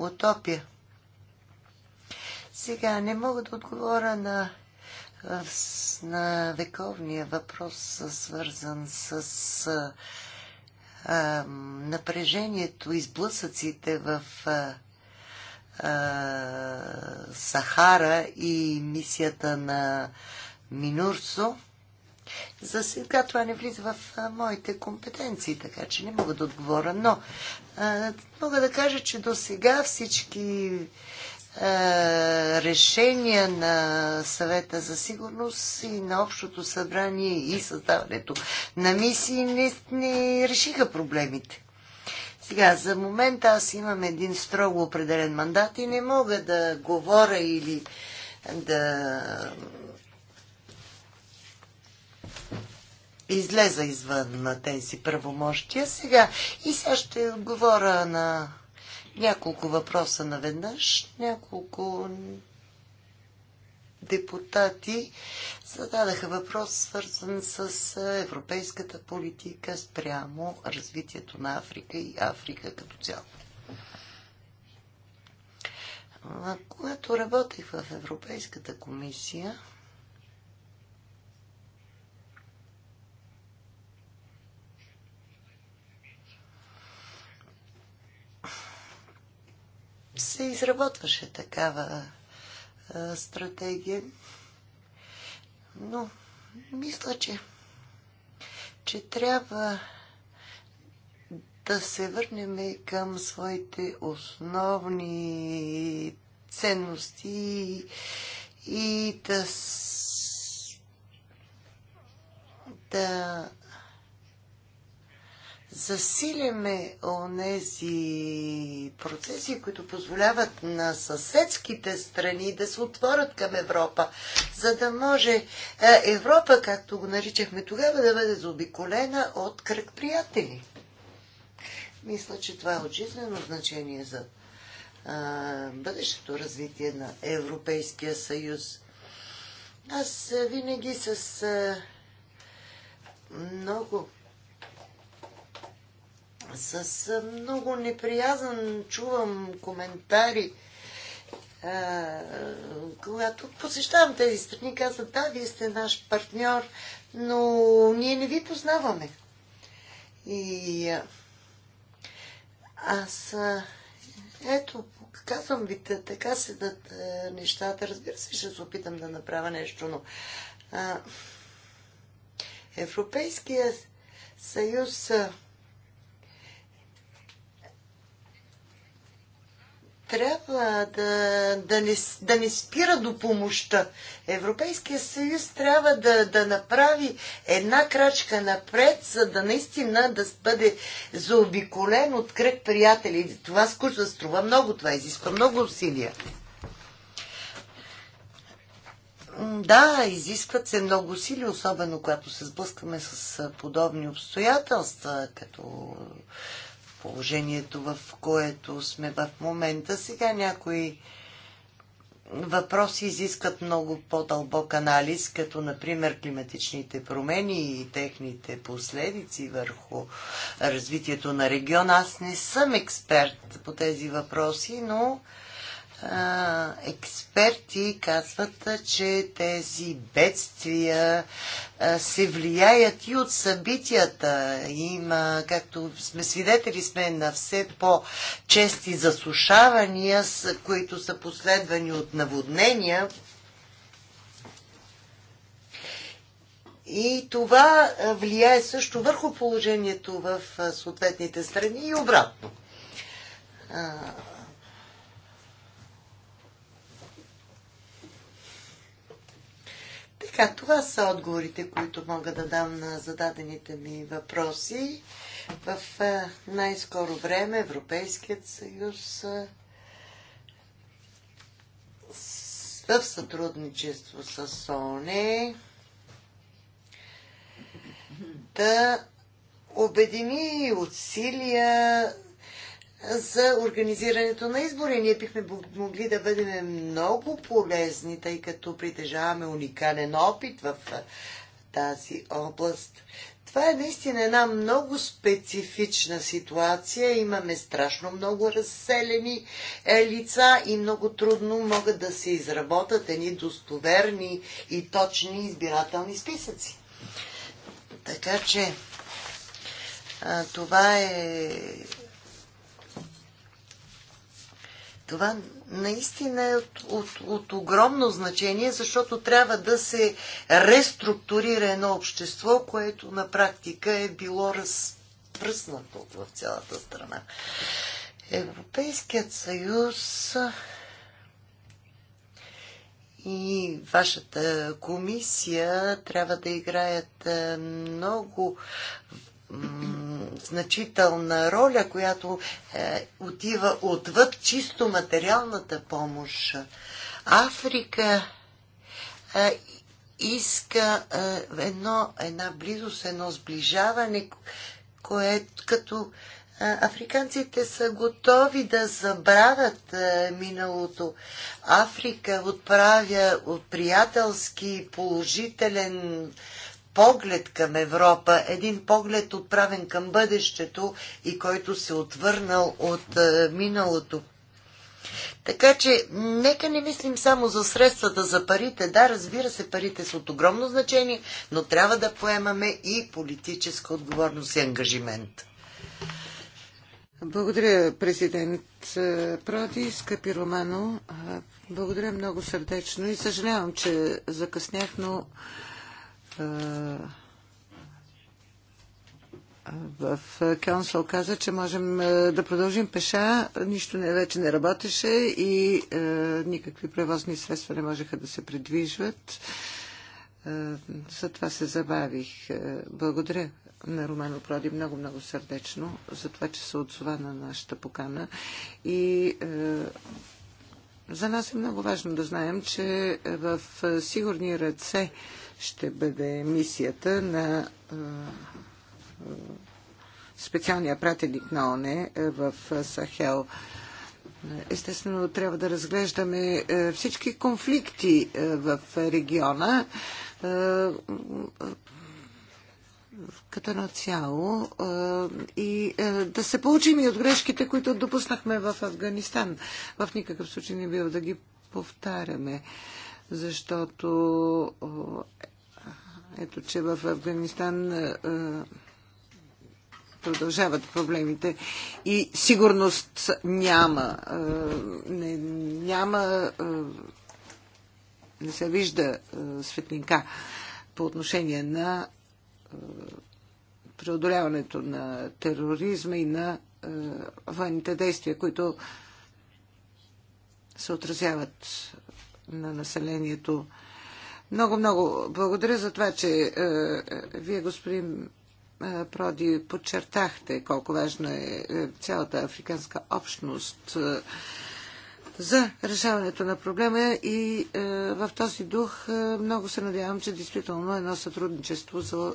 A: утопия. Сега не мога да отговоря на, на вековния въпрос, свързан с а, напрежението и сблъсъците в а, а, Сахара и мисията на Минурсо. За сега това не влиза в моите компетенции, така че не мога да отговоря, но а, мога да кажа, че до сега всички а, решения на съвета за сигурност и на общото събрание и създаването на мисии не, не решиха проблемите. Сега, за момент аз имам един строго определен мандат и не мога да говоря или да излеза извън на тези правомощия. Сега и сега ще отговоря на няколко въпроса наведнъж. Няколко депутати зададаха въпрос, свързан с европейската политика спрямо развитието на Африка и Африка като цяло. Когато работих в Европейската комисия, се изработваше такава а, стратегия. Но мисля, че, че трябва да се върнем към своите основни ценности и да да Засиляме онези процеси, които позволяват на съседските страни да се отворят към Европа, за да може е, Европа, както го наричахме тогава, да бъде заобиколена от кръг приятели. Мисля, че това е от жизнено значение за а, бъдещето развитие на Европейския съюз. Аз винаги с а, много с много неприязан чувам коментари когато посещавам тези страни, казват, да, вие сте наш партньор, но ние не ви познаваме. И а, аз, а, ето, казвам ви, така се да нещата. Разбира се, ще се опитам да направя нещо, но а, Европейския съюз а, трябва да, да, не, да не спира до помощта. Европейския съюз трябва да, да направи една крачка напред, за да наистина да бъде заобиколен от кръг приятели. Това скучно струва много, това изисква много усилия. Да, изискват се много усилия, особено когато се сблъскаме с подобни обстоятелства, като положението, в което сме в момента. Сега някои въпроси изискат много по-дълбок анализ, като например климатичните промени и техните последици върху развитието на региона. Аз не съм експерт по тези въпроси, но експерти казват, че тези бедствия се влияят и от събитията. Има, както сме свидетели сме на все по-чести засушавания, които са последвани от наводнения. И това влияе също върху положението в съответните страни и обратно Така, това са отговорите, които мога да дам на зададените ми въпроси. В най-скоро време Европейският съюз в сътрудничество с ОНЕ да обедини усилия за организирането на избори. Ние бихме могли да бъдем много полезни, тъй като притежаваме уникален опит в тази област. Това е наистина една много специфична ситуация. Имаме страшно много разселени е, лица и много трудно могат да се изработят едни достоверни и точни избирателни списъци. Така че това е това наистина е от, от, от огромно значение, защото трябва да се реструктурира едно общество, което на практика е било разпръснато в цялата страна. Европейският съюз и вашата комисия трябва да играят много значителна роля, която е, отива отвъд чисто материалната помощ. Африка е, иска е, едно, една близост, едно сближаване, което като е, Африканците са готови да забравят е, миналото. Африка отправя от приятелски, положителен поглед към Европа, един поглед отправен към бъдещето и който се е отвърнал от е, миналото. Така че, нека не мислим само за средствата, за парите. Да, разбира се, парите са от огромно значение, но трябва да поемаме и политическа отговорност и ангажимент. Благодаря, президент Проди, скъпи Романо. Благодаря много сърдечно и съжалявам, че закъснях, но в Кансол каза, че можем да продължим пеша, нищо не, вече не работеше и е, никакви превозни средства не можеха да се придвижват. Е, затова се забавих. Благодаря на Румено Проди много-много сърдечно за това, че се отзова на нашата покана. И е, за нас е много важно да знаем, че в сигурни ръце ще бъде мисията на специалния пратеник на ОНЕ в Сахел. Естествено, трябва да разглеждаме всички конфликти в региона като едно цяло и да се получим и от грешките, които допуснахме в Афганистан. В никакъв случай не бива да ги повтаряме защото ето, че в Афганистан е, е, продължават проблемите и сигурност няма. Е, не, няма не се вижда светлинка по отношение на преодоляването на тероризма и на военните действия, които се отразяват на населението. Много, много благодаря за това, че е, е вие, господин е, Проди, подчертахте колко важна е, е, цялата африканска общност е, за решаването на проблема и е, в този дух е, много се надявам, че действително едно сътрудничество за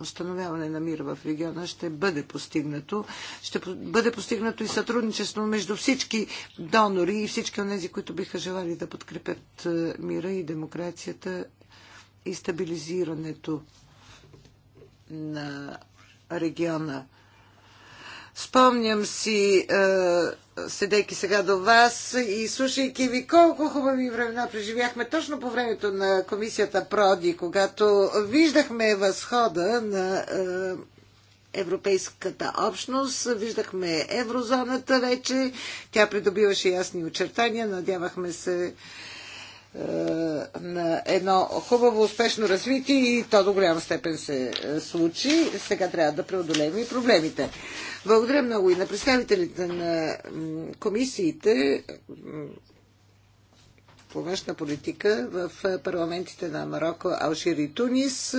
A: установяване на мир в региона ще бъде постигнато. Ще бъде постигнато и сътрудничество между всички донори и всички от тези, които биха желали да подкрепят е, мира и демокрацията и стабилизирането на региона. Спомням си е, седейки сега до вас и слушайки ви колко хубави времена преживяхме точно по времето на комисията Проди, когато виждахме възхода на е, Европейската общност, виждахме еврозоната вече, тя придобиваше ясни очертания, надявахме се е, на едно хубаво, успешно развитие и то до голяма степен се е, случи. Сега трябва да преодолеем и проблемите. Благодаря много и на представителите на комисиите по външна политика в е, парламентите на Марокко, Алжир и Тунис.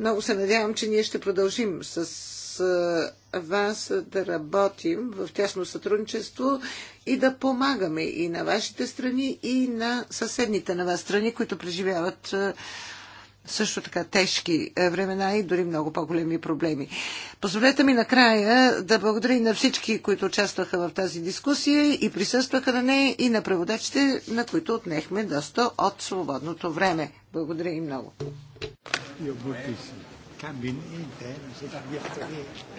A: Много се надявам, че ние ще продължим с с е, вас да работим в тясно сътрудничество и да помагаме и на вашите страни, и на съседните на вас страни, които преживяват е, също така тежки е, времена и дори много по-големи проблеми. Позволете ми накрая да благодаря и на всички, които участваха в тази дискусия и присъстваха на нея и на преводачите, на които отнехме доста от свободното време. Благодаря и много cambio niente, eh, non si cambia